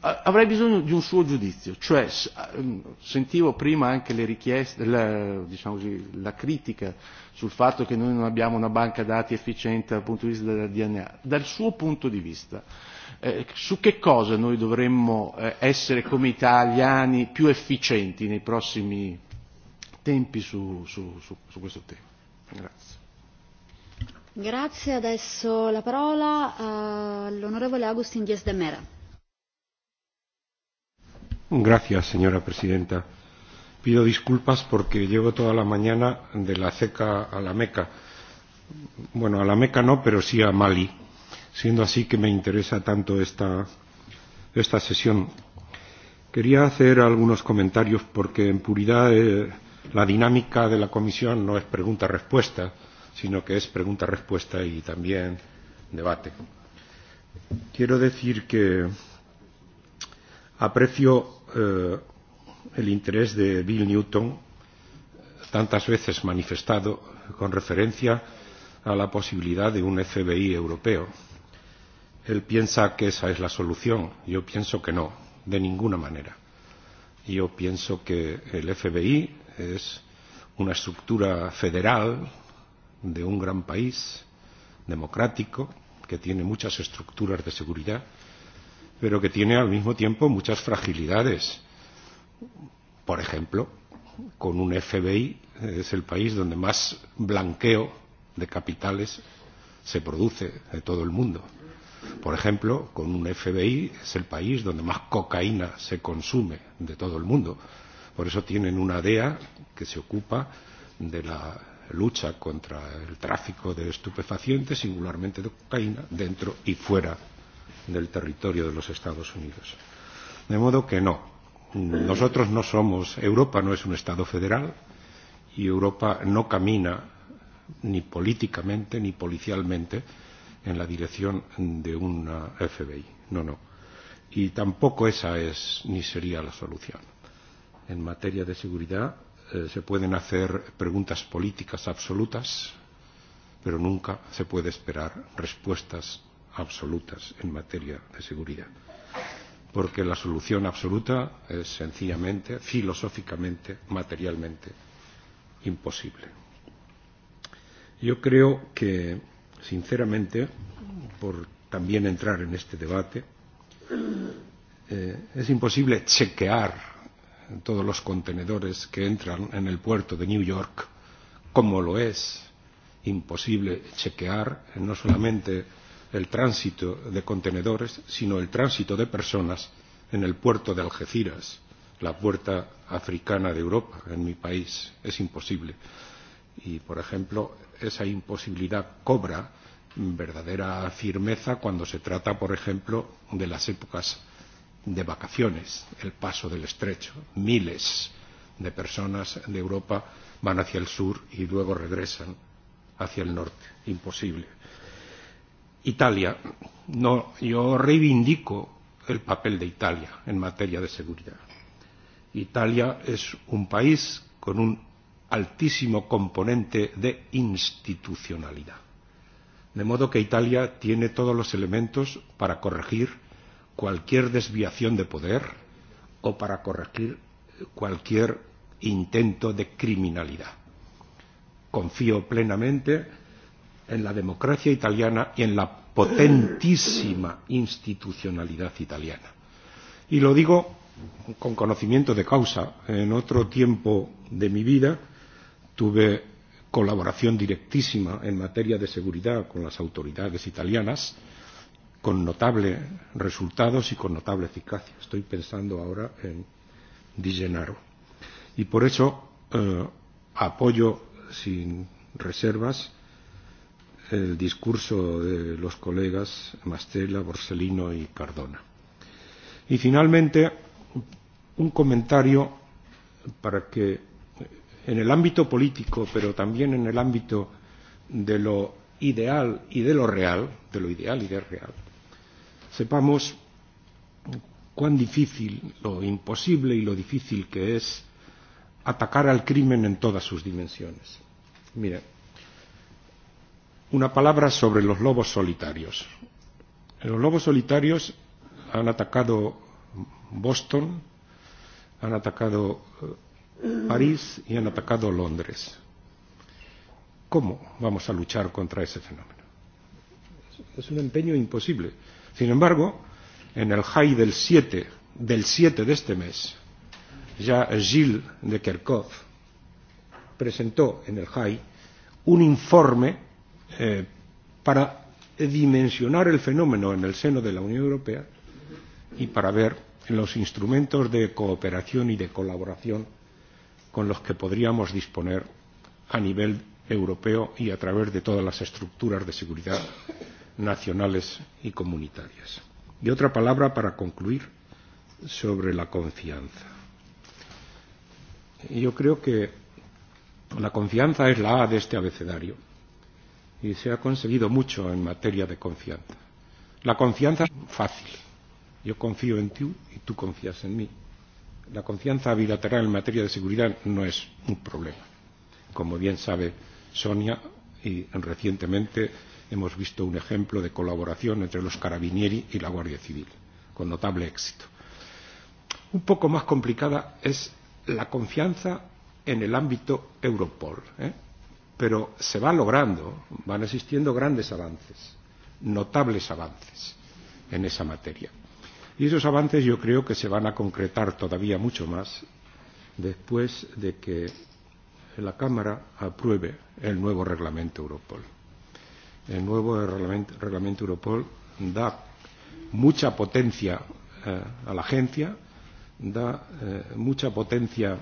Avrei bisogno di un suo giudizio, cioè sentivo prima anche le richieste, la, diciamo così, la critica sul fatto che noi non abbiamo una banca dati efficiente dal punto di vista della DNA. Dal suo punto di vista, eh, su che cosa noi dovremmo eh, essere come italiani più efficienti nei prossimi tempi su, su, su, su questo tema. Grazie. Grazie, adesso la parola eh, all'onorevole Agustin Dias de Mera. Gracias, señora presidenta. Pido disculpas porque llevo toda la mañana de la ceca a la Meca. Bueno, a la Meca no, pero sí a Mali siendo así que me interesa tanto esta, esta sesión. Quería hacer algunos comentarios porque en puridad eh, la dinámica de la comisión no es pregunta-respuesta, sino que es pregunta-respuesta y también debate. Quiero decir que aprecio eh, el interés de Bill Newton tantas veces manifestado con referencia a la posibilidad de un FBI europeo él piensa que esa es la solución. Yo pienso que no, de ninguna manera. Yo pienso que el FBI es una estructura federal de un gran país democrático que tiene muchas estructuras de seguridad, pero que tiene al mismo tiempo muchas fragilidades. Por ejemplo, con un FBI es el país donde más blanqueo de capitales se produce de todo el mundo Por ejemplo, con un FBI es el país donde más cocaína se consume de todo el mundo. Por eso tienen una DEA que se ocupa de la lucha contra el tráfico de estupefacientes, singularmente de cocaína, dentro y fuera del territorio de los Estados Unidos. De modo que no. Nosotros no somos, Europa no es un Estado federal y Europa no camina ni políticamente ni policialmente en la dirección de una FBI. No, no. Y tampoco esa es ni sería la solución. En materia de seguridad eh, se pueden hacer preguntas políticas absolutas, pero nunca se puede esperar respuestas absolutas en materia de seguridad. Porque la solución absoluta es sencillamente, filosóficamente, materialmente imposible. Yo creo que sinceramente, por también entrar en este debate, eh, es imposible chequear todos los contenedores que entran en el puerto de New York, como lo es imposible chequear no solamente el tránsito de contenedores, sino el tránsito de personas en el puerto de Algeciras, la puerta africana de Europa, en mi país. Es imposible. Y, por ejemplo, esa imposibilidad cobra verdadera firmeza cuando se trata, por ejemplo, de las épocas de vacaciones, el paso del estrecho. Miles de personas de Europa van hacia el sur y luego regresan hacia el norte. Imposible. Italia. No, yo reivindico el papel de Italia en materia de seguridad. Italia es un país con un altísimo componente de institucionalidad. De modo que Italia tiene todos los elementos para corregir cualquier desviación de poder o para corregir cualquier intento de criminalidad. Confío plenamente en la democracia italiana y en la potentísima institucionalidad italiana. Y lo digo con conocimiento de causa. En otro tiempo de mi vida Tuve colaboración directísima en materia de seguridad con las autoridades italianas, con notables resultados y con notable eficacia. Estoy pensando ahora en Di Gennaro. Y por eso eh, apoyo sin reservas el discurso de los colegas Mastella, Borsellino y Cardona. Y finalmente, un comentario para que en el ámbito político, pero también en el ámbito de lo ideal y de lo real, de lo ideal y de real, sepamos cuán difícil, lo imposible y lo difícil que es atacar al crimen en todas sus dimensiones. Mire, una palabra sobre los lobos solitarios. Los lobos solitarios han atacado Boston, han atacado eh, París y han atacado Londres. ¿Cómo vamos a luchar contra ese fenómeno? Es un empeño imposible. Sin embargo, en el high del 7, del 7 de este mes, ya Gilles de Kerkhoff presentó en el high un informe eh, para dimensionar el fenómeno en el seno de la Unión Europea y para ver los instrumentos de cooperación y de colaboración con los que podríamos disponer a nivel europeo y a través de todas las estructuras de seguridad nacionales y comunitarias. Y otra palabra para concluir sobre la confianza. Yo creo que la confianza es la A de este abecedario y se ha conseguido mucho en materia de confianza. La confianza es fácil. Yo confío en ti y tú confías en mí la confianza bilateral en materia de seguridad no es un problema. Como bien sabe Sonia, y recientemente hemos visto un ejemplo de colaboración entre los carabinieri y la Guardia Civil, con notable éxito. Un poco más complicada es la confianza en el ámbito Europol, ¿eh? pero se va logrando, van existiendo grandes avances, notables avances en esa materia Y esos avances yo creo que se van a concretar todavía mucho más después de que la Cámara apruebe el nuevo reglamento Europol. El nuevo reglamento, reglamento Europol da mucha potencia eh, a la agencia, da eh, mucha potencia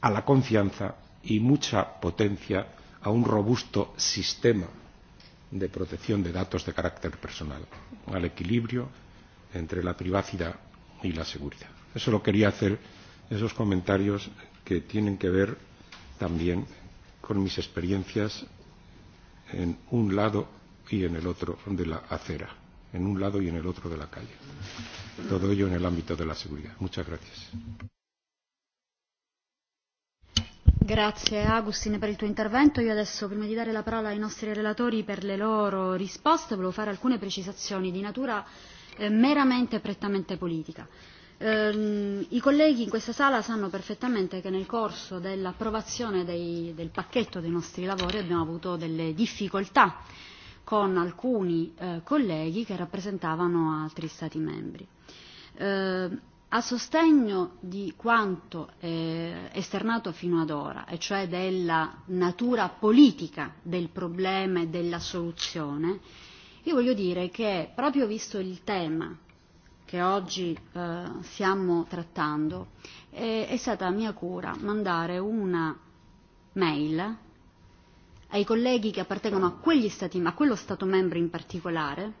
a la confianza y mucha potencia a un robusto sistema de protección de datos de carácter personal, al equilibrio entre la privacidad y la seguridad. Eso lo quería hacer, esos comentarios que tienen que ver también con mis experiencias en un lado y en el otro de la acera, en un lado y en el otro de la calle. Todo ello en el ámbito de la seguridad. Muchas gracias. Grazie Agustin per il tuo intervento. Io adesso, prima di dare la parola ai nostri relatori per le loro risposte, volevo fare alcune precisazioni di natura eh, meramente e prettamente politica. Eh, I colleghi in questa sala sanno perfettamente che nel corso dell'approvazione dei, del pacchetto dei nostri lavori abbiamo avuto delle difficoltà con alcuni eh, colleghi che rappresentavano altri Stati membri. Eh, a sostegno di quanto eh, esternato fino ad ora, e cioè della natura politica del problema e della soluzione, eh, Io voglio dire che proprio visto il tema che oggi eh, stiamo trattando, è, eh, è stata mia cura mandare una mail ai colleghi che appartengono a quegli stati, a quello Stato membro in particolare,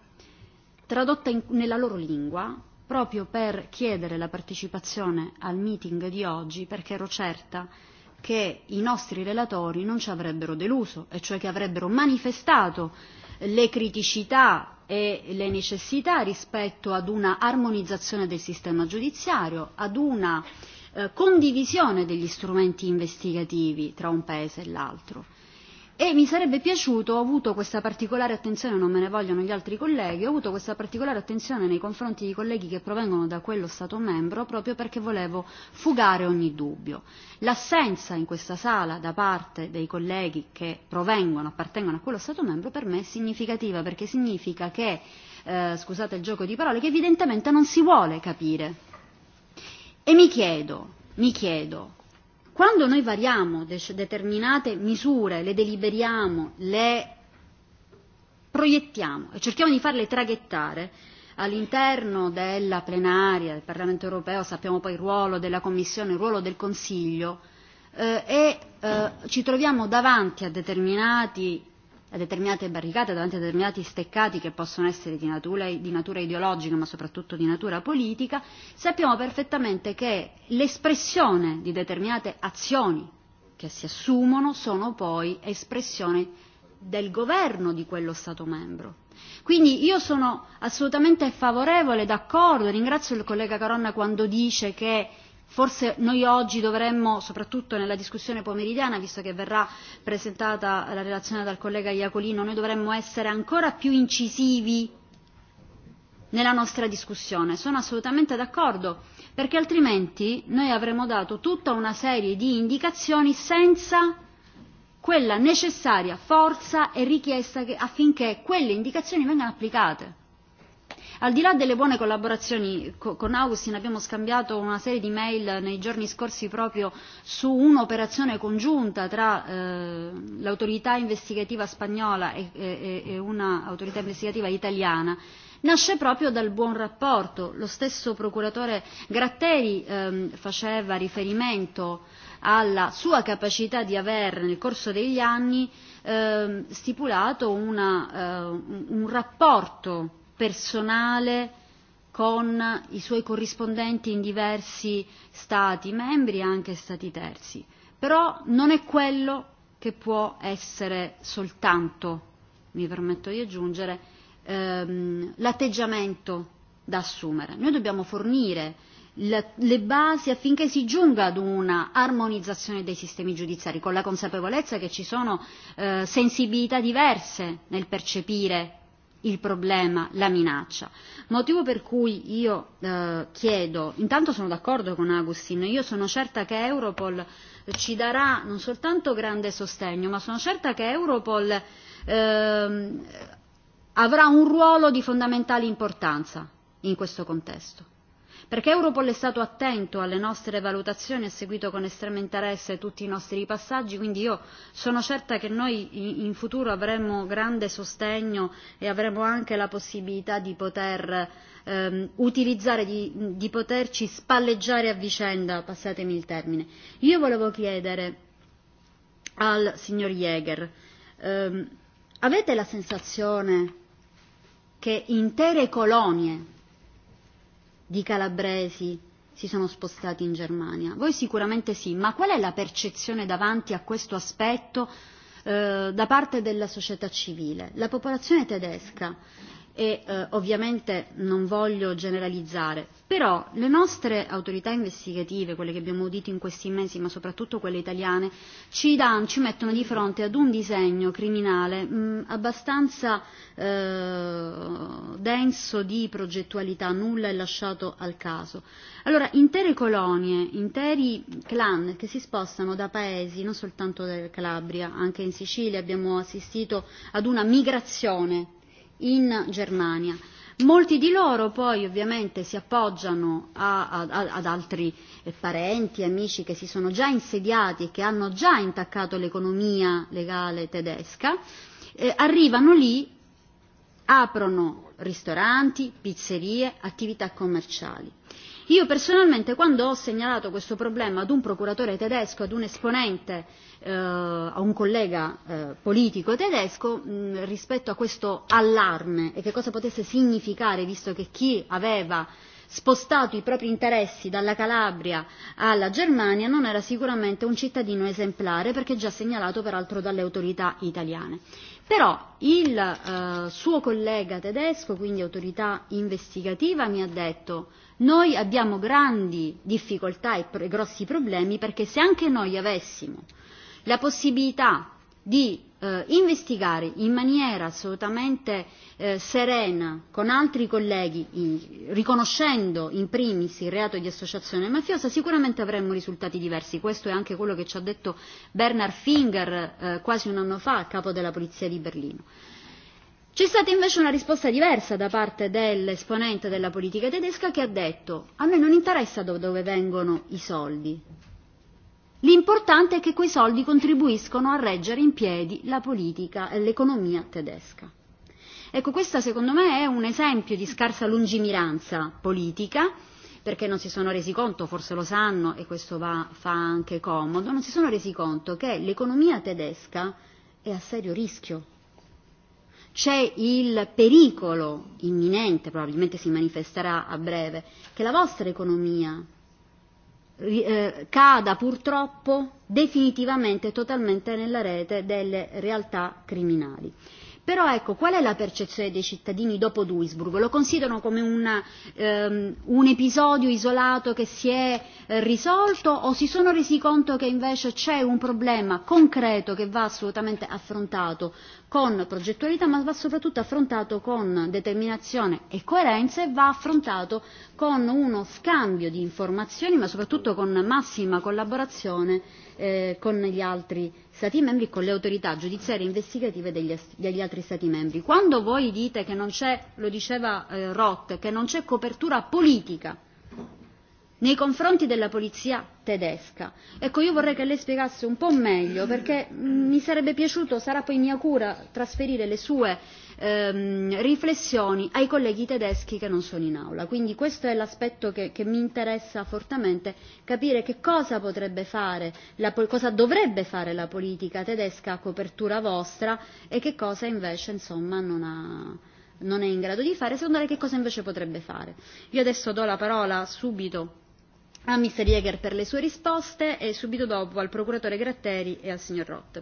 tradotta in, nella loro lingua, proprio per chiedere la partecipazione al meeting di oggi, perché ero certa che i nostri relatori non ci avrebbero deluso, e cioè che avrebbero manifestato le criticità e le necessità rispetto ad una armonizzazione del sistema giudiziario, ad una eh, condivisione degli strumenti investigativi tra un paese e l'altro e mi sarebbe piaciuto, ho avuto questa particolare attenzione, non me ne vogliono gli altri colleghi, ho avuto questa particolare attenzione nei confronti di colleghi che provengono da quello Stato membro proprio perché volevo fugare ogni dubbio. L'assenza in questa sala da parte dei colleghi che provengono, appartengono a quello Stato membro per me è significativa perché significa che, eh, scusate il gioco di parole, che evidentemente non si vuole capire. E mi chiedo, mi chiedo, Quando noi variamo determinate misure, le deliberiamo, le proiettiamo e cerchiamo di farle traghettare all'interno della plenaria del Parlamento europeo, sappiamo poi il ruolo della Commissione, il ruolo del Consiglio, eh, e eh, ci troviamo davanti a determinati a determinate barricate, davanti a determinati steccati che possono essere di natura, di natura ideologica ma soprattutto di natura politica, sappiamo perfettamente che l'espressione di determinate azioni che si assumono sono poi espressione del governo di quello Stato membro. Quindi io sono assolutamente favorevole, d'accordo, ringrazio il collega Caronna quando dice che Forse noi oggi dovremmo, soprattutto nella discussione pomeridiana, visto che verrà presentata la relazione dal collega Iacolino, noi dovremmo essere ancora più incisivi nella nostra discussione. Sono assolutamente d'accordo, perché altrimenti noi avremmo dato tutta una serie di indicazioni senza quella necessaria forza e richiesta che, affinché quelle indicazioni vengano applicate Al di là delle buone collaborazioni co- con Austin abbiamo scambiato una serie di mail nei giorni scorsi proprio su un'operazione congiunta tra eh, l'autorità investigativa spagnola e, e, e, e un'autorità investigativa italiana nasce proprio dal buon rapporto. Lo stesso procuratore Gratteri ehm, faceva riferimento alla sua capacità di aver nel corso degli anni ehm, stipulato una, eh, un rapporto personale con i suoi corrispondenti in diversi Stati membri e anche Stati terzi. Però non è quello che può essere soltanto, mi permetto di aggiungere, ehm, l'atteggiamento da assumere. Noi dobbiamo fornire le, le basi affinché si giunga ad una armonizzazione dei sistemi giudiziari, con la consapevolezza che ci sono eh, sensibilità diverse nel percepire il problema, la minaccia. Motivo per cui io eh, chiedo, intanto sono d'accordo con Agostino, io sono certa che Europol ci darà non soltanto grande sostegno, ma sono certa che Europol eh, avrà un ruolo di fondamentale importanza in questo contesto Perché Europol è stato attento alle nostre valutazioni, ha seguito con estremo interesse tutti i nostri passaggi, quindi io sono certa che noi in futuro avremo grande sostegno e avremo anche la possibilità di poter ehm, utilizzare, di, di poterci spalleggiare a vicenda, passatemi il termine. Io volevo chiedere al signor Jäger, ehm, avete la sensazione che intere colonie di calabresi si sono spostati in Germania. Voi sicuramente sì, ma qual è la percezione davanti a questo aspetto eh, da parte della società civile? La popolazione tedesca e eh, ovviamente non voglio generalizzare, però le nostre autorità investigative, quelle che abbiamo udito in questi mesi, ma soprattutto quelle italiane, ci, dan, ci mettono di fronte ad un disegno criminale mh, mm, abbastanza eh, denso di progettualità, nulla è lasciato al caso. Allora, intere colonie, interi clan che si spostano da paesi, non soltanto della Calabria, anche in Sicilia abbiamo assistito ad una migrazione in Germania. Molti di loro poi ovviamente si appoggiano a, a, ad altri eh, parenti, amici che si sono già insediati e che hanno già intaccato l'economia legale tedesca, eh, arrivano lì, aprono ristoranti, pizzerie, attività commerciali. Io personalmente quando ho segnalato questo problema ad un procuratore tedesco, ad un esponente, eh, a un collega eh, politico tedesco mh, rispetto a questo allarme e che cosa potesse significare, visto che chi aveva spostato i propri interessi dalla Calabria alla Germania non era sicuramente un cittadino esemplare perché già segnalato peraltro dalle autorità italiane. Però il eh, suo collega tedesco, quindi autorità investigativa, mi ha detto noi abbiamo grandi difficoltà e, e grossi problemi perché se anche noi avessimo la possibilità di eh, investigare in maniera assolutamente eh, serena con altri colleghi, in, riconoscendo in primis il reato di associazione mafiosa, sicuramente avremmo risultati diversi. Questo è anche quello che ci ha detto Bernard Finger eh, quasi un anno fa, capo della Polizia di Berlino. C'è stata invece una risposta diversa da parte dell'esponente della politica tedesca che ha detto a noi non interessa da dove vengono i soldi, L'importante è che quei soldi contribuiscono a reggere in piedi la politica e l'economia tedesca. Ecco, questo secondo me è un esempio di scarsa lungimiranza politica, perché non si sono resi conto, forse lo sanno e questo va, fa anche comodo, non si sono resi conto che l'economia tedesca è a serio rischio. C'è il pericolo imminente, probabilmente si manifesterà a breve, che la vostra economia Eh, cada purtroppo definitivamente e totalmente nella rete delle realtà criminali. Però ecco, qual è la percezione dei cittadini dopo Duisburg? Lo considerano come una, ehm, un episodio isolato che si è eh, risolto o si sono resi conto che invece c'è un problema concreto che va assolutamente affrontato con progettualità ma va soprattutto affrontato con determinazione e coerenza e va affrontato con uno scambio di informazioni ma soprattutto con massima collaborazione eh, con gli altri Stati membri con le autorità giudiziarie e investigative degli, degli altri Stati membri. Quando voi dite che non c'è, lo diceva eh, Roth, che non c'è copertura politica nei confronti della polizia tedesca. Ecco, io vorrei che lei spiegasse un po' meglio, perché mi sarebbe piaciuto, sarà poi mia cura, trasferire le sue ehm, riflessioni ai colleghi tedeschi che non sono in aula. Quindi questo è l'aspetto che, che mi interessa fortemente, capire che cosa potrebbe fare, la, cosa dovrebbe fare la politica tedesca a copertura vostra e che cosa invece insomma, non ha non è in grado di fare, secondo lei che cosa invece potrebbe fare? Io adesso do la parola subito a Mr. Jäger per le sue risposte e subito dopo al procuratore Gratteri e al signor Roth.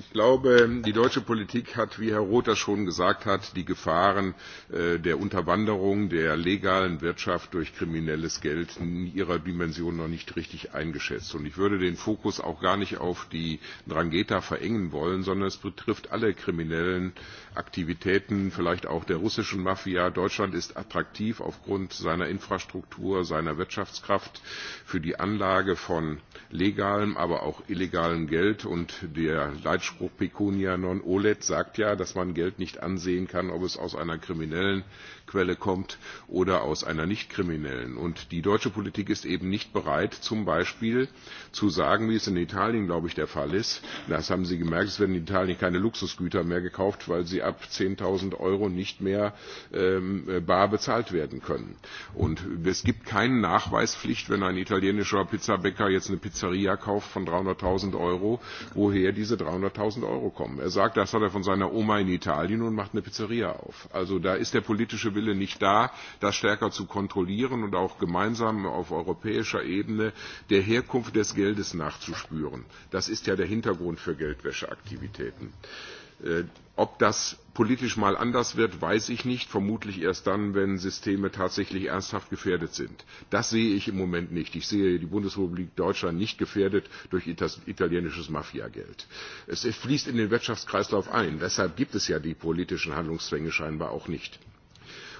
Ich glaube, die deutsche Politik hat, wie Herr Rother schon gesagt hat, die Gefahren äh, der Unterwanderung der legalen Wirtschaft durch kriminelles Geld in ihrer Dimension noch nicht richtig eingeschätzt. Und ich würde den Fokus auch gar nicht auf die Drangheta verengen wollen, sondern es betrifft alle kriminellen Aktivitäten, vielleicht auch der russischen Mafia. Deutschland ist attraktiv aufgrund seiner Infrastruktur, seiner Wirtschaftskraft für die Anlage von legalem, aber auch illegalem Geld und der Leitstelle Anspruch pecunia non olet sagt ja, dass man Geld nicht ansehen kann, ob es aus einer kriminellen Quelle kommt oder aus einer nicht kriminellen. Und die deutsche Politik ist eben nicht bereit, zum Beispiel zu sagen, wie es in Italien, glaube ich, der Fall ist. Das haben Sie gemerkt, es werden in Italien keine Luxusgüter mehr gekauft, weil sie ab 10.000 Euro nicht mehr ähm, bar bezahlt werden können. Und es gibt keine Nachweispflicht, wenn ein italienischer Pizzabäcker jetzt eine Pizzeria kauft von 300.000 Euro, woher diese 300.000 Euro kommen. Er sagt, das hat er von seiner Oma in Italien und macht eine Pizzeria auf. Also da ist der politische Wille nicht da, das stärker zu kontrollieren und auch gemeinsam auf europäischer Ebene der Herkunft des Geldes nachzuspüren. Das ist ja der Hintergrund für Geldwäscheaktivitäten. Äh, ob das politisch mal anders wird, weiß ich nicht. Vermutlich erst dann, wenn Systeme tatsächlich ernsthaft gefährdet sind. Das sehe ich im Moment nicht. Ich sehe die Bundesrepublik Deutschland nicht gefährdet durch italienisches Mafiageld. Es fließt in den Wirtschaftskreislauf ein. Deshalb gibt es ja die politischen Handlungszwänge scheinbar auch nicht.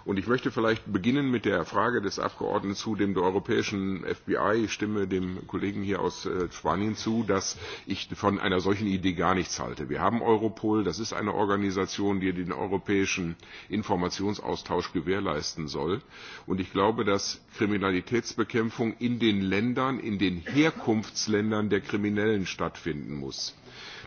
Und ich möchte vielleicht beginnen mit der Frage des Abgeordneten zu dem der europäischen FBI. Ich stimme dem Kollegen hier aus äh, Spanien zu, dass ich von einer solchen Idee gar nichts halte. Wir haben Europol, das ist eine Organisation, die den europäischen Informationsaustausch gewährleisten soll. Und ich glaube, dass Kriminalitätsbekämpfung in den Ländern, in den Herkunftsländern der Kriminellen stattfinden muss.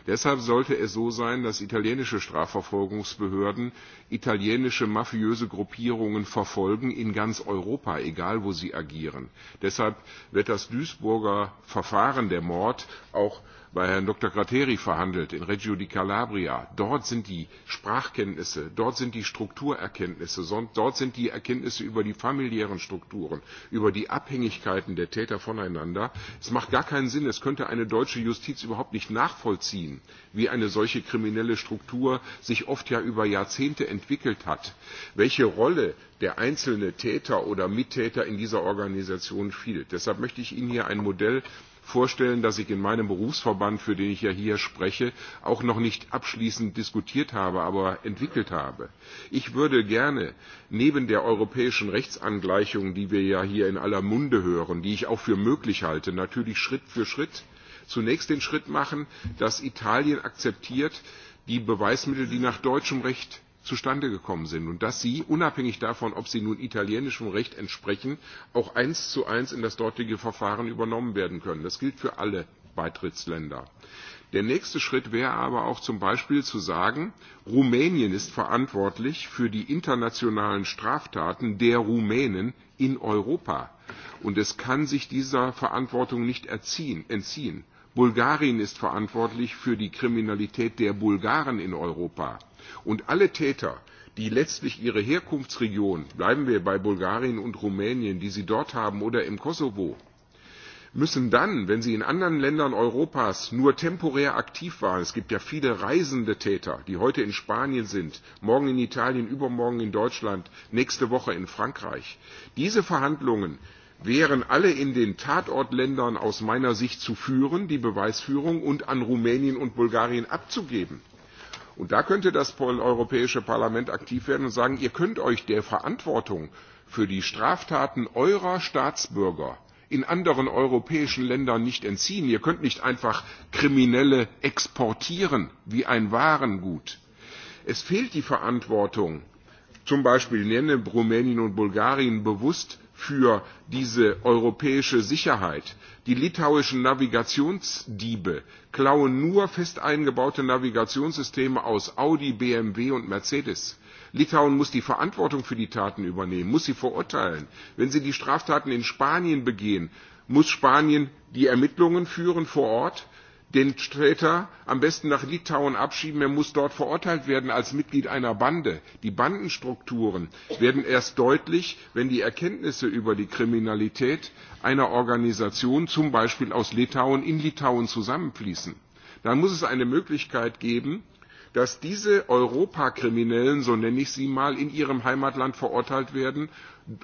Deshalb sollte es so sein, dass italienische Strafverfolgungsbehörden italienische mafiöse Gruppierungen verfolgen in ganz Europa, egal wo sie agieren. Deshalb wird das Duisburger Verfahren der Mord auch bei Herrn Dr. Gratteri verhandelt in Reggio di Calabria. Dort sind die Sprachkenntnisse, dort sind die Strukturerkenntnisse, dort sind die Erkenntnisse über die familiären Strukturen, über die Abhängigkeiten der Täter voneinander. Es macht gar keinen Sinn, es könnte eine deutsche Justiz überhaupt nicht nachvollziehen, wie eine solche kriminelle Struktur sich oft ja über Jahrzehnte entwickelt hat, welche Rolle der einzelne Täter oder Mittäter in dieser Organisation spielt. Deshalb möchte ich Ihnen hier ein Modell vorstellen, das ich in meinem Berufsverband, für den ich ja hier spreche, auch noch nicht abschließend diskutiert habe, aber entwickelt habe. Ich würde gerne neben der europäischen Rechtsangleichung, die wir ja hier in aller Munde hören, die ich auch für möglich halte, natürlich Schritt für Schritt zunächst den Schritt machen, dass Italien akzeptiert, die Beweismittel, die nach deutschem Recht zustande gekommen sind und dass sie, unabhängig davon, ob sie nun italienischem Recht entsprechen, auch eins zu eins in das dortige Verfahren übernommen werden können. Das gilt für alle Beitrittsländer. Der nächste Schritt wäre aber auch zum Beispiel zu sagen, Rumänien ist verantwortlich für die internationalen Straftaten der Rumänen in Europa. Und es kann sich dieser Verantwortung nicht erziehen, entziehen. Bulgarien ist verantwortlich für die Kriminalität der Bulgaren in Europa. Und alle Täter, die letztlich ihre Herkunftsregion, bleiben wir bei Bulgarien und Rumänien, die sie dort haben oder im Kosovo, müssen dann, wenn sie in anderen Ländern Europas nur temporär aktiv waren, es gibt ja viele reisende Täter, die heute in Spanien sind, morgen in Italien, übermorgen in Deutschland, nächste Woche in Frankreich, diese Verhandlungen wären alle in den Tatortländern aus meiner Sicht zu führen, die Beweisführung und an Rumänien und Bulgarien abzugeben. Und da könnte das Europäische Parlament aktiv werden und sagen, ihr könnt euch der Verantwortung für die Straftaten eurer Staatsbürger in anderen europäischen Ländern nicht entziehen. Ihr könnt nicht einfach Kriminelle exportieren wie ein Warengut. Es fehlt die Verantwortung, zum Beispiel nenne Rumänien und Bulgarien bewusst für diese europäische Sicherheit. Die litauischen Navigationsdiebe klauen nur fest eingebaute Navigationssysteme aus Audi, BMW und Mercedes. Litauen muss die Verantwortung für die Taten übernehmen, muss sie verurteilen. Wenn sie die Straftaten in Spanien begehen, muss Spanien die Ermittlungen führen vor Ort den Täter am besten nach Litauen abschieben. Er muss dort verurteilt werden als Mitglied einer Bande. Die Bandenstrukturen werden erst deutlich, wenn die Erkenntnisse über die Kriminalität einer Organisation, zum Beispiel aus Litauen, in Litauen zusammenfließen. Dann muss es eine Möglichkeit geben, dass diese Europakriminellen, so nenne ich sie mal, in ihrem Heimatland verurteilt werden,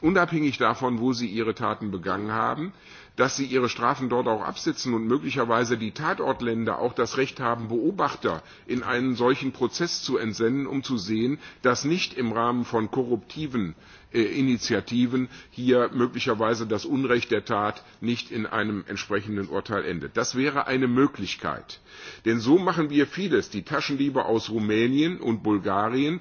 unabhängig davon, wo sie ihre Taten begangen haben, dass sie ihre Strafen dort auch absitzen und möglicherweise die Tatortländer auch das Recht haben, Beobachter in einen solchen Prozess zu entsenden, um zu sehen, dass nicht im Rahmen von korruptiven Äh, Initiativen hier möglicherweise das Unrecht der Tat nicht in einem entsprechenden Urteil endet. Das wäre eine Möglichkeit. Denn so machen wir vieles. Die Taschendiebe aus Rumänien und Bulgarien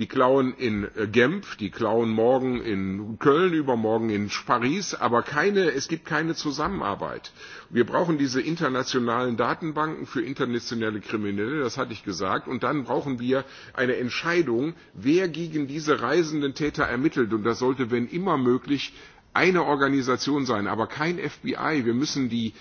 die klauen in äh, Genf, die klauen morgen in Köln, übermorgen in Paris, aber keine, es gibt keine Zusammenarbeit. Wir brauchen diese internationalen Datenbanken für internationale Kriminelle, das hatte ich gesagt, und dann brauchen wir eine Entscheidung, wer gegen diese reisenden Täter ermittelt, und das sollte, wenn immer möglich, eine Organisation sein, aber kein FBI. Wir müssen die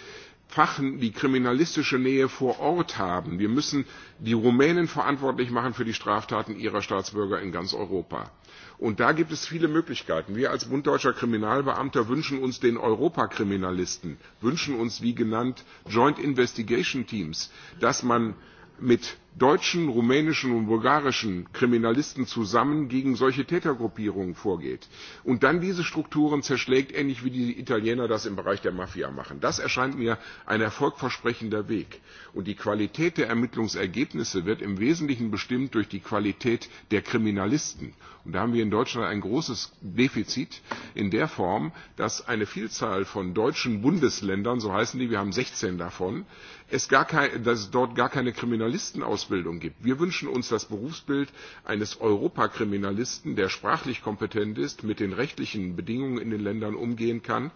Fachen die kriminalistische Nähe vor Ort haben. Wir müssen die Rumänen verantwortlich machen für die Straftaten ihrer Staatsbürger in ganz Europa. Und da gibt es viele Möglichkeiten. Wir als Bund Deutscher Kriminalbeamter wünschen uns den Europakriminalisten, wünschen uns, wie genannt, Joint Investigation Teams, dass man mit deutschen, rumänischen und bulgarischen Kriminalisten zusammen gegen solche Tätergruppierungen vorgeht und dann diese Strukturen zerschlägt, ähnlich wie die Italiener das im Bereich der Mafia machen. Das erscheint mir ein erfolgversprechender Weg. Und die Qualität der Ermittlungsergebnisse wird im Wesentlichen bestimmt durch die Qualität der Kriminalisten Und da haben wir in Deutschland ein großes Defizit in der Form, dass eine Vielzahl von deutschen Bundesländern, so heißen die, wir haben 16 davon, es gar kein, dass es dort gar keine Kriminalistenausbildung gibt. Wir wünschen uns das Berufsbild eines Europakriminalisten, der sprachlich kompetent ist, mit den rechtlichen Bedingungen in den Ländern umgehen kann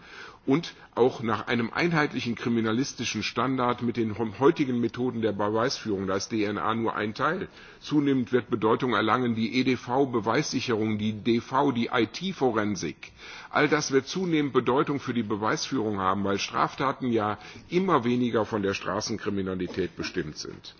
und auch nach einem einheitlichen kriminalistischen Standard mit den heutigen Methoden der Beweisführung, da ist DNA nur ein Teil, zunehmend wird Bedeutung erlangen, die EDV-Beweissicherung, die DV, die IT-Forensik. All das wird zunehmend Bedeutung für die Beweisführung haben, weil Straftaten ja immer weniger von der Straßenkriminalität bestimmt sind.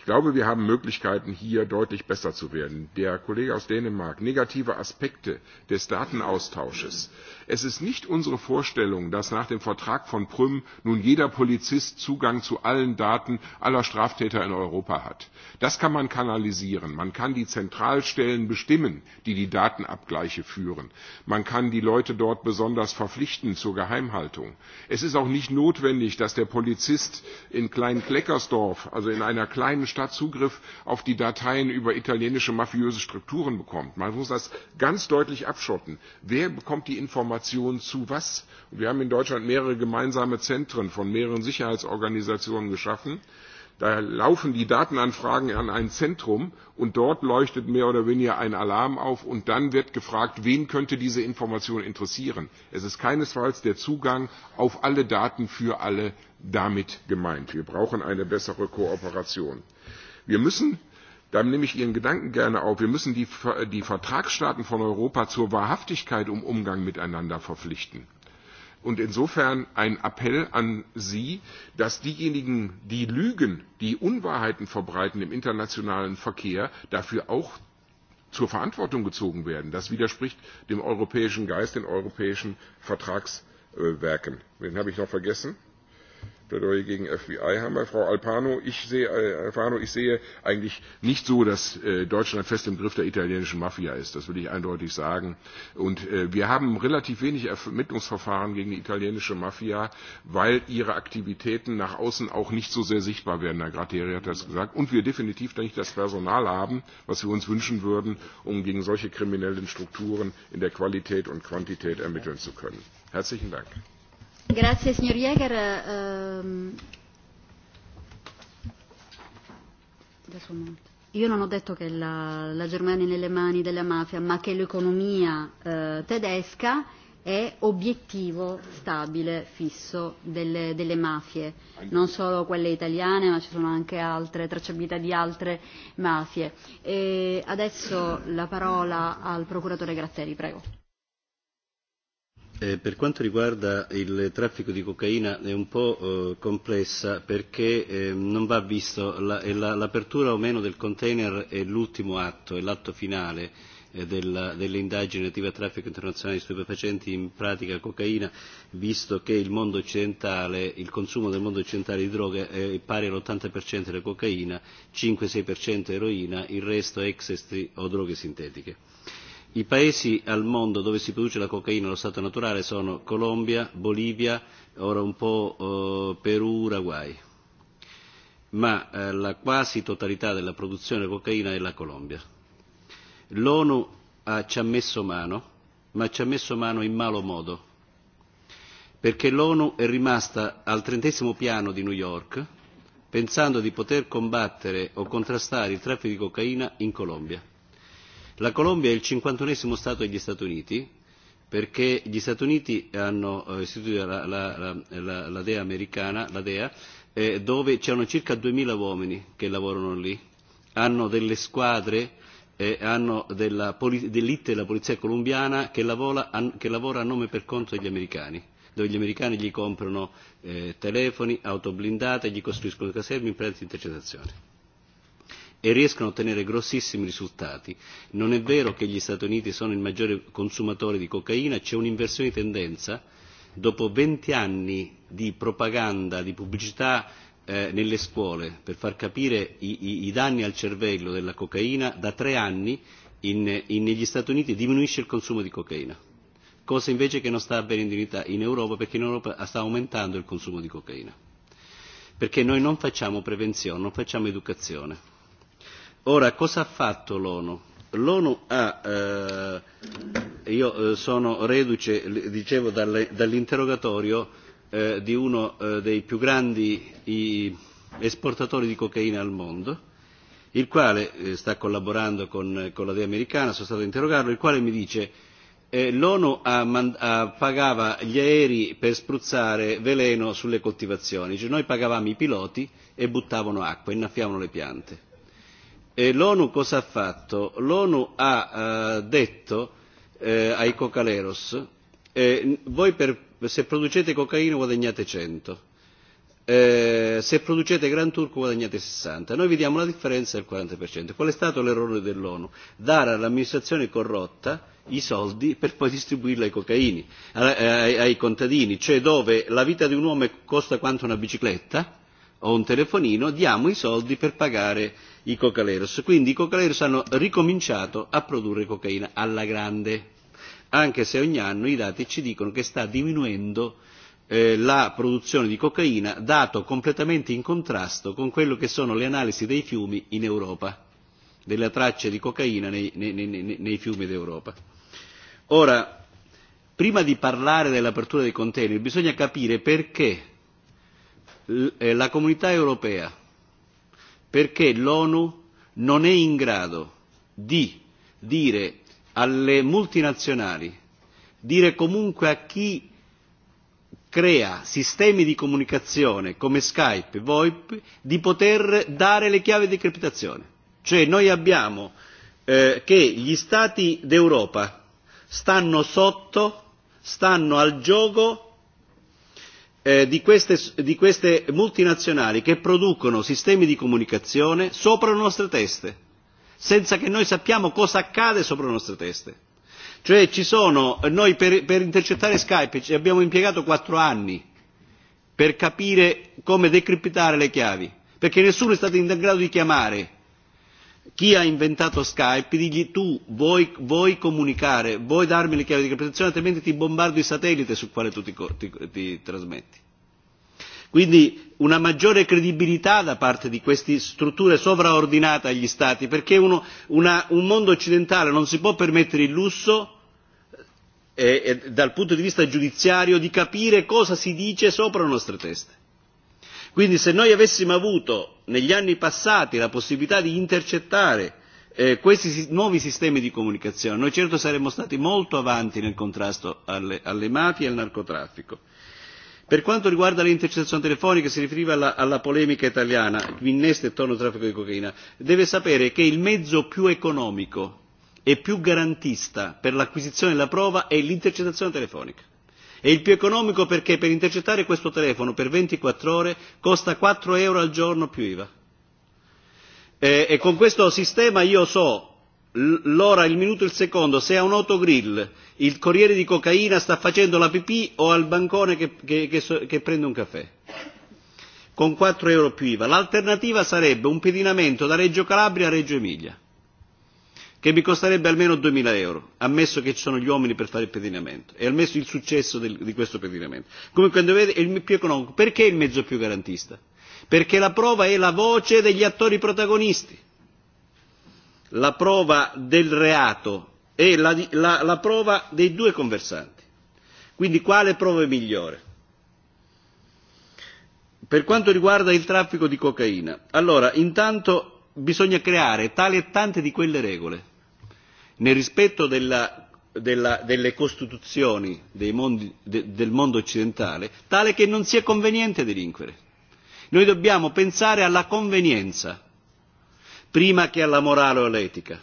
Ich glaube, wir haben Möglichkeiten, hier deutlich besser zu werden. Der Kollege aus Dänemark, negative Aspekte des Datenaustausches. Es ist nicht unsere Vorstellung, dass nach dem Vertrag von Prüm nun jeder Polizist Zugang zu allen Daten aller Straftäter in Europa hat. Das kann man kanalisieren. Man kann die Zentralstellen bestimmen, die die Datenabgleiche führen. Man kann die Leute dort besonders verpflichten zur Geheimhaltung. Es ist auch nicht notwendig, dass der Polizist in Klein-Kleckersdorf, also in einer kleinen Staat Zugriff auf die Dateien über italienische mafiöse Strukturen bekommt. Man muss das ganz deutlich abschotten. Wer bekommt die Informationen zu was? Wir haben in Deutschland mehrere gemeinsame Zentren von mehreren Sicherheitsorganisationen geschaffen. Da laufen die Datenanfragen an ein Zentrum und dort leuchtet mehr oder weniger ein Alarm auf und dann wird gefragt, wen könnte diese Information interessieren. Es ist keinesfalls der Zugang auf alle Daten für alle damit gemeint. Wir brauchen eine bessere Kooperation. Wir müssen, da nehme ich Ihren Gedanken gerne auf, wir müssen die, die Vertragsstaaten von Europa zur Wahrhaftigkeit um Umgang miteinander verpflichten. Und insofern ein Appell an Sie, dass diejenigen, die Lügen, die Unwahrheiten verbreiten im internationalen Verkehr, dafür auch zur Verantwortung gezogen werden. Das widerspricht dem europäischen Geist, den europäischen Vertragswerken. Den äh, habe ich noch vergessen? Plädoyer gegen FBI haben wir. Frau Alpano, ich sehe, äh, ich sehe eigentlich nicht so, dass äh, Deutschland fest im Griff der italienischen Mafia ist. Das will ich eindeutig sagen. Und äh, wir haben relativ wenig Ermittlungsverfahren gegen die italienische Mafia, weil ihre Aktivitäten nach außen auch nicht so sehr sichtbar werden. Herr Gratteri hat das gesagt. Und wir definitiv nicht das Personal haben, was wir uns wünschen würden, um gegen solche kriminellen Strukturen in der Qualität und Quantität ermitteln zu können. Herzlichen Dank. Grazie, signor Jäger. Ehm, Io non ho detto che la, la Germania è nelle mani della mafia, ma che l'economia eh, tedesca è obiettivo stabile, fisso delle, delle mafie, non solo quelle italiane ma ci sono anche altre, tracciabilità di altre mafie. E adesso la parola al procuratore Gratteri, prego. Eh, per quanto riguarda il traffico di cocaina è un po' eh, complessa perché eh, non va visto l'apertura o meno del container è l'ultimo atto, è l'atto finale dell'indagine relativa delle indagini al traffico internazionale di stupefacenti in pratica cocaina, visto che il mondo occidentale, il consumo del mondo occidentale di droga è pari all'80% della cocaina, 5-6% eroina, il resto è ecstasy o droghe sintetiche i paesi al mondo dove si produce la cocaina allo stato naturale sono Colombia, Bolivia, ora un po' eh, Perù, Uruguay, ma eh, la quasi totalità della produzione cocaina è la Colombia. L'ONU ha, ci ha messo mano, ma ci ha messo mano in malo modo, perché l'ONU è rimasta al trentesimo piano di New York pensando di poter combattere o contrastare il traffico di cocaina in Colombia La Colombia è il 51 Stato degli Stati Uniti perché gli Stati Uniti hanno eh, istituito la, la, la, la DEA americana, la DEA, eh, dove c'erano circa 2.000 uomini che lavorano lì. Hanno delle squadre eh, hanno dell'elite della polizia colombiana che lavora, an, che lavora a nome e per conto degli americani dove gli americani gli comprano eh, telefoni, auto blindate, gli costruiscono caserme, imprese di intercettazione e riescono a ottenere grossissimi risultati. Non è vero che gli Stati Uniti sono il maggiore consumatore di cocaina, c'è un'inversione di tendenza. Dopo 20 anni di propaganda, di pubblicità eh, nelle scuole per far capire i, i, i danni al cervello della cocaina, da tre anni in, in, negli Stati Uniti diminuisce il consumo di cocaina, cosa invece che non sta avvenendo in, Italia, in Europa perché in Europa sta aumentando il consumo di cocaina. Perché noi non facciamo prevenzione, non facciamo educazione Ora, cosa ha fatto l'ONU? L'ONU ha, eh, io eh, sono reduce, dicevo, dall'interrogatorio eh, di uno eh, dei più grandi i, esportatori di cocaina al mondo, il quale eh, sta collaborando con, con la DEA americana, sono stato a interrogarlo, il quale mi dice eh, l'ONU ha man- ha, pagava gli aerei per spruzzare veleno sulle coltivazioni, cioè noi pagavamo i piloti e buttavano acqua, innaffiavano le piante e l'onu cosa ha fatto? l'onu ha eh, detto eh, ai cocaleros eh, voi per, se producete cocaina guadagnate 100 eh, se producete Gran Turco guadagnate 60 noi vediamo la differenza del 40% qual è stato l'errore dell'ONU? dare all'amministrazione corrotta i soldi per poi distribuirli ai cocaini ai, ai contadini cioè dove la vita di un uomo costa quanto una bicicletta o un telefonino diamo i soldi per pagare i cocaleros. Quindi i cocaleros hanno ricominciato a produrre cocaina alla grande, anche se ogni anno i dati ci dicono che sta diminuendo eh, la produzione di cocaina, dato completamente in contrasto con quello che sono le analisi dei fiumi in Europa, delle tracce di cocaina nei, nei, nei, nei fiumi d'Europa. Ora, prima di parlare dell'apertura dei container bisogna capire perché eh, la comunità europea perché l'ONU non è in grado di dire alle multinazionali, dire comunque a chi crea sistemi di comunicazione come Skype e VoIP di poter dare le chiavi di criptazione. Cioè noi abbiamo eh, che gli Stati d'Europa stanno sotto, stanno al gioco Eh, di, queste, di queste multinazionali che producono sistemi di comunicazione sopra le nostre teste, senza che noi sappiamo cosa accade sopra le nostre teste. Cioè ci sono, eh, noi per, per intercettare Skype ci abbiamo impiegato quattro anni per capire come decriptare le chiavi, perché nessuno è stato in grado di chiamare chi ha inventato Skype, digli tu vuoi, vuoi comunicare, vuoi darmi le chiavi di interpretazione, altrimenti ti bombardo i satellite sul quale tu ti, ti, ti trasmetti. Quindi una maggiore credibilità da parte di queste strutture sovraordinate agli Stati, perché uno, una, un mondo occidentale non si può permettere il lusso eh, eh, dal punto di vista giudiziario di capire cosa si dice sopra le nostre teste Quindi se noi avessimo avuto negli anni passati la possibilità di intercettare eh, questi nuovi sistemi di comunicazione, noi certo saremmo stati molto avanti nel contrasto alle, alle mafie e al narcotraffico. Per quanto riguarda le intercettazioni telefoniche, si riferiva alla, alla polemica italiana, innesta intorno e al traffico di cocaina, deve sapere che il mezzo più economico e più garantista per l'acquisizione della prova è l'intercettazione telefonica È il più economico perché per intercettare questo telefono per 24 ore costa 4 euro al giorno più IVA. E, e con questo sistema io so l'ora, il minuto, il secondo, se a un autogrill il corriere di cocaina sta facendo la pipì o al bancone che, che, che, che prende un caffè con 4 euro più IVA. L'alternativa sarebbe un pedinamento da Reggio Calabria a Reggio Emilia che mi costerebbe almeno 2.000 euro, ammesso che ci sono gli uomini per fare il pedinamento e ammesso il successo del, di questo pedinamento. Comunque vedete, è il più economico. Perché il mezzo più garantista? Perché la prova è la voce degli attori protagonisti. La prova del reato è la, la, la prova dei due conversanti. Quindi quale prova è migliore? Per quanto riguarda il traffico di cocaina, allora intanto bisogna creare tali e tante di quelle regole nel rispetto della, della, delle costituzioni dei mondi, de, del mondo occidentale, tale che non sia conveniente delinquere. Noi dobbiamo pensare alla convenienza prima che alla morale o all'etica,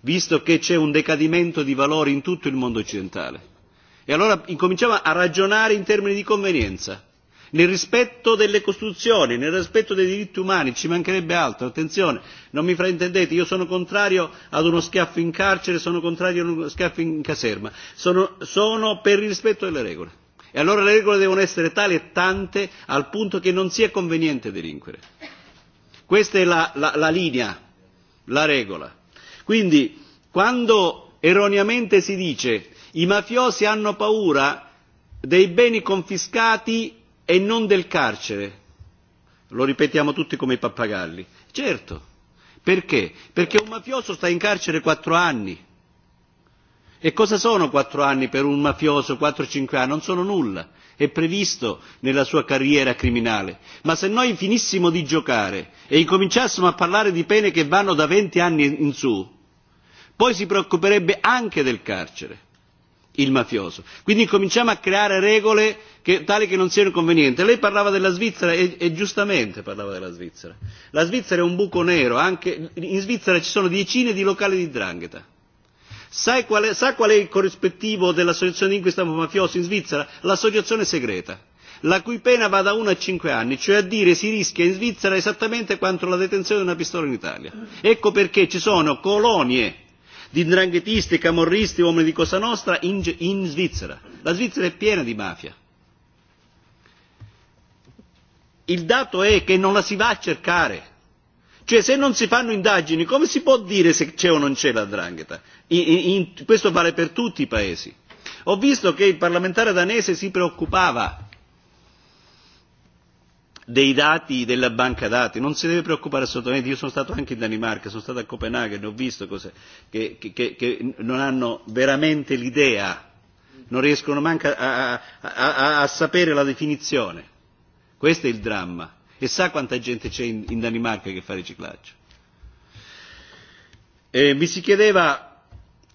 visto che c'è un decadimento di valori in tutto il mondo occidentale. E allora incominciamo a ragionare in termini di convenienza nel rispetto delle Costituzioni, nel rispetto dei diritti umani, ci mancherebbe altro, attenzione, non mi fraintendete, io sono contrario ad uno schiaffo in carcere, sono contrario ad uno schiaffo in caserma, sono, sono per il rispetto delle regole. E allora le regole devono essere tali e tante al punto che non sia conveniente delinquere. Questa è la, la, la linea, la regola. Quindi, quando erroneamente si dice i mafiosi hanno paura dei beni confiscati e non del carcere. Lo ripetiamo tutti come i pappagalli. Certo, perché? Perché un mafioso sta in carcere quattro anni. E cosa sono quattro anni per un mafioso, quattro o cinque anni? Non sono nulla, è previsto nella sua carriera criminale. Ma se noi finissimo di giocare e incominciassimo a parlare di pene che vanno da venti anni in su, poi si preoccuperebbe anche del carcere il mafioso. Quindi cominciamo a creare regole che, tali che non siano convenienti. Lei parlava della Svizzera e, e giustamente parlava della Svizzera. La Svizzera è un buco nero, anche in Svizzera ci sono decine di locali di drangheta. Sai qual è, sa qual è il corrispettivo dell'associazione di inquista mafioso in Svizzera? L'associazione segreta la cui pena va da 1 a 5 anni, cioè a dire si rischia in Svizzera esattamente quanto la detenzione di una pistola in Italia. Ecco perché ci sono colonie di ndranghettisti, e camorristi, uomini di Cosa Nostra in, in Svizzera. La Svizzera è piena di mafia. Il dato è che non la si va a cercare. Cioè se non si fanno indagini come si può dire se c'è o non c'è la 'ndrangheta? In, in, questo vale per tutti i paesi. Ho visto che il parlamentare danese si preoccupava dei dati della banca dati, non si deve preoccupare assolutamente, io sono stato anche in Danimarca, sono stato a Copenaghen, ho visto cose che, che, che, che non hanno veramente l'idea, non riescono manca a, a, a, a sapere la definizione, questo è il dramma e sa quanta gente c'è in, in Danimarca che fa riciclaggio. Eh, mi si chiedeva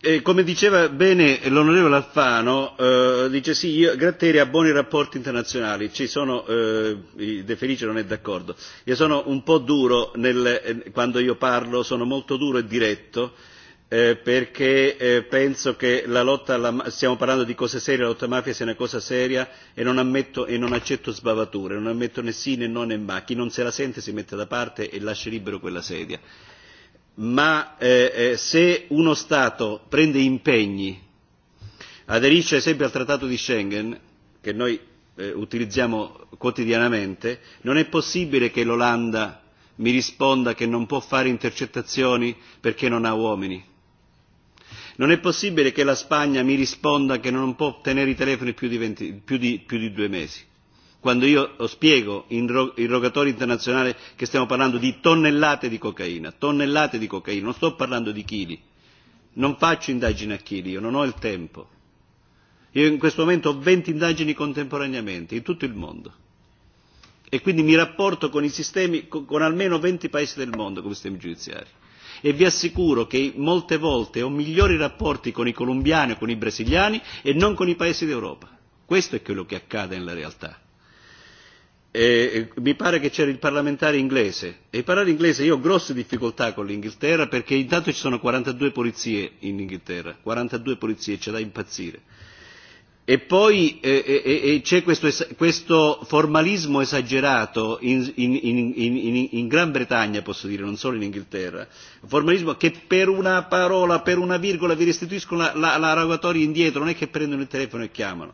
E, come diceva bene l'onorevole Alfano, eh, dice sì, Gratteri ha buoni rapporti internazionali, ci sono, eh, De Felice non è d'accordo. Io sono un po' duro nel, eh, quando io parlo, sono molto duro e diretto, eh, perché eh, penso che la lotta alla, stiamo parlando di cose serie, la lotta alla mafia sia una cosa seria e non, ammetto, e non accetto sbavature, non ammetto né sì né no né ma, chi non se la sente si mette da parte e lascia libero quella sedia ma eh, eh, se uno Stato prende impegni, aderisce ad esempio al Trattato di Schengen, che noi eh, utilizziamo quotidianamente, non è possibile che l'Olanda mi risponda che non può fare intercettazioni perché non ha uomini. Non è possibile che la Spagna mi risponda che non può tenere i telefoni più di, 20, più di, più di due mesi quando io eh, spiego in rogatori internazionale che stiamo parlando di tonnellate di cocaina, tonnellate di cocaina, non sto parlando di chili, non faccio indagini a chili, io non ho il tempo. Io in questo momento ho 20 indagini contemporaneamente in tutto il mondo e quindi mi rapporto con i sistemi, con, almeno 20 paesi del mondo come sistemi giudiziari e vi assicuro che molte volte ho migliori rapporti con i colombiani o con i brasiliani e non con i paesi d'Europa. Questo è quello che accade nella realtà E, e, mi pare che c'era il parlamentare inglese e il parlamentare inglese io ho grosse difficoltà con l'Inghilterra perché intanto ci sono 42 polizie in Inghilterra, 42 polizie, c'è da impazzire. E poi eh, eh, c'è questo, questo formalismo esagerato in, in, in, in, in Gran Bretagna, posso dire, non solo in Inghilterra, formalismo che per una parola, per una virgola vi restituiscono la, la, la rogatoria indietro, non è che prendono il telefono e chiamano.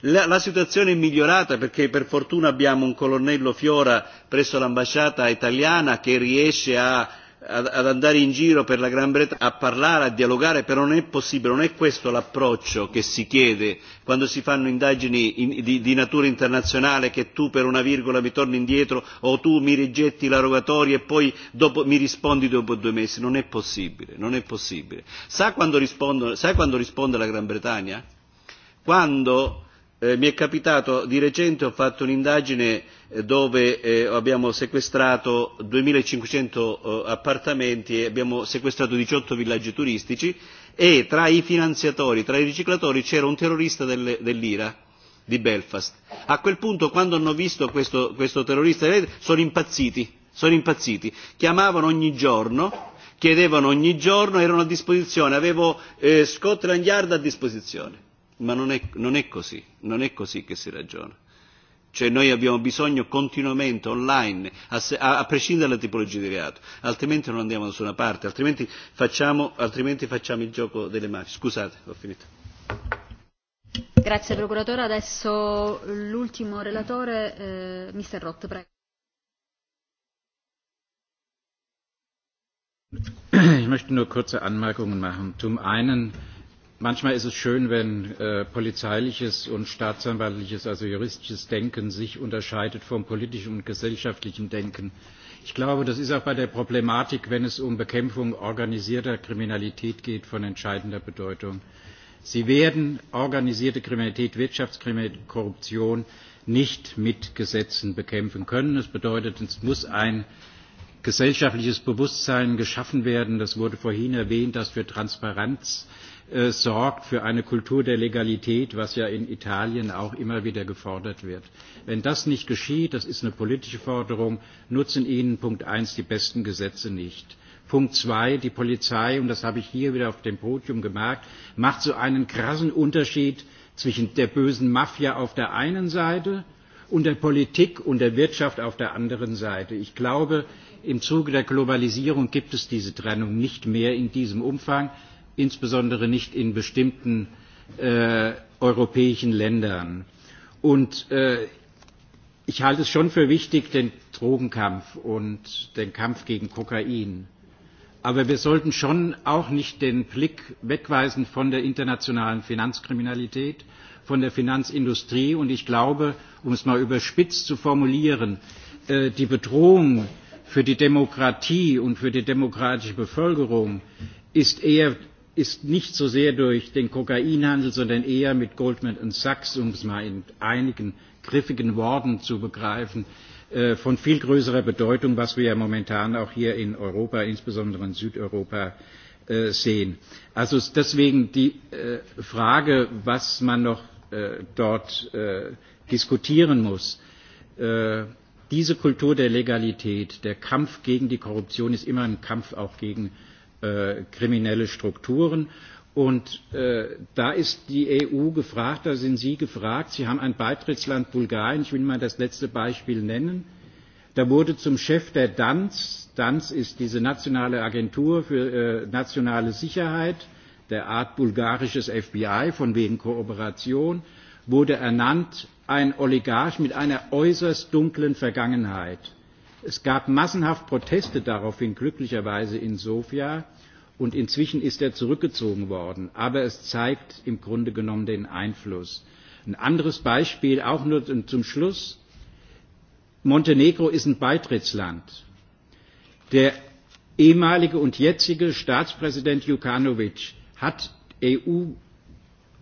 La, la situazione è migliorata perché per fortuna abbiamo un colonnello Fiora presso l'ambasciata italiana che riesce a ad andare in giro per la Gran Bretagna a parlare, a dialogare, però non è possibile, non è questo l'approccio che si chiede quando si fanno indagini in, di, di natura internazionale che tu per una virgola mi torni indietro o tu mi rigetti la rogatoria e poi dopo, mi rispondi dopo due mesi. Non è possibile, non è possibile. Sa quando, rispondo, sa quando risponde la Gran Bretagna? Quando Eh, mi è capitato di recente, ho fatto un'indagine eh, dove eh, abbiamo sequestrato 2.500 eh, appartamenti e abbiamo sequestrato 18 villaggi turistici e tra i finanziatori, tra i riciclatori c'era un terrorista dell'Ira di Belfast. A quel punto quando hanno visto questo, questo terrorista sono impazziti, sono impazziti, chiamavano ogni giorno chiedevano ogni giorno, erano a disposizione, avevo eh, Scotland Yard a disposizione ma non è, non è così, non è così che si ragiona. Cioè noi abbiamo bisogno continuamente online, a, a, a prescindere dalla tipologia di reato, altrimenti non andiamo da nessuna parte, altrimenti facciamo, altrimenti facciamo il gioco delle mafie. Scusate, ho finito. Grazie procuratore, adesso l'ultimo relatore, eh, Mr. Roth, prego. Ich möchte nur kurze Anmerkungen machen. Zum einen manchmal ist es schön, wenn äh, polizeiliches und staatsanwaltliches, also juristisches Denken sich unterscheidet vom politischen und gesellschaftlichen Denken. Ich glaube, das ist auch bei der Problematik, wenn es um Bekämpfung organisierter Kriminalität geht, von entscheidender Bedeutung. Sie werden organisierte Kriminalität, Wirtschaftskriminalität, Korruption nicht mit Gesetzen bekämpfen können. Das bedeutet, es muss ein gesellschaftliches Bewusstsein geschaffen werden. Das wurde vorhin erwähnt, dass wir Transparenz Äh, sorgt für eine Kultur der Legalität, was ja in Italien auch immer wieder gefordert wird. Wenn das nicht geschieht, das ist eine politische Forderung, nutzen Ihnen Punkt 1 die besten Gesetze nicht. Punkt zwei, die Polizei, und das habe ich hier wieder auf dem Podium gemerkt, macht so einen krassen Unterschied zwischen der bösen Mafia auf der einen Seite und der Politik und der Wirtschaft auf der anderen Seite. Ich glaube, im Zuge der Globalisierung gibt es diese Trennung nicht mehr in diesem Umfang insbesondere nicht in bestimmten äh, europäischen Ländern. Und äh, ich halte es schon für wichtig, den Drogenkampf und den Kampf gegen Kokain. Aber wir sollten schon auch nicht den Blick wegweisen von der internationalen Finanzkriminalität, von der Finanzindustrie. Und ich glaube, um es mal überspitzt zu formulieren, äh, die Bedrohung für die Demokratie und für die demokratische Bevölkerung ist eher ist nicht so sehr durch den Kokainhandel, sondern eher mit Goldman und Sachs, um es mal in einigen griffigen Worten zu begreifen, äh, von viel größerer Bedeutung, was wir ja momentan auch hier in Europa, insbesondere in Südeuropa, äh, sehen. Also deswegen die äh, Frage, was man noch dort diskutieren muss. Diese Kultur der Legalität, der Kampf gegen die Korruption ist immer ein Kampf auch gegen Äh, kriminelle Strukturen. Und äh, da ist die EU gefragt, da sind Sie gefragt. Sie haben ein Beitrittsland Bulgarien, ich will mal das letzte Beispiel nennen. Da wurde zum Chef der DANZ, DANZ ist diese nationale Agentur für äh, nationale Sicherheit, der Art bulgarisches FBI, von wegen Kooperation, wurde ernannt ein Oligarch mit einer äußerst dunklen Vergangenheit. Es gab massenhaft Proteste daraufhin, glücklicherweise in Sofia und inzwischen ist er zurückgezogen worden. Aber es zeigt im Grunde genommen den Einfluss. Ein anderes Beispiel, auch nur zum Schluss. Montenegro ist ein Beitrittsland. Der ehemalige und jetzige Staatspräsident Jukanovic hat EU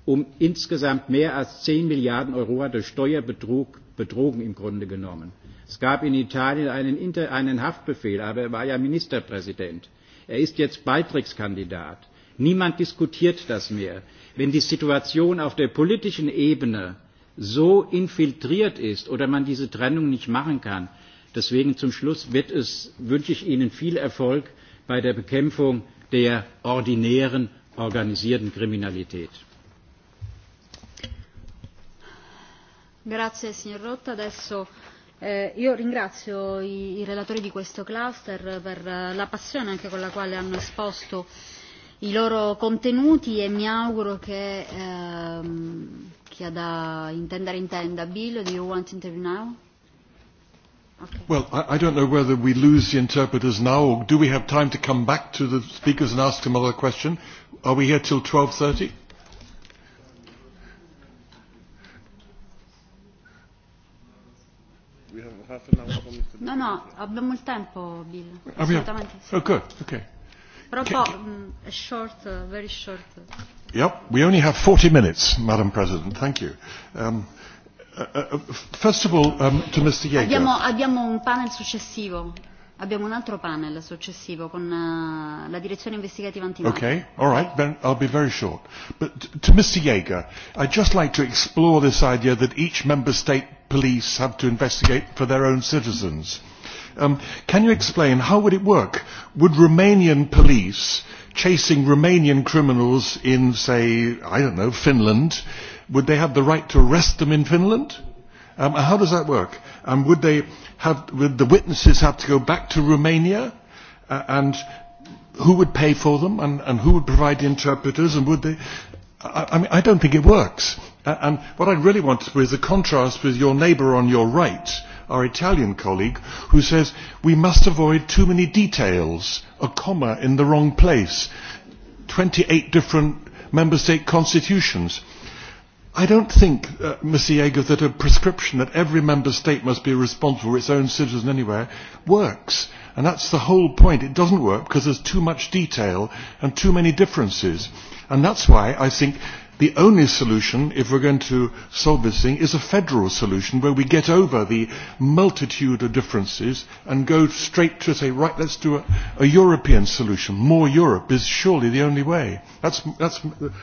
um insgesamt mehr als 10 Milliarden Euro durch Steuerbetrug betrogen im Grunde genommen. Es gab in Italien einen, Inter, einen Haftbefehl, aber er war ja Ministerpräsident. Er ist jetzt Beitrittskandidat. Niemand diskutiert das mehr. Wenn die Situation auf der politischen Ebene so infiltriert ist oder man diese Trennung nicht machen kann, deswegen zum Schluss wird es, wünsche ich Ihnen viel Erfolg bei der Bekämpfung der ordinären organisierten Kriminalität. Grazie, signor Rotta. Adesso Eh, io ringrazio i, i relatori di questo cluster per la passione anche con la quale hanno esposto i loro contenuti e mi auguro che ehm, chi ha da intendere intenda. Bill, do you want to interview now? Okay. Well, I, I don't know whether we lose the interpreters now or do we have time to come back to the speakers and ask them another question? Are we here till 12.30? No, no, abbiamo il tempo, Bill. Ah, Assolutamente. Sì. Oh, okay, okay. Propo, um, mm, a short, uh, very short. Yep, we only have 40 minutes, Madam President. Thank you. Um, uh, uh, uh first of all, um, to Mr. Yeager. Abbiamo, abbiamo un panel successivo. Abbiamo un altro panel successivo con uh, la direzione investigativa antimafia. Okay, all right, then I'll be very short. But to Mr. Yeager, I'd just like to explore this idea that each member state police have to investigate for their own citizens. Um, can you explain how would it work? Would Romanian police chasing Romanian criminals in, say, I don't know, Finland, would they have the right to arrest them in Finland? Um, how does that work? Um, would they have, would the witnesses have to go back to Romania? Uh, and who would pay for them? And, and who would provide the interpreters? And would they? I, I mean, I don't think it works. And what I really want is a contrast with your neighbour on your right, our Italian colleague, who says we must avoid too many details, a comma in the wrong place, 28 different member state constitutions. I don't think, uh, Ms. Yeager, that a prescription that every member state must be responsible for its own citizens anywhere works. And that's the whole point. It doesn't work because there's too much detail and too many differences. And that's why I think the only solution, if we're going to solve this thing, is a federal solution where we get over the multitude of differences and go straight to say, right, let's do a, a European solution. More Europe is surely the only way. That's, that's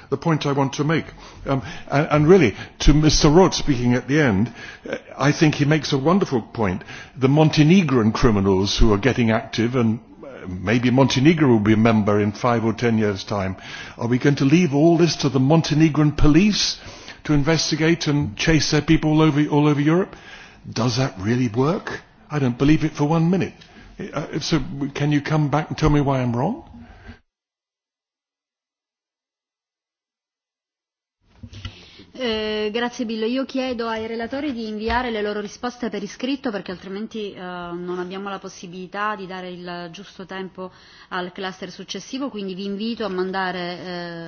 the point I want to make. Um, and, and really, to Mr. Roth speaking at the end, uh, I think he makes a wonderful point. The Montenegrin criminals who are getting active and maybe Montenegro will be a member in five or ten years' time. Are we going to leave all this to the Montenegrin police to investigate and chase their people all over, all over Europe? Does that really work? I don't believe it for one minute. Uh, so can you come back and tell me why I'm wrong? Eh, grazie mille. Io chiedo ai relatori di inviare le loro risposte per iscritto perché altrimenti eh, non abbiamo la possibilità di dare il giusto tempo al cluster successivo, quindi vi invito a mandare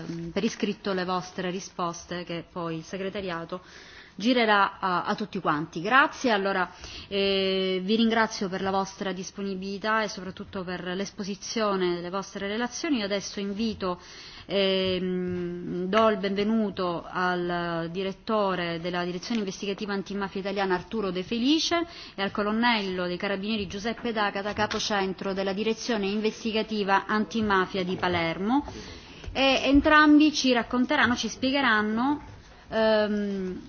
eh, per iscritto le vostre risposte che poi il segretariato eh, girerà a, a tutti quanti. Grazie, allora eh, vi ringrazio per la vostra disponibilità e soprattutto per l'esposizione delle vostre relazioni. Io adesso invito eh, do il benvenuto al direttore della direzione investigativa antimafia italiana Arturo De Felice e al colonnello dei carabinieri Giuseppe D'Agata, capocentro della direzione investigativa antimafia di Palermo e entrambi ci racconteranno, ci spiegheranno ehm,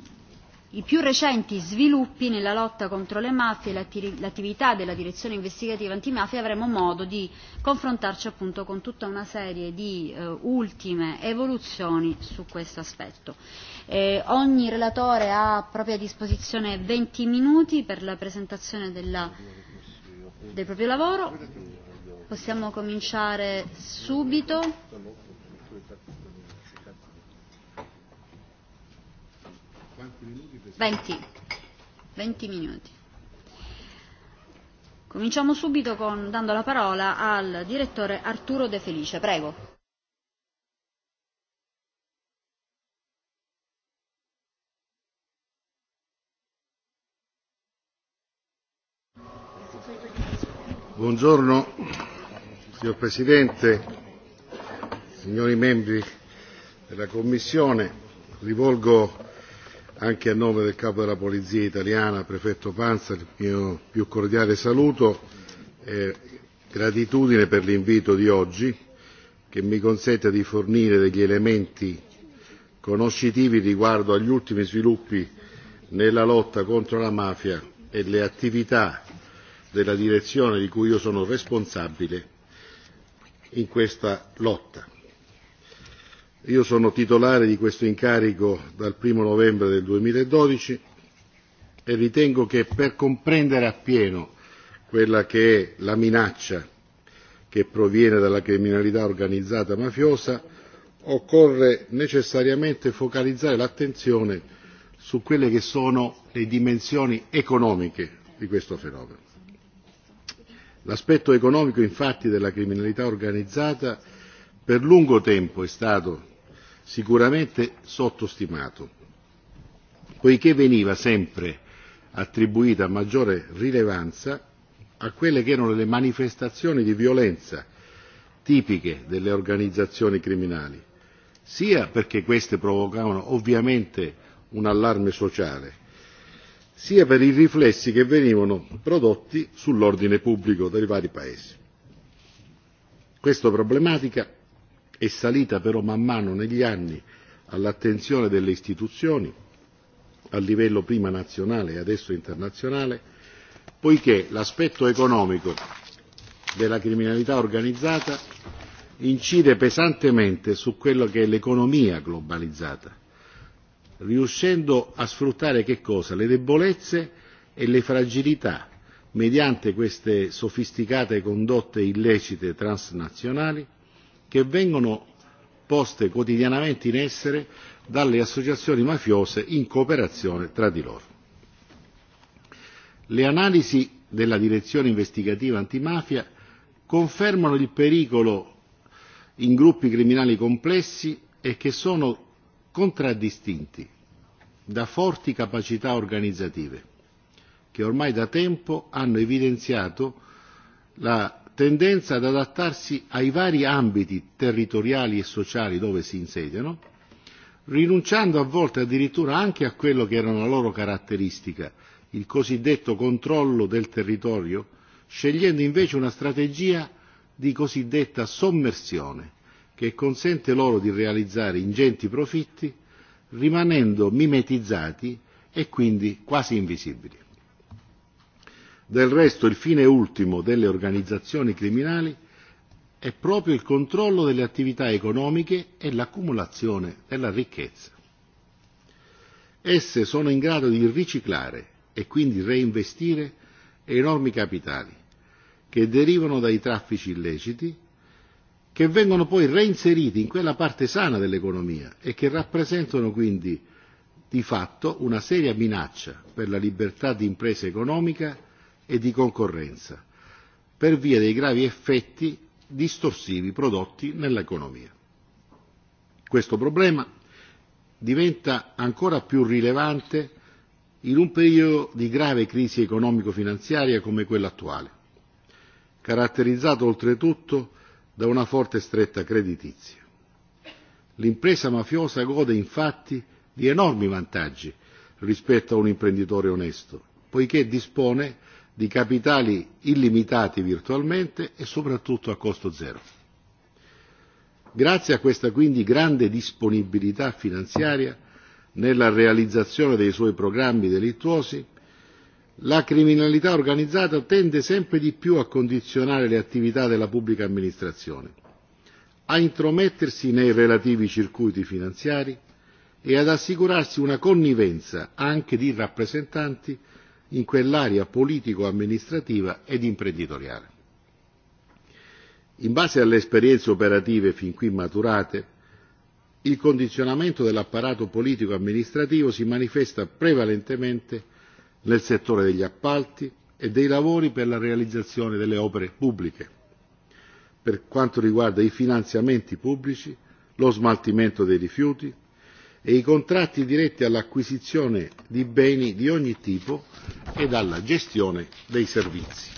i più recenti sviluppi nella lotta contro le mafie e l'attività della direzione investigativa antimafia avremo modo di confrontarci appunto con tutta una serie di eh, ultime evoluzioni su questo aspetto. Eh, ogni relatore ha a propria disposizione 20 minuti per la presentazione della, del proprio lavoro. Possiamo cominciare subito. Quanti minuti? 20. 20 minuti. Cominciamo subito con, dando la parola al direttore Arturo De Felice. Prego. Buongiorno, signor Presidente, signori membri della Commissione. Rivolgo anche a nome del capo della polizia italiana prefetto pansa il mio più cordiale saluto e gratitudine per l'invito di oggi che mi consente di fornire degli elementi conoscitivi riguardo agli ultimi sviluppi nella lotta contro la mafia e le attività della direzione di cui io sono responsabile in questa lotta io sono titolare di questo incarico dal uno novembre del duemiladodici e ritengo che per comprendere appieno quella che è la minaccia che proviene dalla criminalità organizzata mafiosa occorre necessariamente focalizzare l'attenzione su quelle che sono le dimensioni economiche di questo fenomeno. L'aspetto economico infatti della criminalità organizzata per lungo tempo è stato sicuramente sottostimato, poiché veniva sempre attribuita maggiore rilevanza a quelle che erano le manifestazioni di violenza tipiche delle organizzazioni criminali, sia perché queste provocavano ovviamente un allarme sociale, sia per i riflessi che venivano prodotti sull'ordine pubblico dei vari paesi. Questa problematica è salita però man mano negli anni all'attenzione delle istituzioni a livello prima nazionale e adesso internazionale poiché l'aspetto economico della criminalità organizzata incide pesantemente su quello che è l'economia globalizzata riuscendo a sfruttare che cosa? le debolezze e le fragilità mediante queste sofisticate condotte illecite transnazionali che vengono poste quotidianamente in essere dalle associazioni mafiose in cooperazione tra di loro. Le analisi della direzione investigativa antimafia confermano il pericolo in gruppi criminali complessi e che sono contraddistinti da forti capacità organizzative che ormai da tempo hanno evidenziato la tendenza ad adattarsi ai vari ambiti territoriali e sociali dove si insediano, rinunciando a volte addirittura anche a quello che era una loro caratteristica, il cosiddetto controllo del territorio, scegliendo invece una strategia di cosiddetta sommersione, che consente loro di realizzare ingenti profitti rimanendo mimetizzati e quindi quasi invisibili. Del resto il fine ultimo delle organizzazioni criminali è proprio il controllo delle attività economiche e l'accumulazione della ricchezza. Esse sono in grado di riciclare e quindi reinvestire enormi capitali che derivano dai traffici illeciti che vengono poi reinseriti in quella parte sana dell'economia e che rappresentano quindi di fatto una seria minaccia per la libertà di impresa economica e di concorrenza per via dei gravi effetti distorsivi prodotti nell'economia. Questo problema diventa ancora più rilevante in un periodo di grave crisi economico-finanziaria come quello attuale, caratterizzato oltretutto da una forte stretta creditizia. L'impresa mafiosa gode infatti di enormi vantaggi rispetto a un imprenditore onesto, poiché dispone di capitali illimitati virtualmente e soprattutto a costo zero. Grazie a questa quindi grande disponibilità finanziaria nella realizzazione dei suoi programmi delittuosi, la criminalità organizzata tende sempre di più a condizionare le attività della pubblica amministrazione, a intromettersi nei relativi circuiti finanziari e ad assicurarsi una connivenza anche di rappresentanti in quell'area politico-amministrativa ed imprenditoriale. In base alle esperienze operative fin qui maturate, il condizionamento dell'apparato politico-amministrativo si manifesta prevalentemente nel settore degli appalti e dei lavori per la realizzazione delle opere pubbliche. Per quanto riguarda i finanziamenti pubblici, lo smaltimento dei rifiuti, e i contratti diretti all'acquisizione di beni di ogni tipo e alla gestione dei servizi.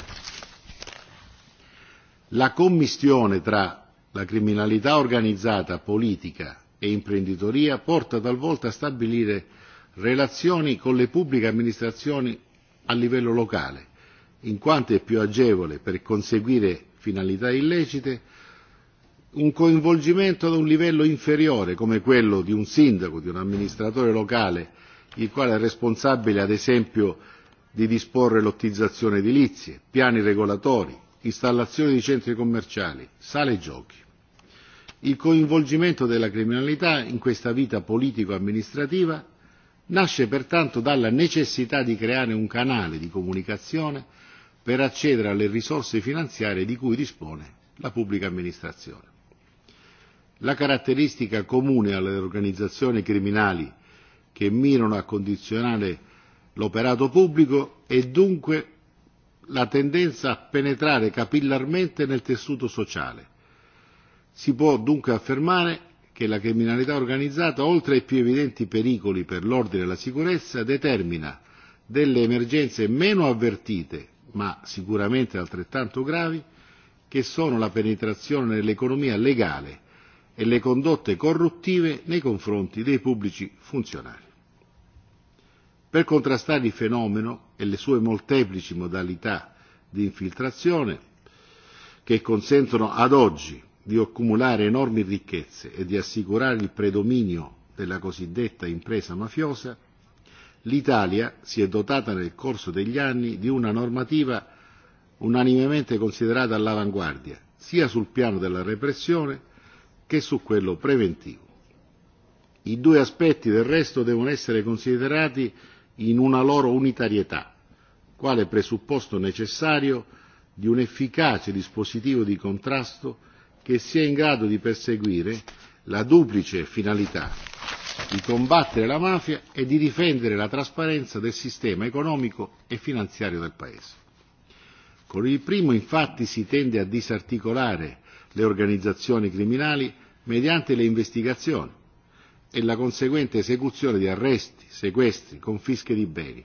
La commistione tra la criminalità organizzata, politica e imprenditoria porta talvolta a stabilire relazioni con le pubbliche amministrazioni a livello locale, in quanto è più agevole per conseguire finalità illecite un coinvolgimento ad un livello inferiore come quello di un sindaco, di un amministratore locale, il quale è responsabile ad esempio di disporre lottizzazione edilizie, piani regolatori, installazione di centri commerciali, sale giochi. Il coinvolgimento della criminalità in questa vita politico-amministrativa nasce pertanto dalla necessità di creare un canale di comunicazione per accedere alle risorse finanziarie di cui dispone la pubblica amministrazione. La caratteristica comune alle organizzazioni criminali che mirano a condizionare l'operato pubblico è dunque la tendenza a penetrare capillarmente nel tessuto sociale. Si può dunque affermare che la criminalità organizzata, oltre ai più evidenti pericoli per l'ordine e la sicurezza, determina delle emergenze meno avvertite, ma sicuramente altrettanto gravi, che sono la penetrazione nell'economia legale e le condotte corruttive nei confronti dei pubblici funzionari. Per contrastare il fenomeno e le sue molteplici modalità di infiltrazione, che consentono ad oggi di accumulare enormi ricchezze e di assicurare il predominio della cosiddetta impresa mafiosa, l'Italia si è dotata nel corso degli anni di una normativa unanimemente considerata all'avanguardia, sia sul piano della repressione che su quello preventivo. I due aspetti del resto devono essere considerati in una loro unitarietà, quale presupposto necessario di un efficace dispositivo di contrasto che sia in grado di perseguire la duplice finalità di combattere la mafia e di difendere la trasparenza del sistema economico e finanziario del Paese. Con il primo infatti si tende a disarticolare le organizzazioni criminali mediante le investigazioni e la conseguente esecuzione di arresti, sequestri, confische di beni.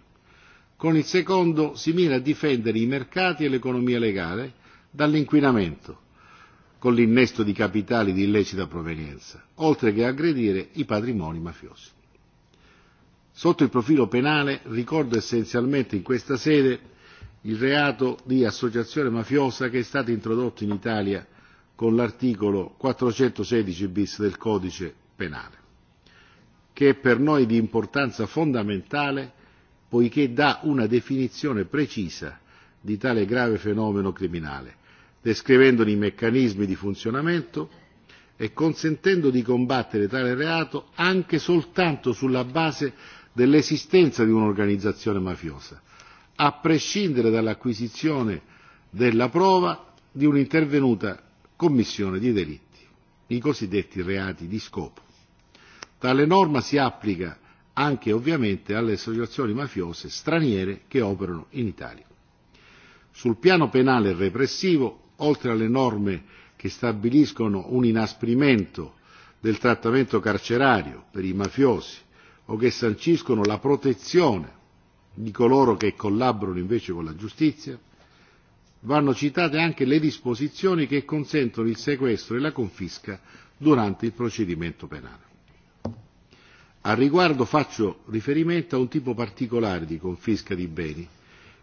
Con il secondo si mira a difendere i mercati e l'economia legale dall'inquinamento, con l'innesto di capitali di illecita provenienza, oltre che aggredire i patrimoni mafiosi. Sotto il profilo penale ricordo essenzialmente in questa sede il reato di associazione mafiosa che è stato introdotto in Italia con l'articolo 416 bis del codice penale, che è per noi di importanza fondamentale poiché dà una definizione precisa di tale grave fenomeno criminale, descrivendone i meccanismi di funzionamento e consentendo di combattere tale reato anche soltanto sulla base dell'esistenza di un'organizzazione mafiosa, a prescindere dall'acquisizione della prova di un'intervenuta commissione di delitti, i cosiddetti reati di scopo. Tale norma si applica anche ovviamente alle associazioni mafiose straniere che operano in Italia. Sul piano penale e repressivo, oltre alle norme che stabiliscono un inasprimento del trattamento carcerario per i mafiosi o che sanciscono la protezione di coloro che collaborano invece con la giustizia, vanno citate anche le disposizioni che consentono il sequestro e la confisca durante il procedimento penale. Al riguardo faccio riferimento a un tipo particolare di confisca di beni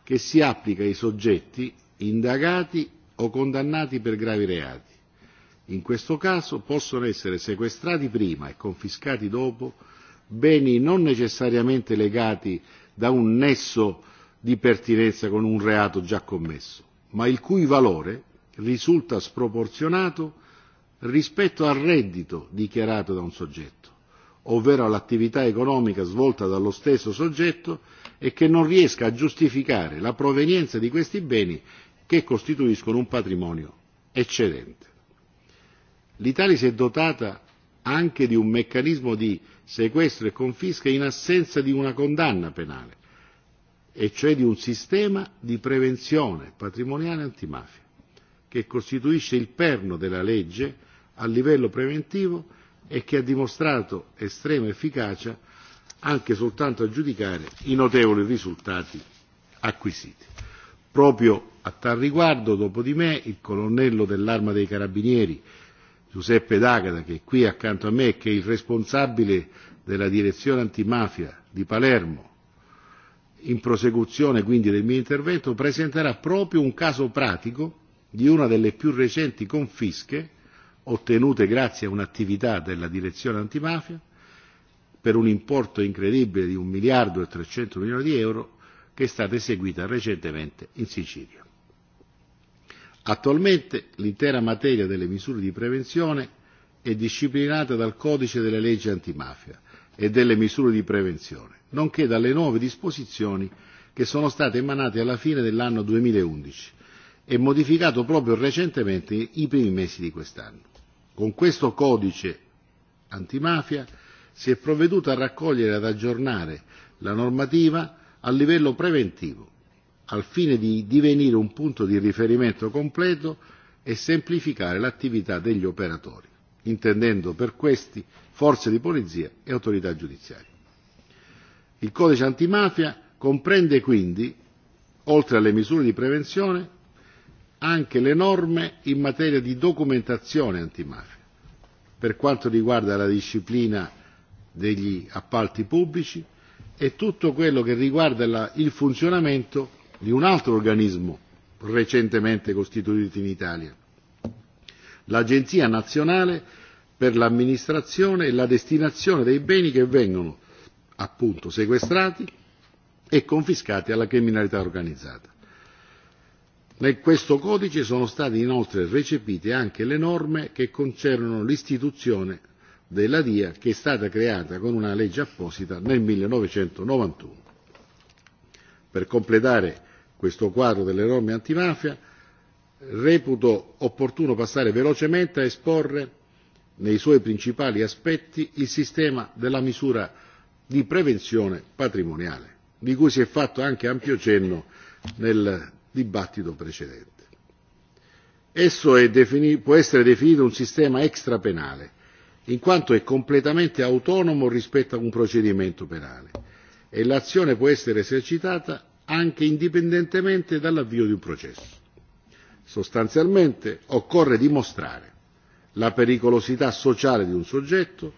che si applica ai soggetti indagati o condannati per gravi reati. In questo caso possono essere sequestrati prima e confiscati dopo beni non necessariamente legati da un nesso di pertinenza con un reato già commesso ma il cui valore risulta sproporzionato rispetto al reddito dichiarato da un soggetto, ovvero all'attività economica svolta dallo stesso soggetto e che non riesca a giustificare la provenienza di questi beni che costituiscono un patrimonio eccedente. L'Italia si è dotata anche di un meccanismo di sequestro e confisca in assenza di una condanna penale e cioè di un sistema di prevenzione patrimoniale antimafia, che costituisce il perno della legge a livello preventivo e che ha dimostrato estrema efficacia anche soltanto a giudicare i notevoli risultati acquisiti. Proprio a tal riguardo, dopo di me, il colonnello dell'arma dei carabinieri Giuseppe D'Agata, che è qui accanto a me e che è il responsabile della direzione antimafia di Palermo, in prosecuzione quindi del mio intervento presenterà proprio un caso pratico di una delle più recenti confische ottenute grazie a un'attività della direzione antimafia per un importo incredibile di un miliardo e trecento milioni di euro che è stata eseguita recentemente in Sicilia. Attualmente l'intera materia delle misure di prevenzione è disciplinata dal codice delle leggi antimafia e delle misure di prevenzione nonché dalle nuove disposizioni che sono state emanate alla fine dell'anno duemilaundici e modificato proprio recentemente i primi mesi di quest'anno. Con questo codice antimafia si è provveduto a raccogliere e ad aggiornare la normativa a livello preventivo, al fine di divenire un punto di riferimento completo e semplificare l'attività degli operatori, intendendo per questi forze di polizia e autorità giudiziarie. Il codice antimafia comprende quindi, oltre alle misure di prevenzione, anche le norme in materia di documentazione antimafia. Per quanto riguarda la disciplina degli appalti pubblici e tutto quello che riguarda la, il funzionamento di un altro organismo recentemente costituito in Italia, l'Agenzia nazionale per l'amministrazione e la destinazione dei beni che vengono appunto sequestrati e confiscati alla criminalità organizzata. In questo codice sono state inoltre recepite anche le norme che concernono l'istituzione della DIA che è stata creata con una legge apposita nel 1991. Per completare questo quadro delle norme antimafia reputo opportuno passare velocemente a esporre nei suoi principali aspetti il sistema della misura di prevenzione patrimoniale, di cui si è fatto anche ampio cenno nel dibattito precedente. Esso è defini- può essere definito un sistema extrapenale, in quanto è completamente autonomo rispetto a un procedimento penale e l'azione può essere esercitata anche indipendentemente dall'avvio di un processo. Sostanzialmente occorre dimostrare la pericolosità sociale di un soggetto,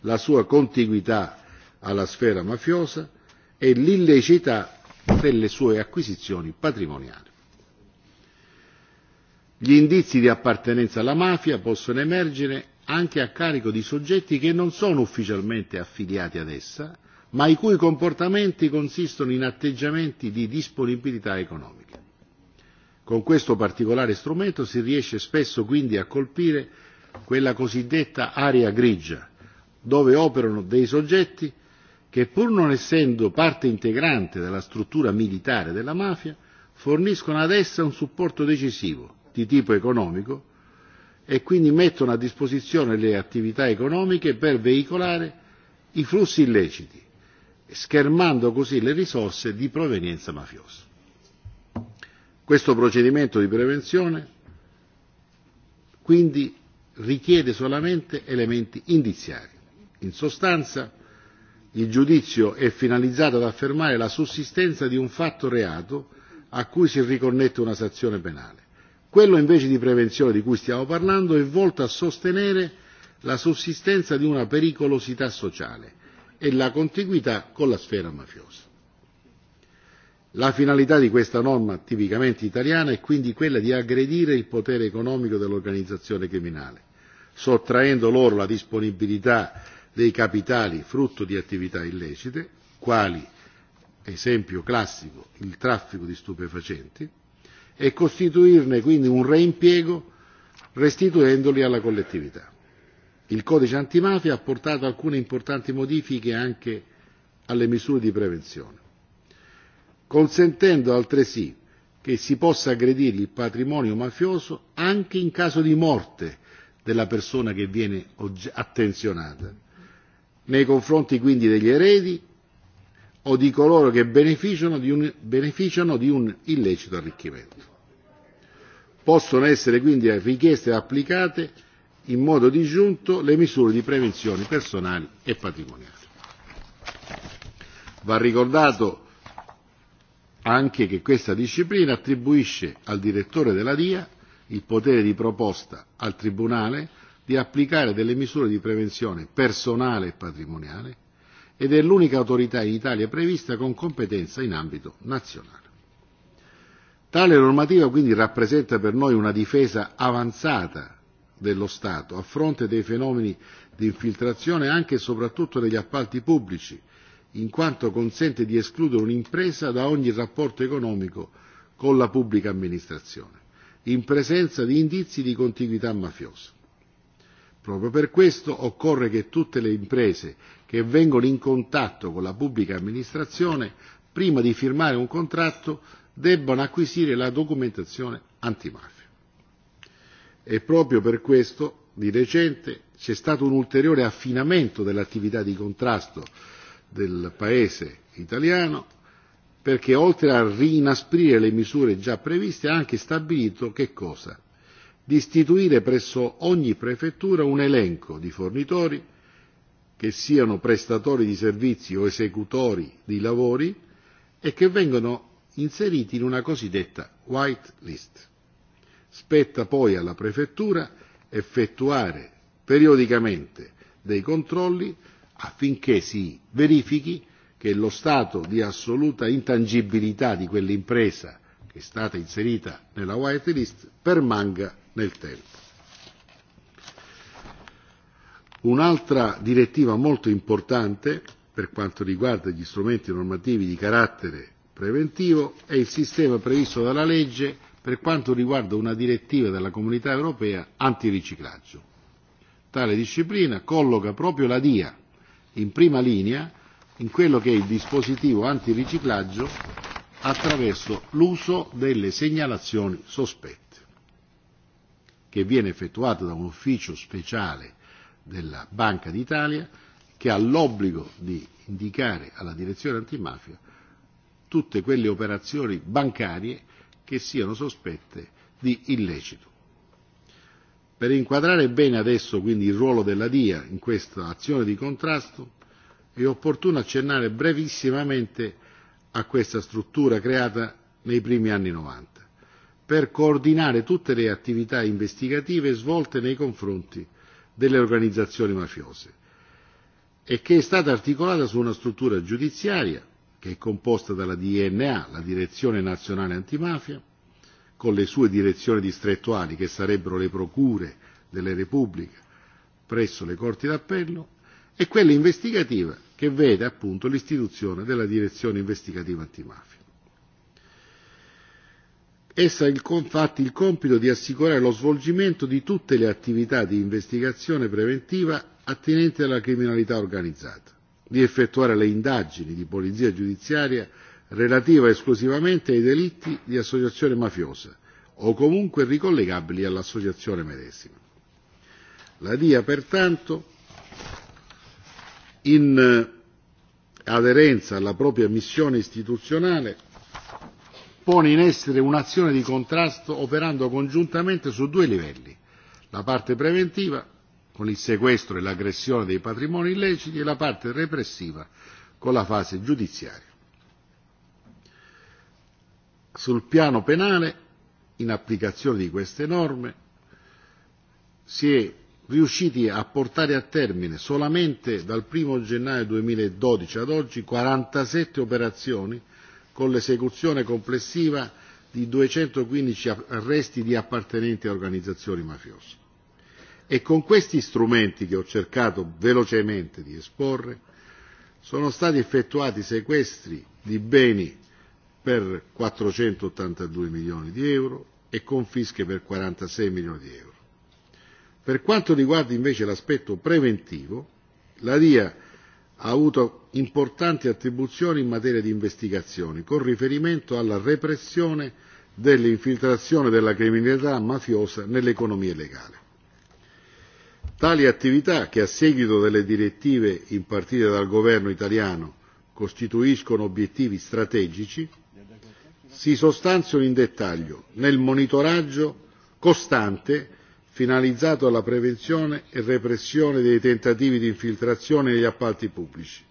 la sua contiguità alla sfera mafiosa e l'illecità delle sue acquisizioni patrimoniali. Gli indizi di appartenenza alla mafia possono emergere anche a carico di soggetti che non sono ufficialmente affiliati ad essa, ma i cui comportamenti consistono in atteggiamenti di disponibilità economica. Con questo particolare strumento si riesce spesso quindi a colpire quella cosiddetta area grigia, dove operano dei soggetti che pur non essendo parte integrante della struttura militare della mafia forniscono ad essa un supporto decisivo di tipo economico e quindi mettono a disposizione le attività economiche per veicolare i flussi illeciti, schermando così le risorse di provenienza mafiosa. Questo procedimento di prevenzione quindi richiede solamente elementi indiziari. In sostanza il giudizio è finalizzato ad affermare la sussistenza di un fatto reato a cui si riconnette una sanzione penale. Quello invece di prevenzione di cui stiamo parlando è volto a sostenere la sussistenza di una pericolosità sociale e la contiguità con la sfera mafiosa. La finalità di questa norma tipicamente italiana è quindi quella di aggredire il potere economico dell'organizzazione criminale, sottraendo loro la disponibilità dei capitali frutto di attività illecite, quali esempio classico il traffico di stupefacenti, e costituirne quindi un reimpiego restituendoli alla collettività. Il codice antimafia ha portato alcune importanti modifiche anche alle misure di prevenzione, consentendo altresì che si possa aggredire il patrimonio mafioso anche in caso di morte della persona che viene attenzionata nei confronti quindi degli eredi o di coloro che beneficiano di un, beneficiano di un illecito arricchimento. Possono essere quindi richieste e applicate in modo disgiunto le misure di prevenzione personali e patrimoniali. Va ricordato anche che questa disciplina attribuisce al direttore della DIA il potere di proposta al Tribunale di applicare delle misure di prevenzione personale e patrimoniale ed è l'unica autorità in Italia prevista con competenza in ambito nazionale. Tale normativa quindi rappresenta per noi una difesa avanzata dello Stato a fronte dei fenomeni di infiltrazione anche e soprattutto negli appalti pubblici, in quanto consente di escludere un'impresa da ogni rapporto economico con la pubblica amministrazione, in presenza di indizi di contiguità mafiosa. Proprio per questo occorre che tutte le imprese che vengono in contatto con la pubblica amministrazione, prima di firmare un contratto, debbano acquisire la documentazione antimafia. E proprio per questo, di recente, c'è stato un ulteriore affinamento dell'attività di contrasto del Paese italiano perché oltre a rinasprire le misure già previste ha anche stabilito che cosa? di istituire presso ogni prefettura un elenco di fornitori che siano prestatori di servizi o esecutori di lavori e che vengano inseriti in una cosiddetta white list. Spetta poi alla prefettura effettuare periodicamente dei controlli affinché si verifichi che lo stato di assoluta intangibilità di quell'impresa che è stata inserita nella white list permanga nel tempo. Un'altra direttiva molto importante per quanto riguarda gli strumenti normativi di carattere preventivo è il sistema previsto dalla legge per quanto riguarda una direttiva della comunità europea antiriciclaggio. Tale disciplina colloca proprio la DIA in prima linea in quello che è il dispositivo antiriciclaggio attraverso l'uso delle segnalazioni sospette che viene effettuata da un ufficio speciale della Banca d'Italia che ha l'obbligo di indicare alla direzione antimafia tutte quelle operazioni bancarie che siano sospette di illecito. Per inquadrare bene adesso quindi il ruolo della DIA in questa azione di contrasto è opportuno accennare brevissimamente a questa struttura creata nei primi anni 90 per coordinare tutte le attività investigative svolte nei confronti delle organizzazioni mafiose e che è stata articolata su una struttura giudiziaria che è composta dalla DNA, la Direzione Nazionale Antimafia, con le sue direzioni distrettuali che sarebbero le procure delle repubbliche presso le corti d'appello e quella investigativa che vede appunto l'istituzione della Direzione Investigativa Antimafia Essa ha infatti il compito di assicurare lo svolgimento di tutte le attività di investigazione preventiva attinenti alla criminalità organizzata, di effettuare le indagini di polizia giudiziaria relativa esclusivamente ai delitti di associazione mafiosa o comunque ricollegabili all'associazione medesima. La DIA pertanto, in eh, aderenza alla propria missione istituzionale, pone in essere un'azione di contrasto operando congiuntamente su due livelli la parte preventiva con il sequestro e l'aggressione dei patrimoni illeciti e la parte repressiva con la fase giudiziaria. Sul piano penale, in applicazione di queste norme, si è riusciti a portare a termine solamente dal 1 gennaio 2012 ad oggi 47 operazioni con l'esecuzione complessiva di 215 arresti di appartenenti a organizzazioni mafiose. E con questi strumenti che ho cercato velocemente di esporre sono stati effettuati sequestri di beni per 482 milioni di euro e confische per 46 milioni di euro. Per quanto riguarda invece l'aspetto preventivo, la DIA ha avuto importanti attribuzioni in materia di investigazioni con riferimento alla repressione dell'infiltrazione della criminalità mafiosa nell'economia legale. Tali attività, che a seguito delle direttive impartite dal governo italiano costituiscono obiettivi strategici, si sostanziano in dettaglio nel monitoraggio costante finalizzato alla prevenzione e repressione dei tentativi di infiltrazione negli appalti pubblici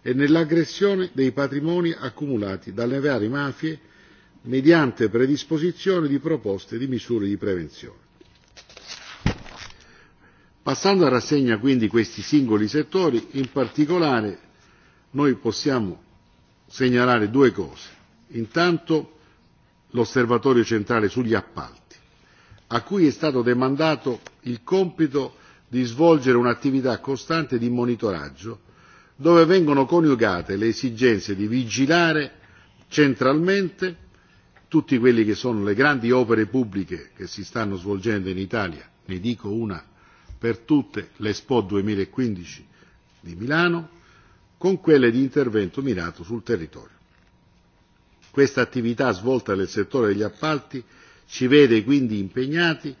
e nell'aggressione dei patrimoni accumulati dalle varie mafie mediante predisposizione di proposte di misure di prevenzione. Passando a rassegna quindi questi singoli settori, in particolare noi possiamo segnalare due cose. Intanto l'osservatorio centrale sugli appalti a cui è stato demandato il compito di svolgere un'attività costante di monitoraggio dove vengono coniugate le esigenze di vigilare centralmente tutte quelle che sono le grandi opere pubbliche che si stanno svolgendo in Italia, ne dico una per tutte, l'Expo 2015 e di Milano, con quelle di intervento mirato sul territorio. Questa attività svolta nel settore degli appalti Ci vede quindi impegnati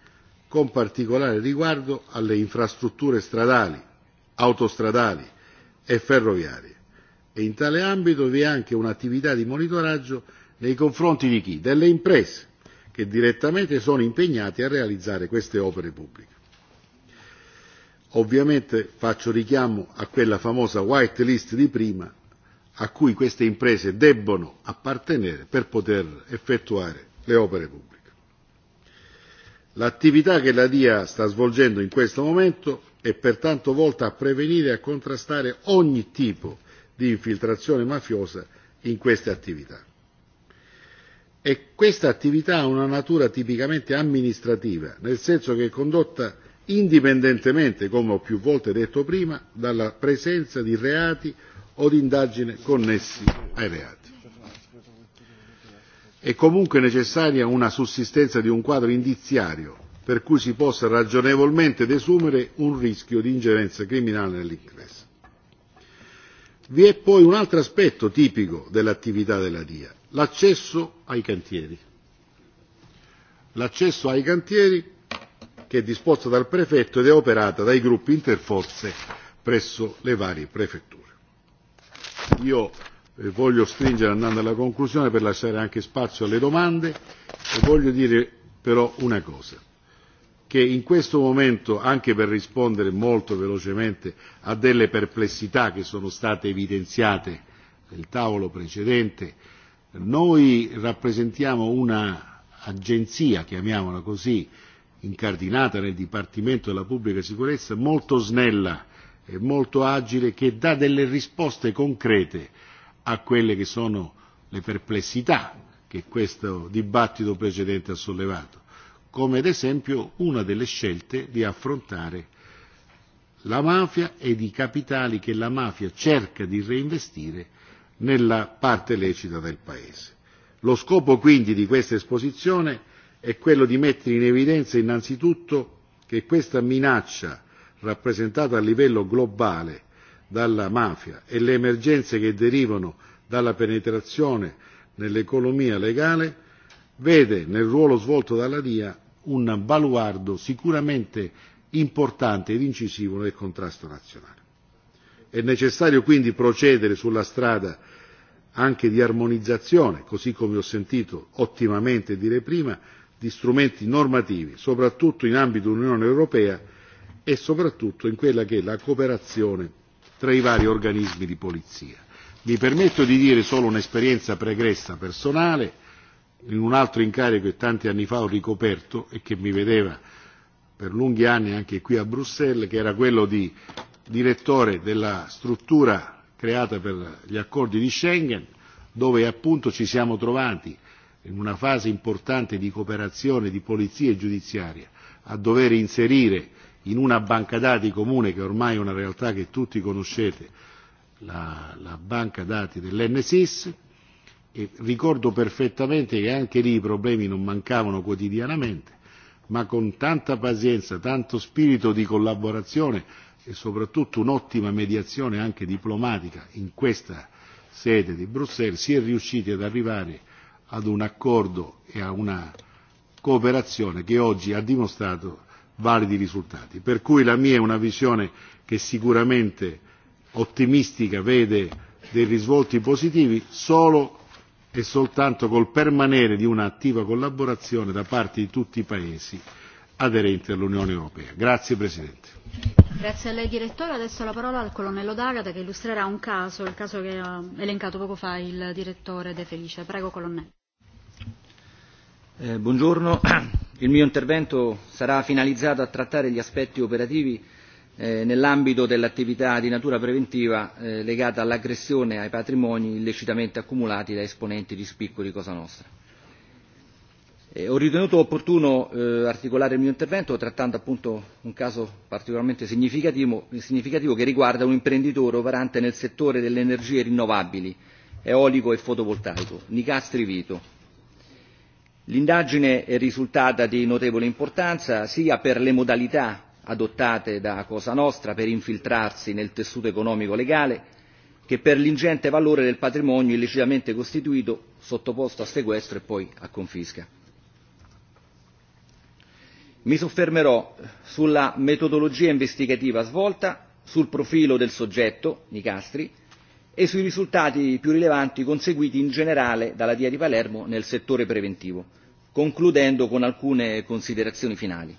con particolare riguardo alle infrastrutture stradali, autostradali e ferroviarie. E in tale ambito vi è anche un'attività di monitoraggio nei confronti di chi? Delle imprese che direttamente sono impegnate a realizzare queste opere pubbliche. Ovviamente faccio richiamo a quella famosa white list di prima a cui queste imprese debbono appartenere per poter effettuare le opere pubbliche l'attività che la dia sta svolgendo in questo momento è pertanto volta a prevenire e a contrastare ogni tipo di infiltrazione mafiosa in queste attività e questa attività ha una natura tipicamente amministrativa nel senso che è condotta indipendentemente come ho più volte detto prima dalla presenza di reati o di indagini connessi ai reati è comunque necessaria una sussistenza di un quadro indiziario per cui si possa ragionevolmente desumere un rischio di ingerenza criminale nell'ingresso. Vi è poi un altro aspetto tipico dell'attività della DIA, l'accesso ai cantieri. L'accesso ai cantieri che è disposto dal prefetto ed è operata dai gruppi interforze presso le varie prefetture. Io E voglio stringere andando alla conclusione per lasciare anche spazio alle domande e voglio dire però una cosa che in questo momento anche per rispondere molto velocemente a delle perplessità che sono state evidenziate nel tavolo precedente noi rappresentiamo un'agenzia chiamiamola così incardinata nel Dipartimento della Pubblica Sicurezza molto snella e molto agile che dà delle risposte concrete a quelle che sono le perplessità che questo dibattito precedente ha sollevato, come ad esempio una delle scelte di affrontare la mafia e i capitali che la mafia cerca di reinvestire nella parte lecita del Paese. Lo scopo quindi di questa esposizione è quello di mettere in evidenza innanzitutto che questa minaccia rappresentata a livello globale dalla mafia e le emergenze che derivano dalla penetrazione nell'economia legale vede nel ruolo svolto dalla DIA un baluardo sicuramente importante ed incisivo nel contrasto nazionale. È necessario quindi procedere sulla strada anche di armonizzazione, così come ho sentito ottimamente dire prima, di strumenti normativi, soprattutto in ambito Unione Europea e soprattutto in quella che è la cooperazione tra i vari organismi di polizia. Mi permetto di dire solo un'esperienza pregressa personale, in un altro incarico che tanti anni fa ho ricoperto e che mi vedeva per lunghi anni anche qui a Bruxelles, che era quello di direttore della struttura creata per gli accordi di Schengen, dove appunto ci siamo trovati in una fase importante di cooperazione di polizia e giudiziaria a dover inserire in una banca dati comune che ormai è una realtà che tutti conoscete, la, la banca dati dell'NSIS, e ricordo perfettamente che anche lì i problemi non mancavano quotidianamente, ma con tanta pazienza, tanto spirito di collaborazione e soprattutto un'ottima mediazione anche diplomatica in questa sede di Bruxelles si è riusciti ad arrivare ad un accordo e a una cooperazione che oggi ha dimostrato validi risultati. Per cui la mia è una visione che sicuramente ottimistica vede dei risvolti positivi solo e soltanto col permanere di un'attiva collaborazione da parte di tutti i Paesi aderenti all'Unione Europea. Grazie Presidente. Grazie a lei Direttore. Adesso la parola al colonnello D'Agata che illustrerà un caso, il caso che ha elencato poco fa il Direttore De Felice. Prego Colonnello. Eh, buongiorno. Il mio intervento sarà finalizzato a trattare gli aspetti operativi eh, nell'ambito dell'attività di natura preventiva eh, legata all'aggressione ai patrimoni illecitamente accumulati da esponenti di spicco di Cosa Nostra. ho ritenuto opportuno articolare il mio intervento trattando appunto un caso particolarmente significativo, significativo che riguarda un imprenditore operante nel settore delle energie rinnovabili, eolico e fotovoltaico, Nicastri Vito L'indagine è risultata di notevole importanza sia per le modalità adottate da Cosa Nostra per infiltrarsi nel tessuto economico legale che per l'ingente valore del patrimonio illecitamente costituito, sottoposto a sequestro e poi a confisca. Mi soffermerò sulla metodologia investigativa svolta, sul profilo del soggetto, Nicastri, e sui risultati più rilevanti conseguiti in generale dalla DIA di Palermo nel settore preventivo concludendo con alcune considerazioni finali.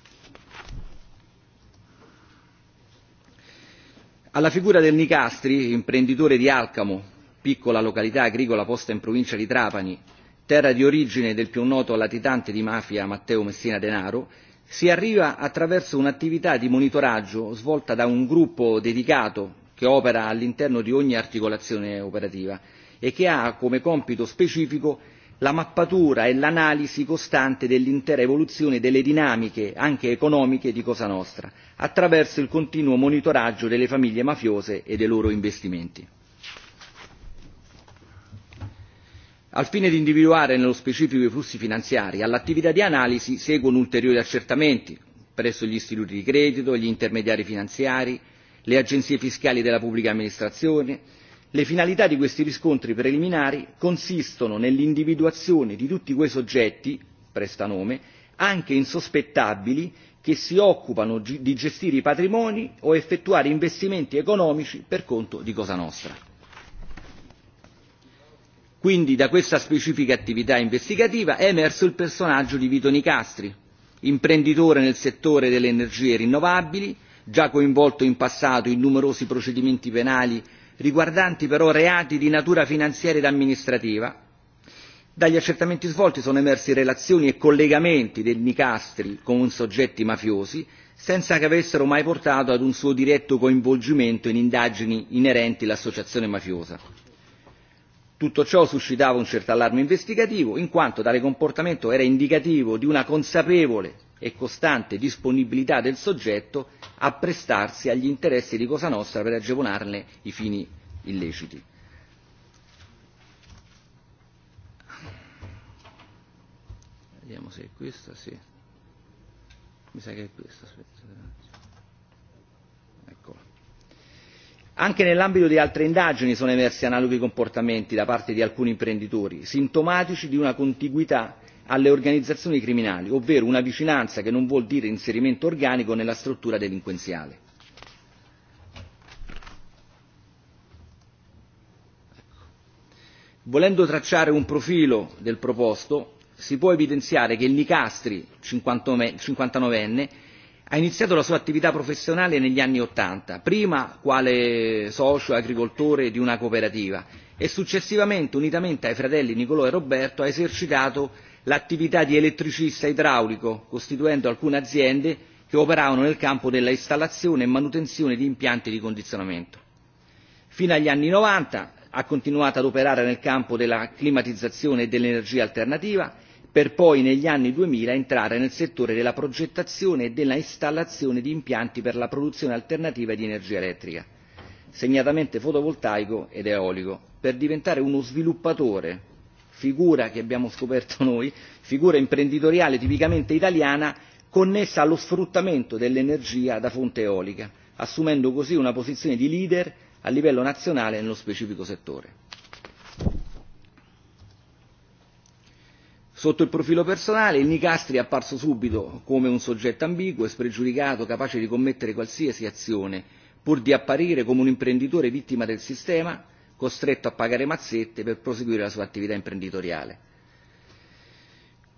Alla figura del Nicastri, imprenditore di Alcamo, piccola località agricola posta in provincia di Trapani, terra di origine del più noto latitante di mafia Matteo Messina Denaro, si arriva attraverso un'attività di monitoraggio svolta da un gruppo dedicato che opera all'interno di ogni articolazione operativa e che ha come compito specifico la mappatura e l'analisi costante dell'intera evoluzione delle dinamiche anche economiche di cosa nostra attraverso il continuo monitoraggio delle famiglie mafiose e dei loro investimenti. Al fine di individuare nello specifico i flussi finanziari, all'attività di analisi seguono ulteriori accertamenti presso gli istituti di credito, gli intermediari finanziari, le agenzie fiscali della pubblica amministrazione, le finalità di questi riscontri preliminari consistono nell'individuazione di tutti quei soggetti prestanome anche insospettabili che si occupano di gestire i patrimoni o effettuare investimenti economici per conto di cosa nostra. quindi da questa specifica attività investigativa è emerso il personaggio di vito nicastri imprenditore nel settore delle energie rinnovabili già coinvolto in passato in numerosi procedimenti penali riguardanti però reati di natura finanziaria ed amministrativa. Dagli accertamenti svolti sono emersi relazioni e collegamenti del Nicastri con soggetti mafiosi, senza che avessero mai portato ad un suo diretto coinvolgimento in indagini inerenti l'associazione mafiosa Tutto ciò suscitava un certo allarme investigativo, in quanto tale comportamento era indicativo di una consapevole e costante disponibilità del soggetto a prestarsi agli interessi di Cosa Nostra per agevolarne i fini illeciti. Vediamo se è questa, sì. Mi sa che è questa, aspetta. anche nell'ambito di altre indagini sono emersi analoghi comportamenti da parte di alcuni imprenditori sintomatici di una contiguità alle organizzazioni criminali ovvero una vicinanza che non vuol dire inserimento organico nella struttura delinquenziale. volendo tracciare un profilo del proposto si può evidenziare che l'icastri cinquantanove enne Ha iniziato la sua attività professionale negli anni Ottanta, prima quale socio agricoltore di una cooperativa e successivamente, unitamente ai fratelli Nicolò e Roberto, ha esercitato l'attività di elettricista idraulico, costituendo alcune aziende che operavano nel campo della installazione e manutenzione di impianti di condizionamento. Fino agli anni 90 ha continuato ad operare nel campo della climatizzazione e dell'energia alternativa per poi negli anni duemila entrare nel settore della progettazione e dell'installazione di impianti per la produzione alternativa di energia elettrica segnatamente fotovoltaico ed eolico per diventare uno sviluppatore figura che abbiamo scoperto noi figura imprenditoriale tipicamente italiana connessa allo sfruttamento dell'energia da fonte eolica assumendo così una posizione di leader a livello nazionale nello specifico settore. Sotto il profilo personale, il Nicastri è apparso subito come un soggetto ambiguo e spregiudicato, capace di commettere qualsiasi azione, pur di apparire come un imprenditore vittima del sistema, costretto a pagare mazzette per proseguire la sua attività imprenditoriale.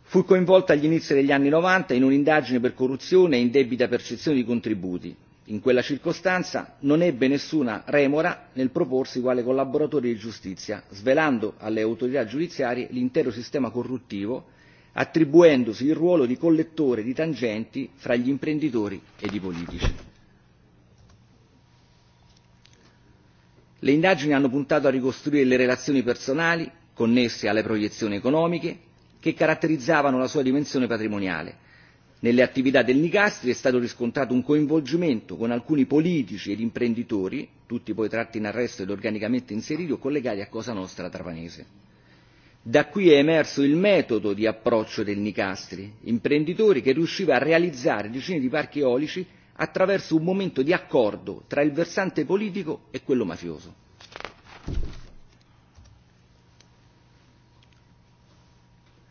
Fu coinvolta agli inizi degli anni 90 in un'indagine per corruzione e indebita percezione di contributi, in quella circostanza non ebbe nessuna remora nel proporsi quale collaboratore di giustizia svelando alle autorità giudiziarie l'intero sistema corruttivo attribuendosi il ruolo di collettore di tangenti fra gli imprenditori ed i politici. Le indagini hanno puntato a ricostruire le relazioni personali connesse alle proiezioni economiche che caratterizzavano la sua dimensione patrimoniale nelle attività del nicastri è stato riscontrato un coinvolgimento con alcuni politici ed imprenditori tutti poi tratti in arresto ed organicamente inseriti o collegati a cosa nostra trapanese. Da qui è emerso il metodo di approccio del Nicastri, imprenditori che riusciva a realizzare decine di parchi eolici attraverso un momento di accordo tra il versante politico e quello mafioso.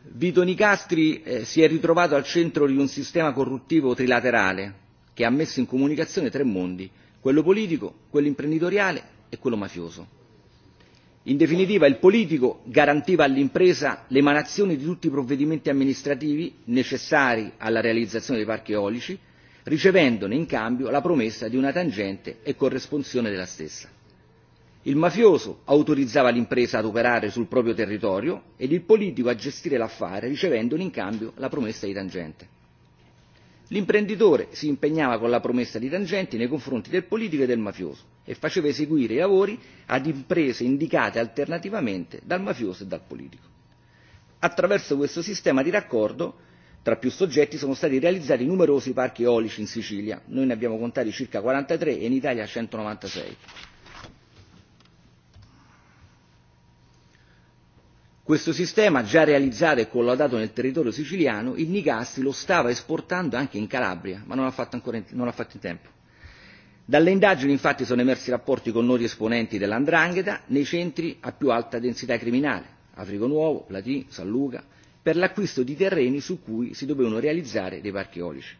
Vito Nicastri eh, si è ritrovato al centro di un sistema corruttivo trilaterale che ha messo in comunicazione tre mondi, quello politico, quello imprenditoriale e quello mafioso. In definitiva, il politico garantiva all'impresa l'emanazione di tutti i provvedimenti amministrativi necessari alla realizzazione dei parchi eolici, ricevendone in cambio la promessa di una tangente e corresponsione della stessa il mafioso autorizzava l'impresa ad operare sul proprio territorio ed il politico a gestire l'affare ricevendone in cambio la promessa di tangente. L'imprenditore si impegnava con la promessa di tangenti nei confronti del politico e del mafioso e faceva eseguire i lavori ad imprese indicate alternativamente dal mafioso e dal politico. Attraverso questo sistema di raccordo tra più soggetti sono stati realizzati numerosi parchi eolici in Sicilia, noi ne abbiamo contati circa 43 e in Italia 196 Questo sistema, già realizzato e collaudato nel territorio siciliano, il Nicasti lo stava esportando anche in Calabria, ma non ha fatto, ancora in, non ha fatto in tempo. Dalle indagini infatti sono emersi rapporti con noti esponenti dell'andrangheta nei centri a più alta densità criminale, Africo Nuovo, Platì, San Luca, per l'acquisto di terreni su cui si dovevano realizzare dei parchi eolici.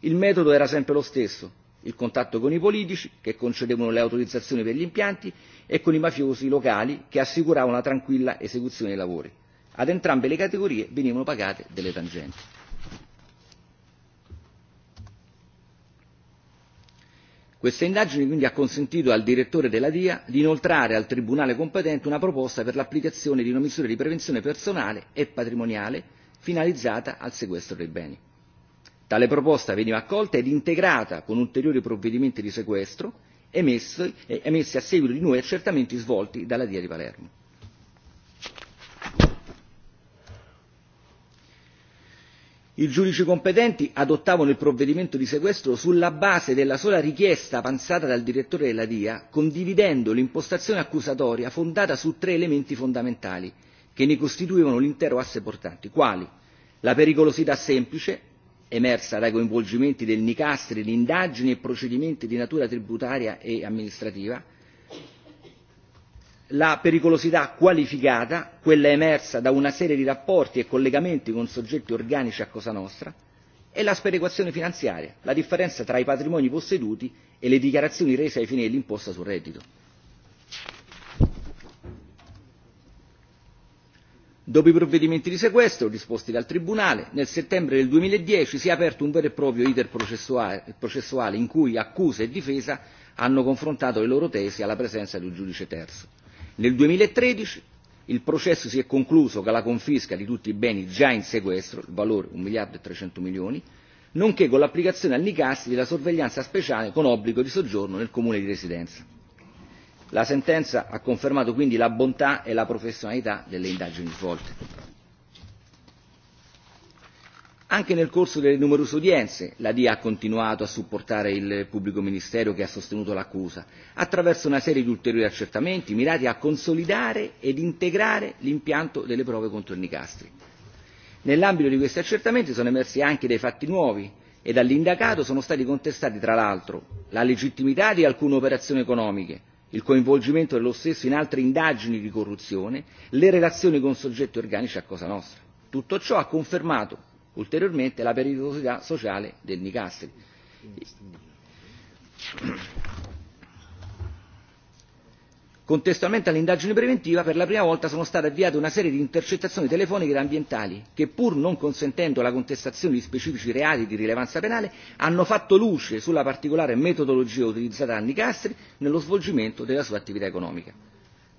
Il metodo era sempre lo stesso, il contatto con i politici che concedevano le autorizzazioni per gli impianti e con i mafiosi locali che assicuravano la tranquilla esecuzione dei lavori. Ad entrambe le categorie venivano pagate delle tangenti. Questa indagine quindi ha consentito al direttore della DIA di inoltrare al tribunale competente una proposta per l'applicazione di una misura di prevenzione personale e patrimoniale finalizzata al sequestro dei beni tale proposta veniva accolta ed integrata con ulteriori provvedimenti di sequestro emessi, eh, emessi a seguito di nuovi accertamenti svolti dalla DIA di Palermo. I giudici competenti adottavano il provvedimento di sequestro sulla base della sola richiesta avanzata dal direttore della DIA, condividendo l'impostazione accusatoria fondata su tre elementi fondamentali che ne costituivano l'intero asse portante, quali la pericolosità semplice, emersa dai coinvolgimenti del Nicastri in indagini e procedimenti di natura tributaria e amministrativa, la pericolosità qualificata, quella emersa da una serie di rapporti e collegamenti con soggetti organici a Cosa Nostra, e la sperequazione finanziaria, la differenza tra i patrimoni posseduti e le dichiarazioni rese ai fini dell'imposta sul reddito. Dopo i provvedimenti di sequestro disposti dal Tribunale, nel settembre del 2010 si è aperto un vero e proprio iter processuale, in cui accusa e difesa hanno confrontato le loro tesi alla presenza di un giudice terzo. Nel 2013 il processo si è concluso con la confisca di tutti i beni già in sequestro, il valore 1 miliardo e 300 milioni, nonché con l'applicazione al Nicassi della sorveglianza speciale con obbligo di soggiorno nel comune di residenza. La sentenza ha confermato quindi la bontà e la professionalità delle indagini svolte. Anche nel corso delle numerose udienze la DIA ha continuato a supportare il pubblico ministero che ha sostenuto l'accusa, attraverso una serie di ulteriori accertamenti mirati a consolidare ed integrare l'impianto delle prove contro il Nicastri. Nell'ambito di questi accertamenti sono emersi anche dei fatti nuovi e dall'indagato sono stati contestati, tra l'altro, la legittimità di alcune operazioni economiche, il coinvolgimento dello stesso in altre indagini di corruzione, le relazioni con soggetti organici a Cosa Nostra. Tutto ciò ha confermato ulteriormente la pericolosità sociale del Nicastri. Contestualmente all'indagine preventiva, per la prima volta sono state avviate una serie di intercettazioni telefoniche ed ambientali che, pur non consentendo la contestazione di specifici reati di rilevanza penale, hanno fatto luce sulla particolare metodologia utilizzata da Nicastri nello svolgimento della sua attività economica.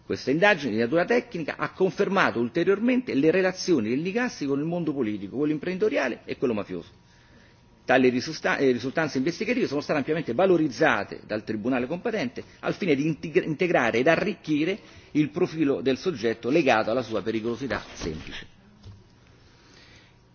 Questa indagine di natura tecnica ha confermato ulteriormente le relazioni del Nicastri con il mondo politico, quello imprenditoriale e quello mafioso Tali eh, risultanze investigative sono state ampiamente valorizzate dal Tribunale competente al fine di integrare ed arricchire il profilo del soggetto legato alla sua pericolosità semplice.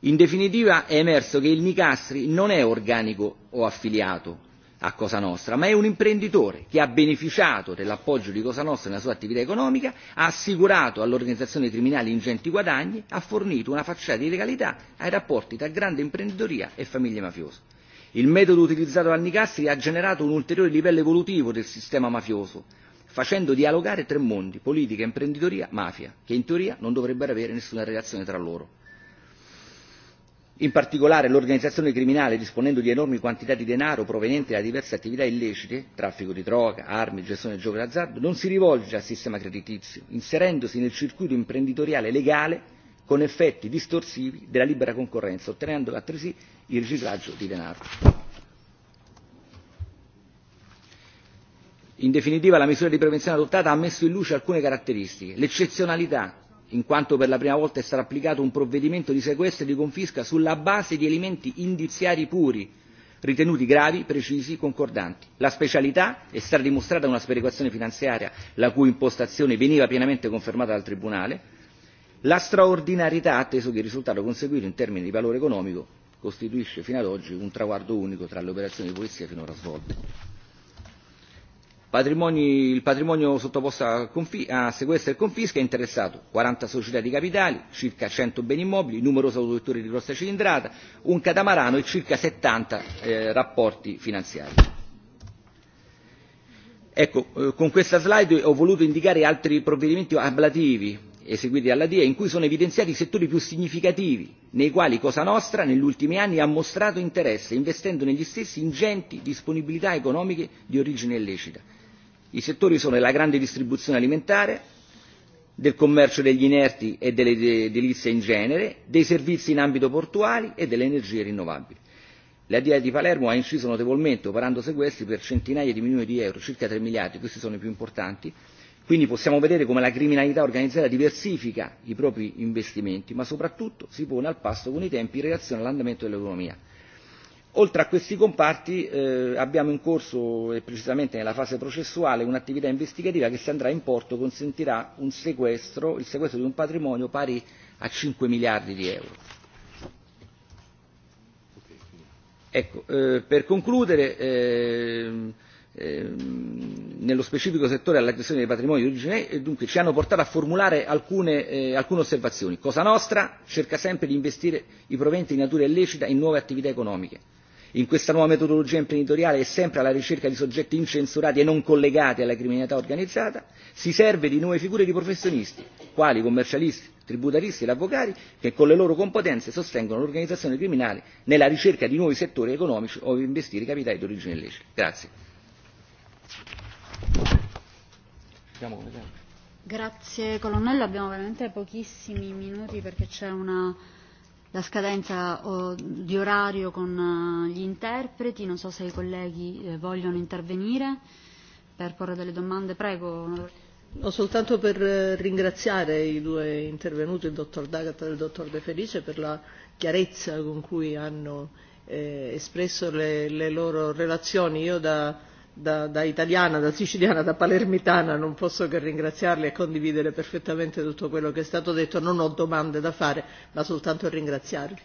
In definitiva è emerso che il Nicastri non è organico o affiliato, a Cosa Nostra, ma è un imprenditore che ha beneficiato dell'appoggio di Cosa Nostra nella sua attività economica, ha assicurato all'organizzazione criminale ingenti guadagni, ha fornito una facciata di legalità ai rapporti tra grande imprenditoria e famiglie mafiose. Il metodo utilizzato da Nicastri ha generato un ulteriore livello evolutivo del sistema mafioso, facendo dialogare tre mondi, politica, imprenditoria, mafia, che in teoria non dovrebbero avere nessuna relazione tra loro in particolare l'organizzazione criminale disponendo di enormi quantità di denaro proveniente da diverse attività illecite traffico di droga armi gestione del gioco d'azzardo non si rivolge al sistema creditizio inserendosi nel circuito imprenditoriale legale con effetti distorsivi della libera concorrenza ottenendo altresì il riciclaggio di denaro. in definitiva la misura di prevenzione adottata ha messo in luce alcune caratteristiche l'eccezionalità in quanto per la prima volta è stato applicato un provvedimento di sequestro e di confisca sulla base di elementi indiziari puri, ritenuti gravi, precisi, concordanti. La specialità è stata dimostrata una sperequazione finanziaria la cui impostazione veniva pienamente confermata dal Tribunale, la straordinarietà, atteso che il risultato conseguito in termini di valore economico costituisce fino ad oggi un traguardo unico tra le operazioni di polizia finora svolte. Patrimoni, il patrimonio sottoposto a, confi- a sequestro e confisca è interessato 40 società di capitali, circa 100 beni immobili, numerose autovetture di grossa cilindrata, un catamarano e circa 70 eh, rapporti finanziari. Ecco, eh, con questa slide ho voluto indicare altri provvedimenti ablativi eseguiti dalla DIA in cui sono evidenziati i settori più significativi nei quali Cosa Nostra negli ultimi anni ha mostrato interesse investendo negli stessi ingenti disponibilità economiche di origine illecita i settori sono la grande distribuzione alimentare, del commercio degli inerti e dell'edilizia in genere, dei servizi in ambito portuali e delle energie rinnovabili. La DIA di Palermo ha inciso notevolmente operando sequestri per centinaia di milioni di euro, circa 3 miliardi, questi sono i più importanti, quindi possiamo vedere come la criminalità organizzata diversifica i propri investimenti, ma soprattutto si pone al passo con i tempi in relazione all'andamento dell'economia Oltre a questi comparti eh, abbiamo in corso, e precisamente nella fase processuale, un'attività investigativa che se andrà in porto consentirà un sequestro, il sequestro di un patrimonio pari a 5 miliardi di euro. Ecco, eh, per concludere, eh, eh, nello specifico settore alla gestione dei patrimoni di origine, eh, dunque, ci hanno portato a formulare alcune, eh, alcune osservazioni. Cosa nostra cerca sempre di investire i proventi di natura illecita in nuove attività economiche in questa nuova metodologia imprenditoriale è sempre alla ricerca di soggetti incensurati e non collegati alla criminalità organizzata, si serve di nuove figure di professionisti, quali commercialisti, tributaristi e avvocati, che con le loro competenze sostengono l'organizzazione criminale nella ricerca di nuovi settori economici ove investire capitali di origine illecita. Grazie. Grazie colonnello, abbiamo veramente pochissimi minuti perché c'è una la scadenza o, di orario con uh, gli interpreti, non so se i colleghi eh, vogliono intervenire per porre delle domande. Prego. No, soltanto per eh, ringraziare i due intervenuti, il dottor D'Agata e il dottor De Felice, per la chiarezza con cui hanno eh, espresso le, le loro relazioni. Io da da, da italiana, da siciliana, da palermitana non posso che ringraziarli e condividere perfettamente tutto quello che è stato detto. Non ho domande da fare, ma soltanto ringraziarli.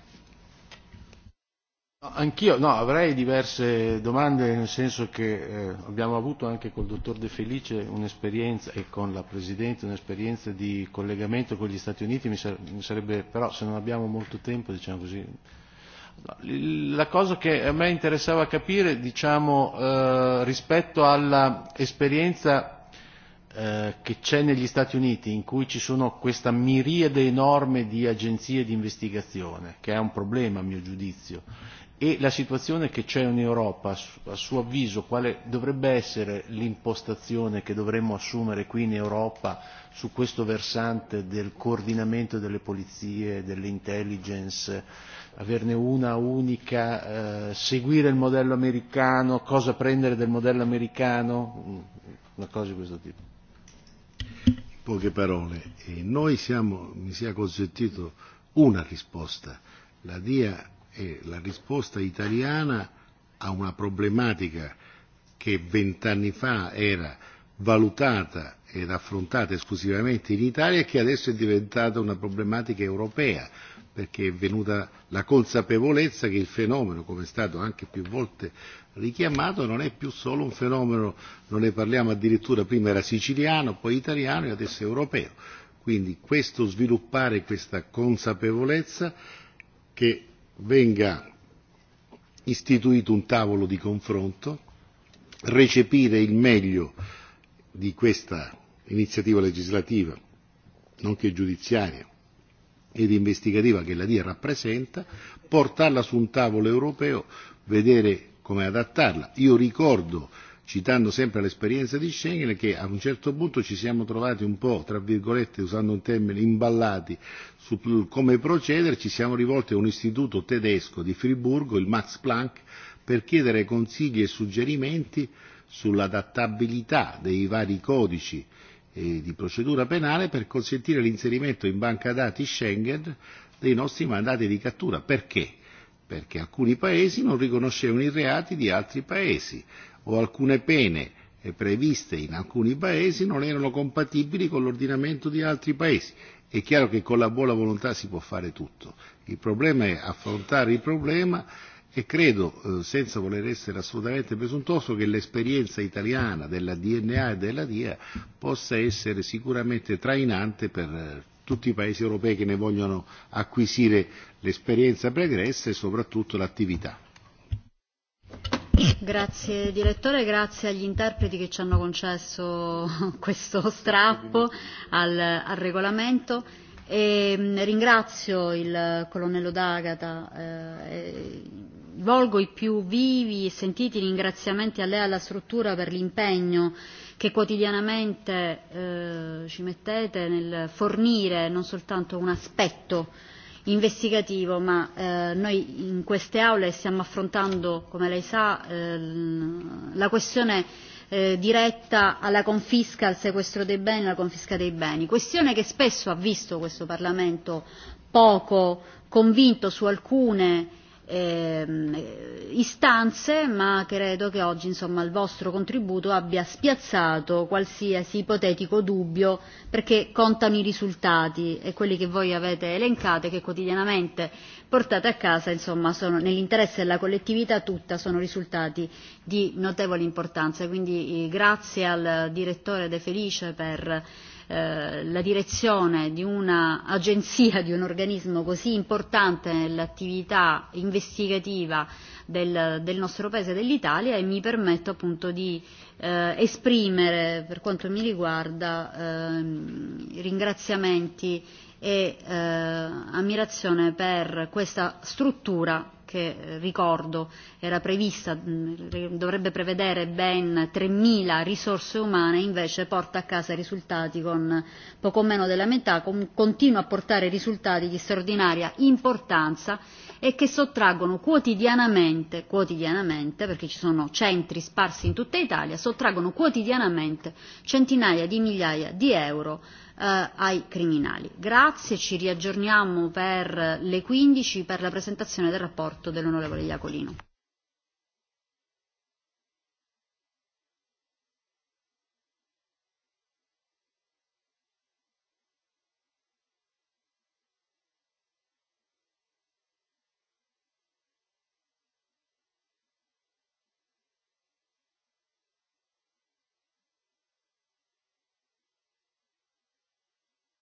No, anch'io no, avrei diverse domande nel senso che eh, abbiamo avuto anche col dottor De Felice un'esperienza e con la Presidente un'esperienza di collegamento con gli Stati Uniti, mi, mi sarebbe però se non abbiamo molto tempo diciamo così La cosa che a me interessava capire, diciamo, eh, rispetto all'esperienza eh, che c'è negli Stati Uniti, in cui ci sono questa miriade enorme di agenzie di investigazione, che è un problema a mio giudizio, e la situazione che c'è in Europa, a suo avviso, quale dovrebbe essere l'impostazione che dovremmo assumere qui in Europa su questo versante del coordinamento delle polizie, dell'intelligence, averne una unica, eh, seguire il modello americano, cosa prendere del modello americano, mm, una cosa di questo tipo. Poche parole. E noi siamo, mi sia consentito una risposta. La DIA è la risposta italiana a una problematica che vent'anni fa era valutata ed affrontata esclusivamente in Italia e che adesso è diventata una problematica europea perché è venuta la consapevolezza che il fenomeno, come è stato anche più volte richiamato, non è più solo un fenomeno, non ne parliamo addirittura, prima era siciliano, poi italiano e adesso europeo. Quindi questo sviluppare questa consapevolezza che venga istituito un tavolo di confronto, recepire il meglio di questa iniziativa legislativa, nonché giudiziaria ed investigativa che la DIA rappresenta, portarla su un tavolo europeo, vedere come adattarla. Io ricordo, citando sempre l'esperienza di Schengen, che a un certo punto ci siamo trovati un po', tra virgolette, usando un termine, imballati su come procedere, ci siamo rivolti a un istituto tedesco di Friburgo, il Max Planck, per chiedere consigli e suggerimenti sull'adattabilità dei vari codici E di procedura penale per consentire l'inserimento in banca dati Schengen dei nostri mandati di cattura. Perché? Perché alcuni paesi non riconoscevano i reati di altri paesi o alcune pene eh, previste in alcuni paesi non erano compatibili con l'ordinamento di altri paesi. È chiaro che con la buona volontà si può fare tutto. Il problema è affrontare il problema e credo, eh, senza voler essere assolutamente presuntuoso, che l'esperienza italiana della DNA e della DIA possa essere sicuramente trainante per eh, tutti i paesi europei che ne vogliono acquisire l'esperienza pregressa e soprattutto l'attività. Grazie direttore, grazie agli interpreti che ci hanno concesso questo strappo al, al regolamento. E, ringrazio il colonnello D'Agata eh, e volgo i più vivi e sentiti ringraziamenti a lei e alla struttura per l'impegno che quotidianamente eh, ci mettete nel fornire non soltanto un aspetto investigativo, ma eh, noi in queste aule stiamo affrontando, come lei sa, eh, la questione eh, diretta alla confisca, al sequestro dei beni, alla confisca dei beni, questione che spesso ha visto questo Parlamento poco convinto su alcune eh, istanze, ma credo che oggi insomma, il vostro contributo abbia spiazzato qualsiasi ipotetico dubbio perché contano i risultati e quelli che voi avete elencato e che quotidianamente portate a casa insomma, sono, nell'interesse della collettività tutta sono risultati di notevole importanza. Quindi eh, grazie al direttore De Felice per Eh, la direzione di un'agenzia, di un organismo così importante nell'attività investigativa del, del nostro Paese, dell'Italia, e mi permetto appunto di eh, esprimere, per quanto mi riguarda, eh, ringraziamenti e eh, ammirazione per questa struttura che ricordo era prevista, dovrebbe prevedere ben 3.000 risorse umane, invece porta a casa risultati con poco meno della metà, con, continua a portare risultati di straordinaria importanza e che sottraggono quotidianamente, quotidianamente, perché ci sono centri sparsi in tutta Italia, sottraggono quotidianamente centinaia di migliaia di euro eh, ai criminali. Grazie, ci riaggiorniamo per le 15 per la presentazione del rapporto dell'onorevole Iacolino.